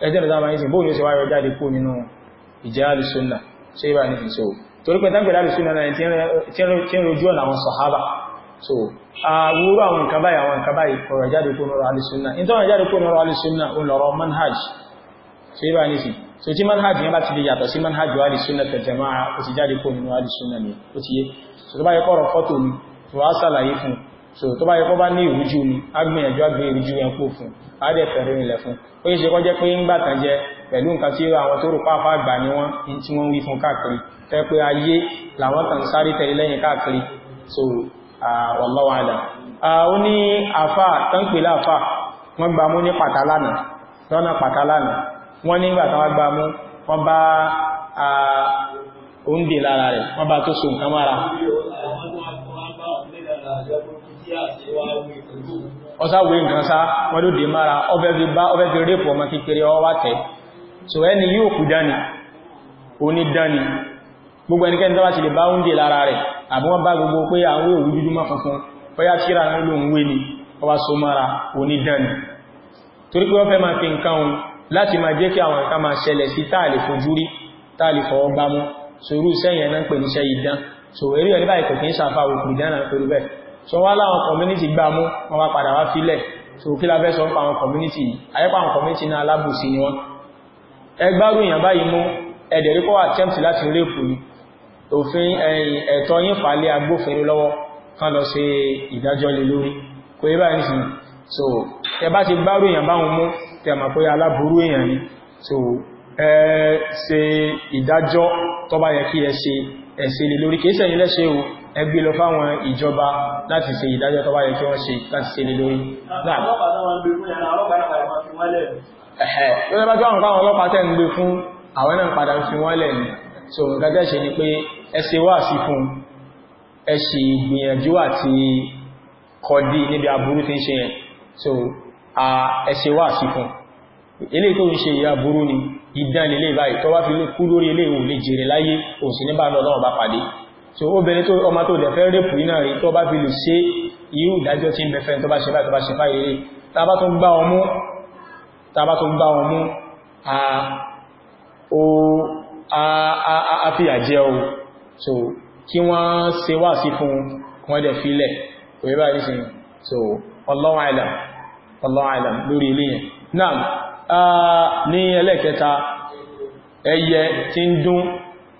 ẹgbẹ̀rẹ̀ dáma ní sí bóò ní ó sì wáyọ jáde kó nínú ìjẹ́ alìsúnnà ṣe ibà ní fìṣò torí pé tágbẹ̀rẹ̀ alìsúnnà náà tí ń rojú ọ̀nà àwọn sọ̀hábà so àwúrú àwọn nǹkan báyìí àwọn nǹkan báyìí kọ̀rọ̀ jáde kó nínú alìsúnnà in tọ́rọ̀ jáde kó nínú alìsúnnà ó lọ́rọ̀ manhaj ṣe ibà ní sí so tí manhaj yẹn bá ti so tó bá yẹ kó bá ní ìrújú ni agbìyànjú agbìyàn ìrújú yẹn kó fún adẹ́fẹ̀rẹ́ ilẹ̀ fún ó yẹ ṣe kọ́ jẹ́ pé ń gbà tàn jẹ pẹ̀lú nǹkan tí àwọn tó rò pápá àgbà ni wọ́n in tí wọ́n wí fún káàkiri tẹ́ pé ayé làwọn tàn sáré tẹ̀lé lẹ́yìn káàkiri so wallahu a'lam ó ní àfà tánpè láfà wọ́n gba mú ní pàtàlánà lọ́nà pàtàlánà wọ́n nígbà táwọn wọ́n bá oúnjẹ lára rẹ̀ wọ́n bá tó so nǹkan mára ọsáwé nǹkan sá wọ́n ló dé mara ọfẹ́ fi bá ọfẹ́ fi rẹ́pù ọmọ kékeré ọwá tẹ́ so ẹni yóò kú dání oní dání gbogbo ẹnikẹ́ni tọ́wà sí lè bá oúnjẹ lára rẹ̀ àbí wọ́n bá gbogbo pé àwọn òwú dúdú má funfun ni ọwá so mara oní dání torí pé wọ́n fẹ́ máa fi nǹkan ohun láti máa jẹ́ kí àwọn nǹkan máa ṣẹlẹ̀ sí táàlì fojú rí so wá láwọn community gbá mú wọ́n wá padà wá fílẹ̀ so kí la fẹ́ sọ pa àwọn community yìí ayẹ́pà àwọn community náà alábùsí ni wọ́n ẹgbárù èèyàn báyìí mú ẹ̀dẹ̀rí kọ́ attempt láti rèpù ni òfin ẹ̀tọ́ yín falẹ̀ agbófinró lọ́wọ́ kan lọ ṣe ìdájọ́ lé lórí kò yẹ báyìí so tẹ bá ti gbárù èèyàn báwọn mú tẹ mọ̀ pé aláburú so ẹ ṣe ìdájọ́ tó bá yẹ kí ẹ ṣe ẹ̀ṣẹ̀ lé lórí ẹgbẹ́ lọ fáwọn ìjọba láti ṣe ìdájọ́ tó bá yẹ kí wọ́n ṣe láti ṣe lè lórí àwọn náà padà ń fi wọ́n lẹ̀ ní so gajẹ́ ṣe ni pé ẹsẹ wà sí fún ẹṣì ìgbìyànjú àti kọdí níbi aburú tí ń ṣe yẹn so a ẹsẹ wà sí fún ilé tó ń ṣe ìyá aburú ni ìdán ilé báyìí tó wá fi lè kú lórí ilé ìwò lè jèrè láyé òsì níbà náà bá pàdé so obìnrin tó ọmọ tó dẹ̀fẹ́ rèpù iná rí tó bá fi lè ṣe irú ìdájọ́ tí ń bẹ̀fẹ́ tó bá ṣe báyìí tó bá ṣe báyìí rí tàbá tó gbá ọmú tàbá tó a fi àjẹ́ o so kí wọ́n ṣe wá sí fún wọ́n dẹ̀ filẹ̀ òye so Allahu a'lam Allahu a'lam lórí ilé yẹn náà ní ẹlẹ́kẹta ẹyẹ tí ń dún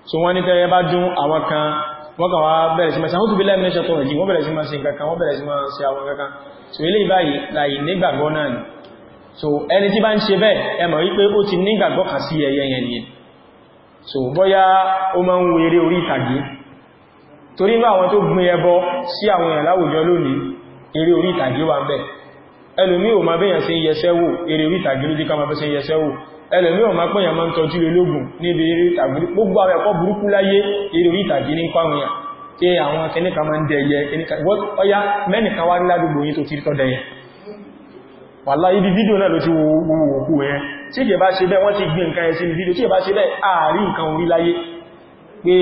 so wọ́n ní tẹ́yẹ bá dún àwọn kan wọ́n kàn wá bẹ̀rẹ̀ sí máa sàmútù bí lẹ́mìnà ṣẹ̀tọ̀ ìjì wọ́n bẹ̀rẹ̀ sí máa ṣe nǹkankan wọ́n bẹ̀rẹ̀ sí máa ṣe àwọn nǹkankan so ilé ìbáyìí láì nígbàgbọ́ náà ni so ẹni tí bá ń ṣe bẹ́ẹ̀ ẹ mọ̀ wípé ó ti nígbàgbọ́ kà sí ẹyẹ ni so bóyá ó máa ń wo eré orí ìtàgé torí inú àwọn tó gbin ẹbọ sí àwọn èèyàn láwùjọ lónìí eré orí ìtàgé wà ń bẹ ẹlòmí ò ẹlẹ̀mí ọ̀má pẹ̀yàn máa ń tọ́jú ológun níbi eré ìtàgé gbogbo àwọn ẹ̀kọ́ burúkú láyé eré ìtàgé ní pàwọ̀yàn tí àwọn kẹníkà máa ń dẹ̀yẹ ọya mẹ́nìkan wá níládùgbò yí tó ti tọ́ dẹ̀yẹ wàlá ibi fídíò náà ló ti wo òkú ẹ̀ tí kẹ bá ṣe bẹ́ wọ́n ti gbé nǹkan ẹ̀ sí fídíò tí kẹ bá ṣe bẹ́ ààrí nǹkan orí láyé pé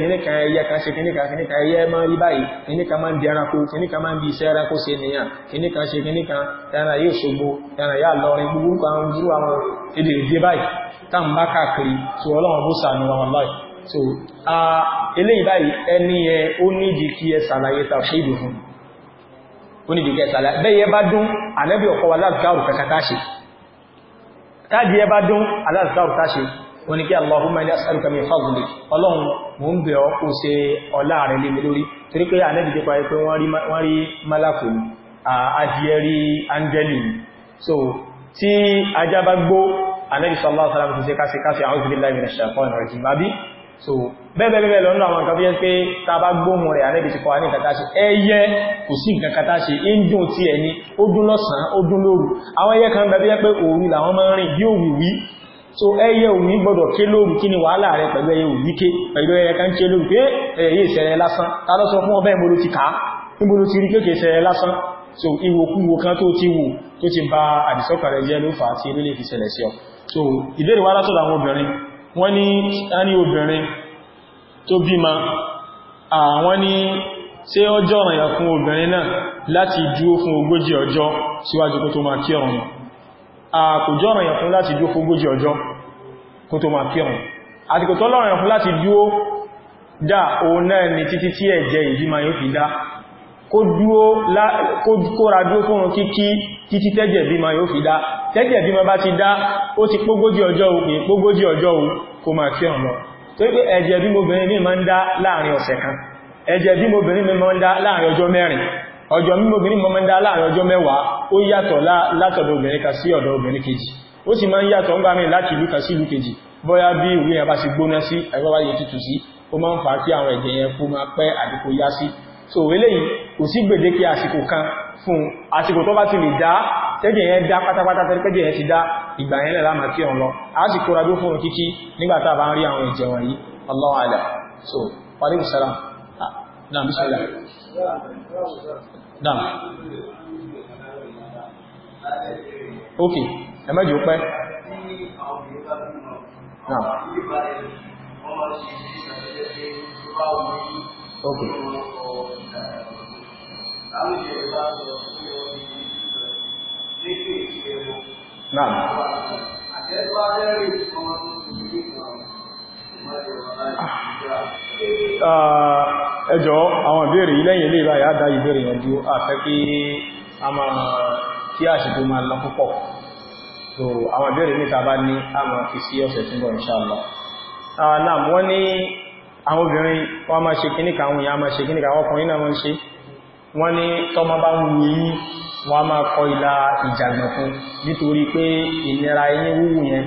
kìníkà ẹyẹ ká ṣe kìníkà kìníkà ẹyẹ máa rí báyìí kìníkà máa ń di ẹranko kìníkà máa ń di iṣẹ́ ẹranko ṣe nìyàn kìníkà ṣe kìníkà ẹran yóò ṣogbo ẹran yà lọrin gbogbo àwọn irú àwọn èdè èdè báyìí tá bá káàkiri tó ọlọ́run bó sànù wọn lọ́ì so a eléyìí báyìí ẹni ẹ ó nídìí kí ẹ ṣàlàyé ta ṣe ìdò fún ó nídìí kí ẹ ṣàlàyé bẹ́ẹ̀ yẹ bá dún ànẹ́bí ọ̀kọ́ wa láti gáàrù kẹkàtà ṣe táàdì yẹ bá dún aláàtì gáàrù wọ́n ni kí Allahumma ní as'aluka min fadli ọlọ́run mò ń bẹ̀ ọ́ kó ṣe ọlá rẹ̀ lé mi lórí torí pé ànẹ́bì tó parí pé wọ́n rí málàkù adìẹ rí so tí ajá bá gbó ànẹ́bì sallallahu alaihi wasallam ti ṣe kásíkásí a'udhu billahi minash shaitanir rajim so bẹ́ẹ̀bẹ́ẹ̀bẹ́ lọ́nà àwọn nǹkan tó yẹ́ pé ta bá gbóhùn rẹ̀ àrẹ́bì ti kọwa ní ìkàtàṣì ẹyẹ kò sí nǹkan kàtàṣì ìdùn tí ẹni ó dún lọ́sàn ó so ẹyẹ òní gbọdọ̀ ké lóòrù kí ni wàhálà rẹ pẹ̀lú ẹyẹ òní ké pẹ̀lú ẹyẹ kan ké lóòrù pé ẹyẹ yìí sẹ̀rẹ̀ lásán ta ló sọ fún ọbẹ̀ ìmọ̀lú ti kàá níbolo ti rí kéèkè sẹ̀rẹ̀ lásán so ìwòkúwò kan tó ti wù tó ti ba àdìsọ́kà rẹ jẹ́ ló fà so ìbéèrè wá látọ̀dọ̀ àwọn obìnrin wọ́n ní ẹni obìnrin tó bímọ àwọn ní ṣé ọjọ́ ọ̀ràn yà fún obìnrin náà láti dúó fún ogójì ọjọ́ kò jọ́nà yàn fún láti dúó fógójì ọjọ́ kó tó máa kírùn àsìkò tó lọ́rọ̀ yàn fún láti dúó dá òun náà ni títí tí ẹ̀jẹ̀ ìjímá yóò fi dá kó ra dúó fún kíkí títí tẹ́jẹ̀ bímá yóò fi dá tẹ́jẹ̀ bímá bá ti dá ó ti pógójì ọjọ́ òun kìí pógójì ọjọ́ mímọ̀ obìnrin mọ́ mẹ́ndá láàrin ọjọ́ mẹ́wàá ó yàtọ̀ látọ̀dọ̀ obìnrin kan sí ọ̀dọ̀ obìnrin kejì ó sì máa ń yàtọ̀ ń gbà mí láti ìlú kan sí ìlú kejì bóyá bí ìwé yẹn bá sì gbóná sí ẹgbẹ́wáyé tútù sí ó máa ń fa kí àwọn ẹ̀jẹ̀ yẹn kó máa pẹ́ àdíkò yá sí so eléyìí kò sí gbèdéke àsìkò kan fún àsìkò tó bá ti lè dá tẹ́jẹ̀ yẹn dá pátápátá tẹ́jẹ̀ yẹn ti dá ìgbà yẹn lẹ́la màá kí ọ̀n lọ a sì kóra bí fún kíkí nígbà tá a bá ń rí àwọn ẹ̀jẹ̀ wọ̀nyí Allahu a'lam so wa salam نعم بسم الله نعم ókè ẹmẹ́jì ó pẹ́ náà ókè náà Ah, ẹjọ́ àwọn ìbéèrè ilẹ́yìn ilé ìbáyà dá ìbéèrè yẹn dúó àfẹ́ kí a máa kí àṣìkò máa lọ púpọ̀ so àwọn ìbéèrè níta bá ní a máa fi sí ọ̀sẹ̀ tí ń inshallah ah, náà wọ́n ní àwọn obìnrin wọ́n máa ṣe kíníkà àwọn èèyàn máa ṣe kíníkà ọkùnrin náà wọ́n ṣe wọ́n ní tọ́mọ bá ń wù yí wọ́n máa kọ ìlà ìjàgbọ̀n fún nítorí pé ìnira ẹni wúwù yẹn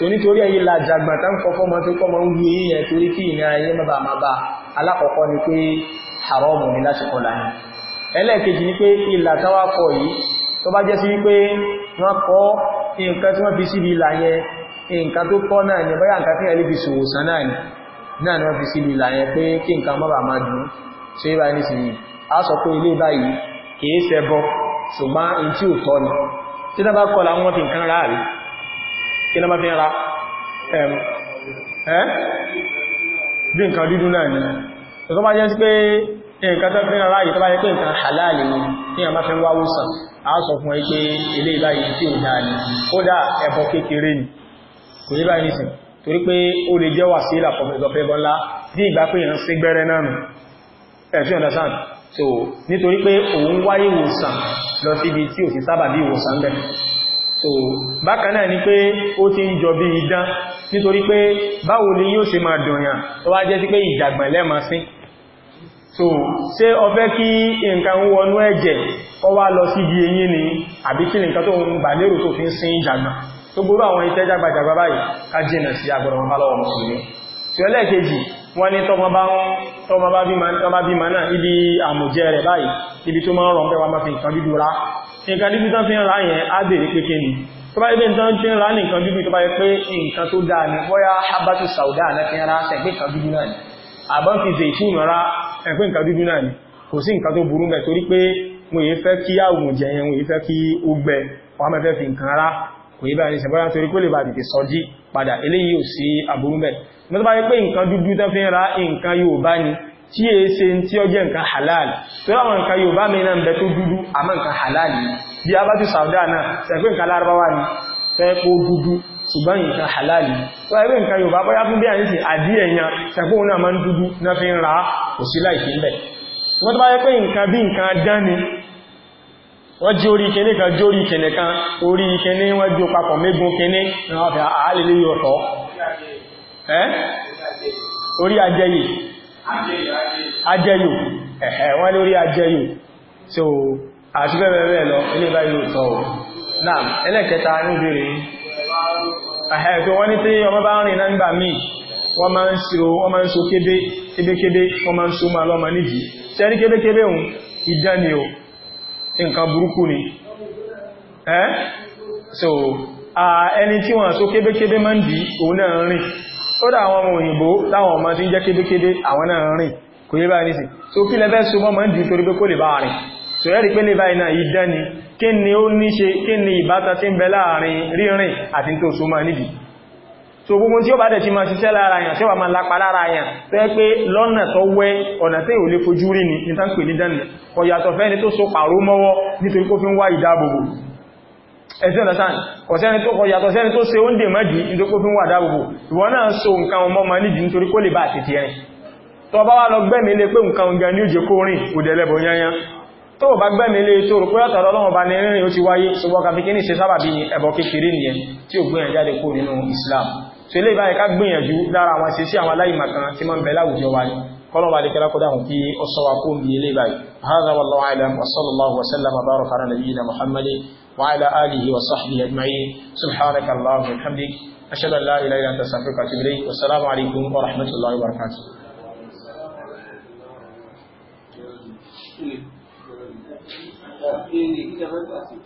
so nítorí ẹ̀yìn làjàgbà tá ń kọ́kọ́ mọ́ tó kọ́ mọ́ ń wú yí yẹn torí kí ìní ayé má má bá alákọ̀ọ́kọ́ ni pé haramu ni láti kọ́ láyé ẹlẹ́ẹ̀kejì ni pé ìlà táwa kọ yìí tó bá jẹ́ sí wípé wọ́n kọ́ nǹkan tí wọ́n fi síbi ìlà nǹkan tó ni báyà nǹkan tí ẹ̀lẹ́ fi ṣòwòsàn náà ni náà ni wọ́n fi síbi ìlà yẹn pé kí nǹkan má bàa má dùn ṣe é báyìí nísìnyí a sọ pé ilé báyìí kìí ṣẹbọ ṣùgbọ́n tọ́ kí náà má fi ń ra ẹ̀mù ẹ́ bí nǹkan dúdú náà ni tó bá jẹ́ sí pé nǹkan tó fi ń ra yìí tó bá jẹ́ pé nǹkan halal ni ní àmá fi ń wá wùsàn a sọ fún ẹ pé ilé ìbáyìí tí ò dáa ni ó dá ẹbọ kékeré ni kò ní báyìí nìsìn torí pé ó lè jẹ́ wà sí ìlà pọ̀fẹ́sọ̀fẹ́ bọ́lá bí ìgbà pé ìran sí gbẹ́rẹ́ náà nù ẹ̀fí understand so nítorí pé òun wáyé wòsàn lọ síbi tí ò sí sábà bí ìwòsàn bẹ́ẹ̀ so bákan náà ni pé ó ti ń jọ bí idán nítorí pé báwo ni yóò ṣe máa dùnyàn tó wá jẹ́ sí pé ìdàgbọ̀n lẹ́mọ̀ sí so ṣé o fẹ́ kí nǹkan wọnú ẹ̀jẹ̀ kó wá lọ sí ibi eyín ni àbí kí nǹkan tó ń bà lérò tó fi ń sin ìjàgbọ̀n tó gbóró àwọn iṣẹ́ jágbàjàgbà báyìí ká jìnà sí agbọ̀rọ̀ wọn bá lọ́wọ́ mùsùlùmí tí ó wọ́n ní tọ́mọ bá bí ma náà ibi àmùjẹ́ rẹ̀ báyìí ibi tó máa ń rọ̀ ń pẹ́wàá máa fi nǹkan dídúra nǹkan dúdú tán fi ń ra yẹn á pé kí ni tó bá ibẹ̀ tán fi ń ra ní nǹkan dúdú tó bá yẹ pé nǹkan tó dáa ni bóyá habatu sauda na fi ra ẹgbẹ́ nǹkan dúdú náà ni ni kò sí nǹkan tó burú mẹ́ torí pé mo yìí fẹ́ kí àwùn jẹ yẹn mo yìí fẹ́ kí ó gbẹ wọ́n mẹ́fẹ́ fi nǹkan rá kò yí báyìí ṣe bọ́lá torí kó lè bá tètè sọ tí è e ṣe tí ó jẹ́ nǹkan halal tó àwọn nǹkan yóò bá mi náà bẹ tó dúdú àmọ́ nǹkan halal ni bí a bá ti sàúdá náà sẹ́fẹ́ nǹkan lárúbáwá ni fẹ́ẹ́kó dúdú ṣùgbọ́n nǹkan halal ni tó ẹgbẹ́ nǹkan yóò bá bọ́yá fún bí àyíṣẹ́ àdíẹ̀yàn sẹ́fẹ́ òun náà máa ń dúdú náà fi ń ra kò sí láìfí ń bẹ̀ wọ́n tó bá yẹ pé nǹkan bí nǹkan dán orí ajẹ́yìí ajẹ́yò ẹ̀hẹ̀ wọ́n lórí ajẹ́yò so àti bẹ́ẹ̀bẹ́ẹ̀ lọ ilé bá ìlú tọ́ náà ẹlẹ́kẹta ní ìbéèrè ẹ̀hẹ̀ tó wọ́n ní tí ọmọ bá rìn náà nígbà míì wọ́n máa ń so wọ́n máa ń so kébékébé wọ́n máa ń so máa lọ́mọ nídìí tí ẹni kébékébé òun ìdán ni o nǹkan burúkú ni ẹ́ so ẹni tí wọ́n so kébékébé máa ń dì òun náà rìn sọ́dọ̀ àwọn ọmọ òyìnbó láwọn ọmọ tí ń jẹ́ kédékédé àwọn náà rìn kò yé báyìí nìsìn so kí lẹ́fẹ́ so mọ́ mọ́ torí pé kó lè bá rìn so ẹ́rì pé lè báyìí náà ìdán ni kí ni ó ní ṣe kí ni ìbáta tí so mọ́ níbi so gbogbo tí ó bá dẹ̀ ti máa ṣiṣẹ́ lára yàn tí ó bá máa lápa lára yàn tó yẹ pé so pàró mọ́wọ́ nítorí kó fi ẹ̀sìn ọ̀dọ̀sán kọ̀sẹ́ni tó kọjàtọ̀ sẹ́ni tó ṣe oúnjẹ mẹ́jì nítorí fún wà dáàbòbò ìwọ́n náà so nǹkan ọmọ ọmọ nídìí nítorí kó lè bá àti tiẹ̀rin tó bá wá lọ gbẹ́mi lé pé nǹkan ọ̀gá ní òjò kó rìn òdẹ̀lẹ́bọ̀ yányán tó bá gbẹ́mi lé tó rò pẹ́yàtọ̀ ọlọ́run bá ní rìnrìn ó ti wáyé ṣùgbọ́n kàfi kí ní ṣe sábà bí ẹbọ kékeré nìyẹn tí ó gbìyànjú jáde kó nínú Islam tó ilé ìbáyẹ ká gbìyànjú lára àwọn وعلى آله وصحبه أجمعين سبحانك اللهم وبحمدك أشهد أن لا إله إلا أنت أستغفرك وأتوب إليك والسلام عليكم ورحمة الله وبركاته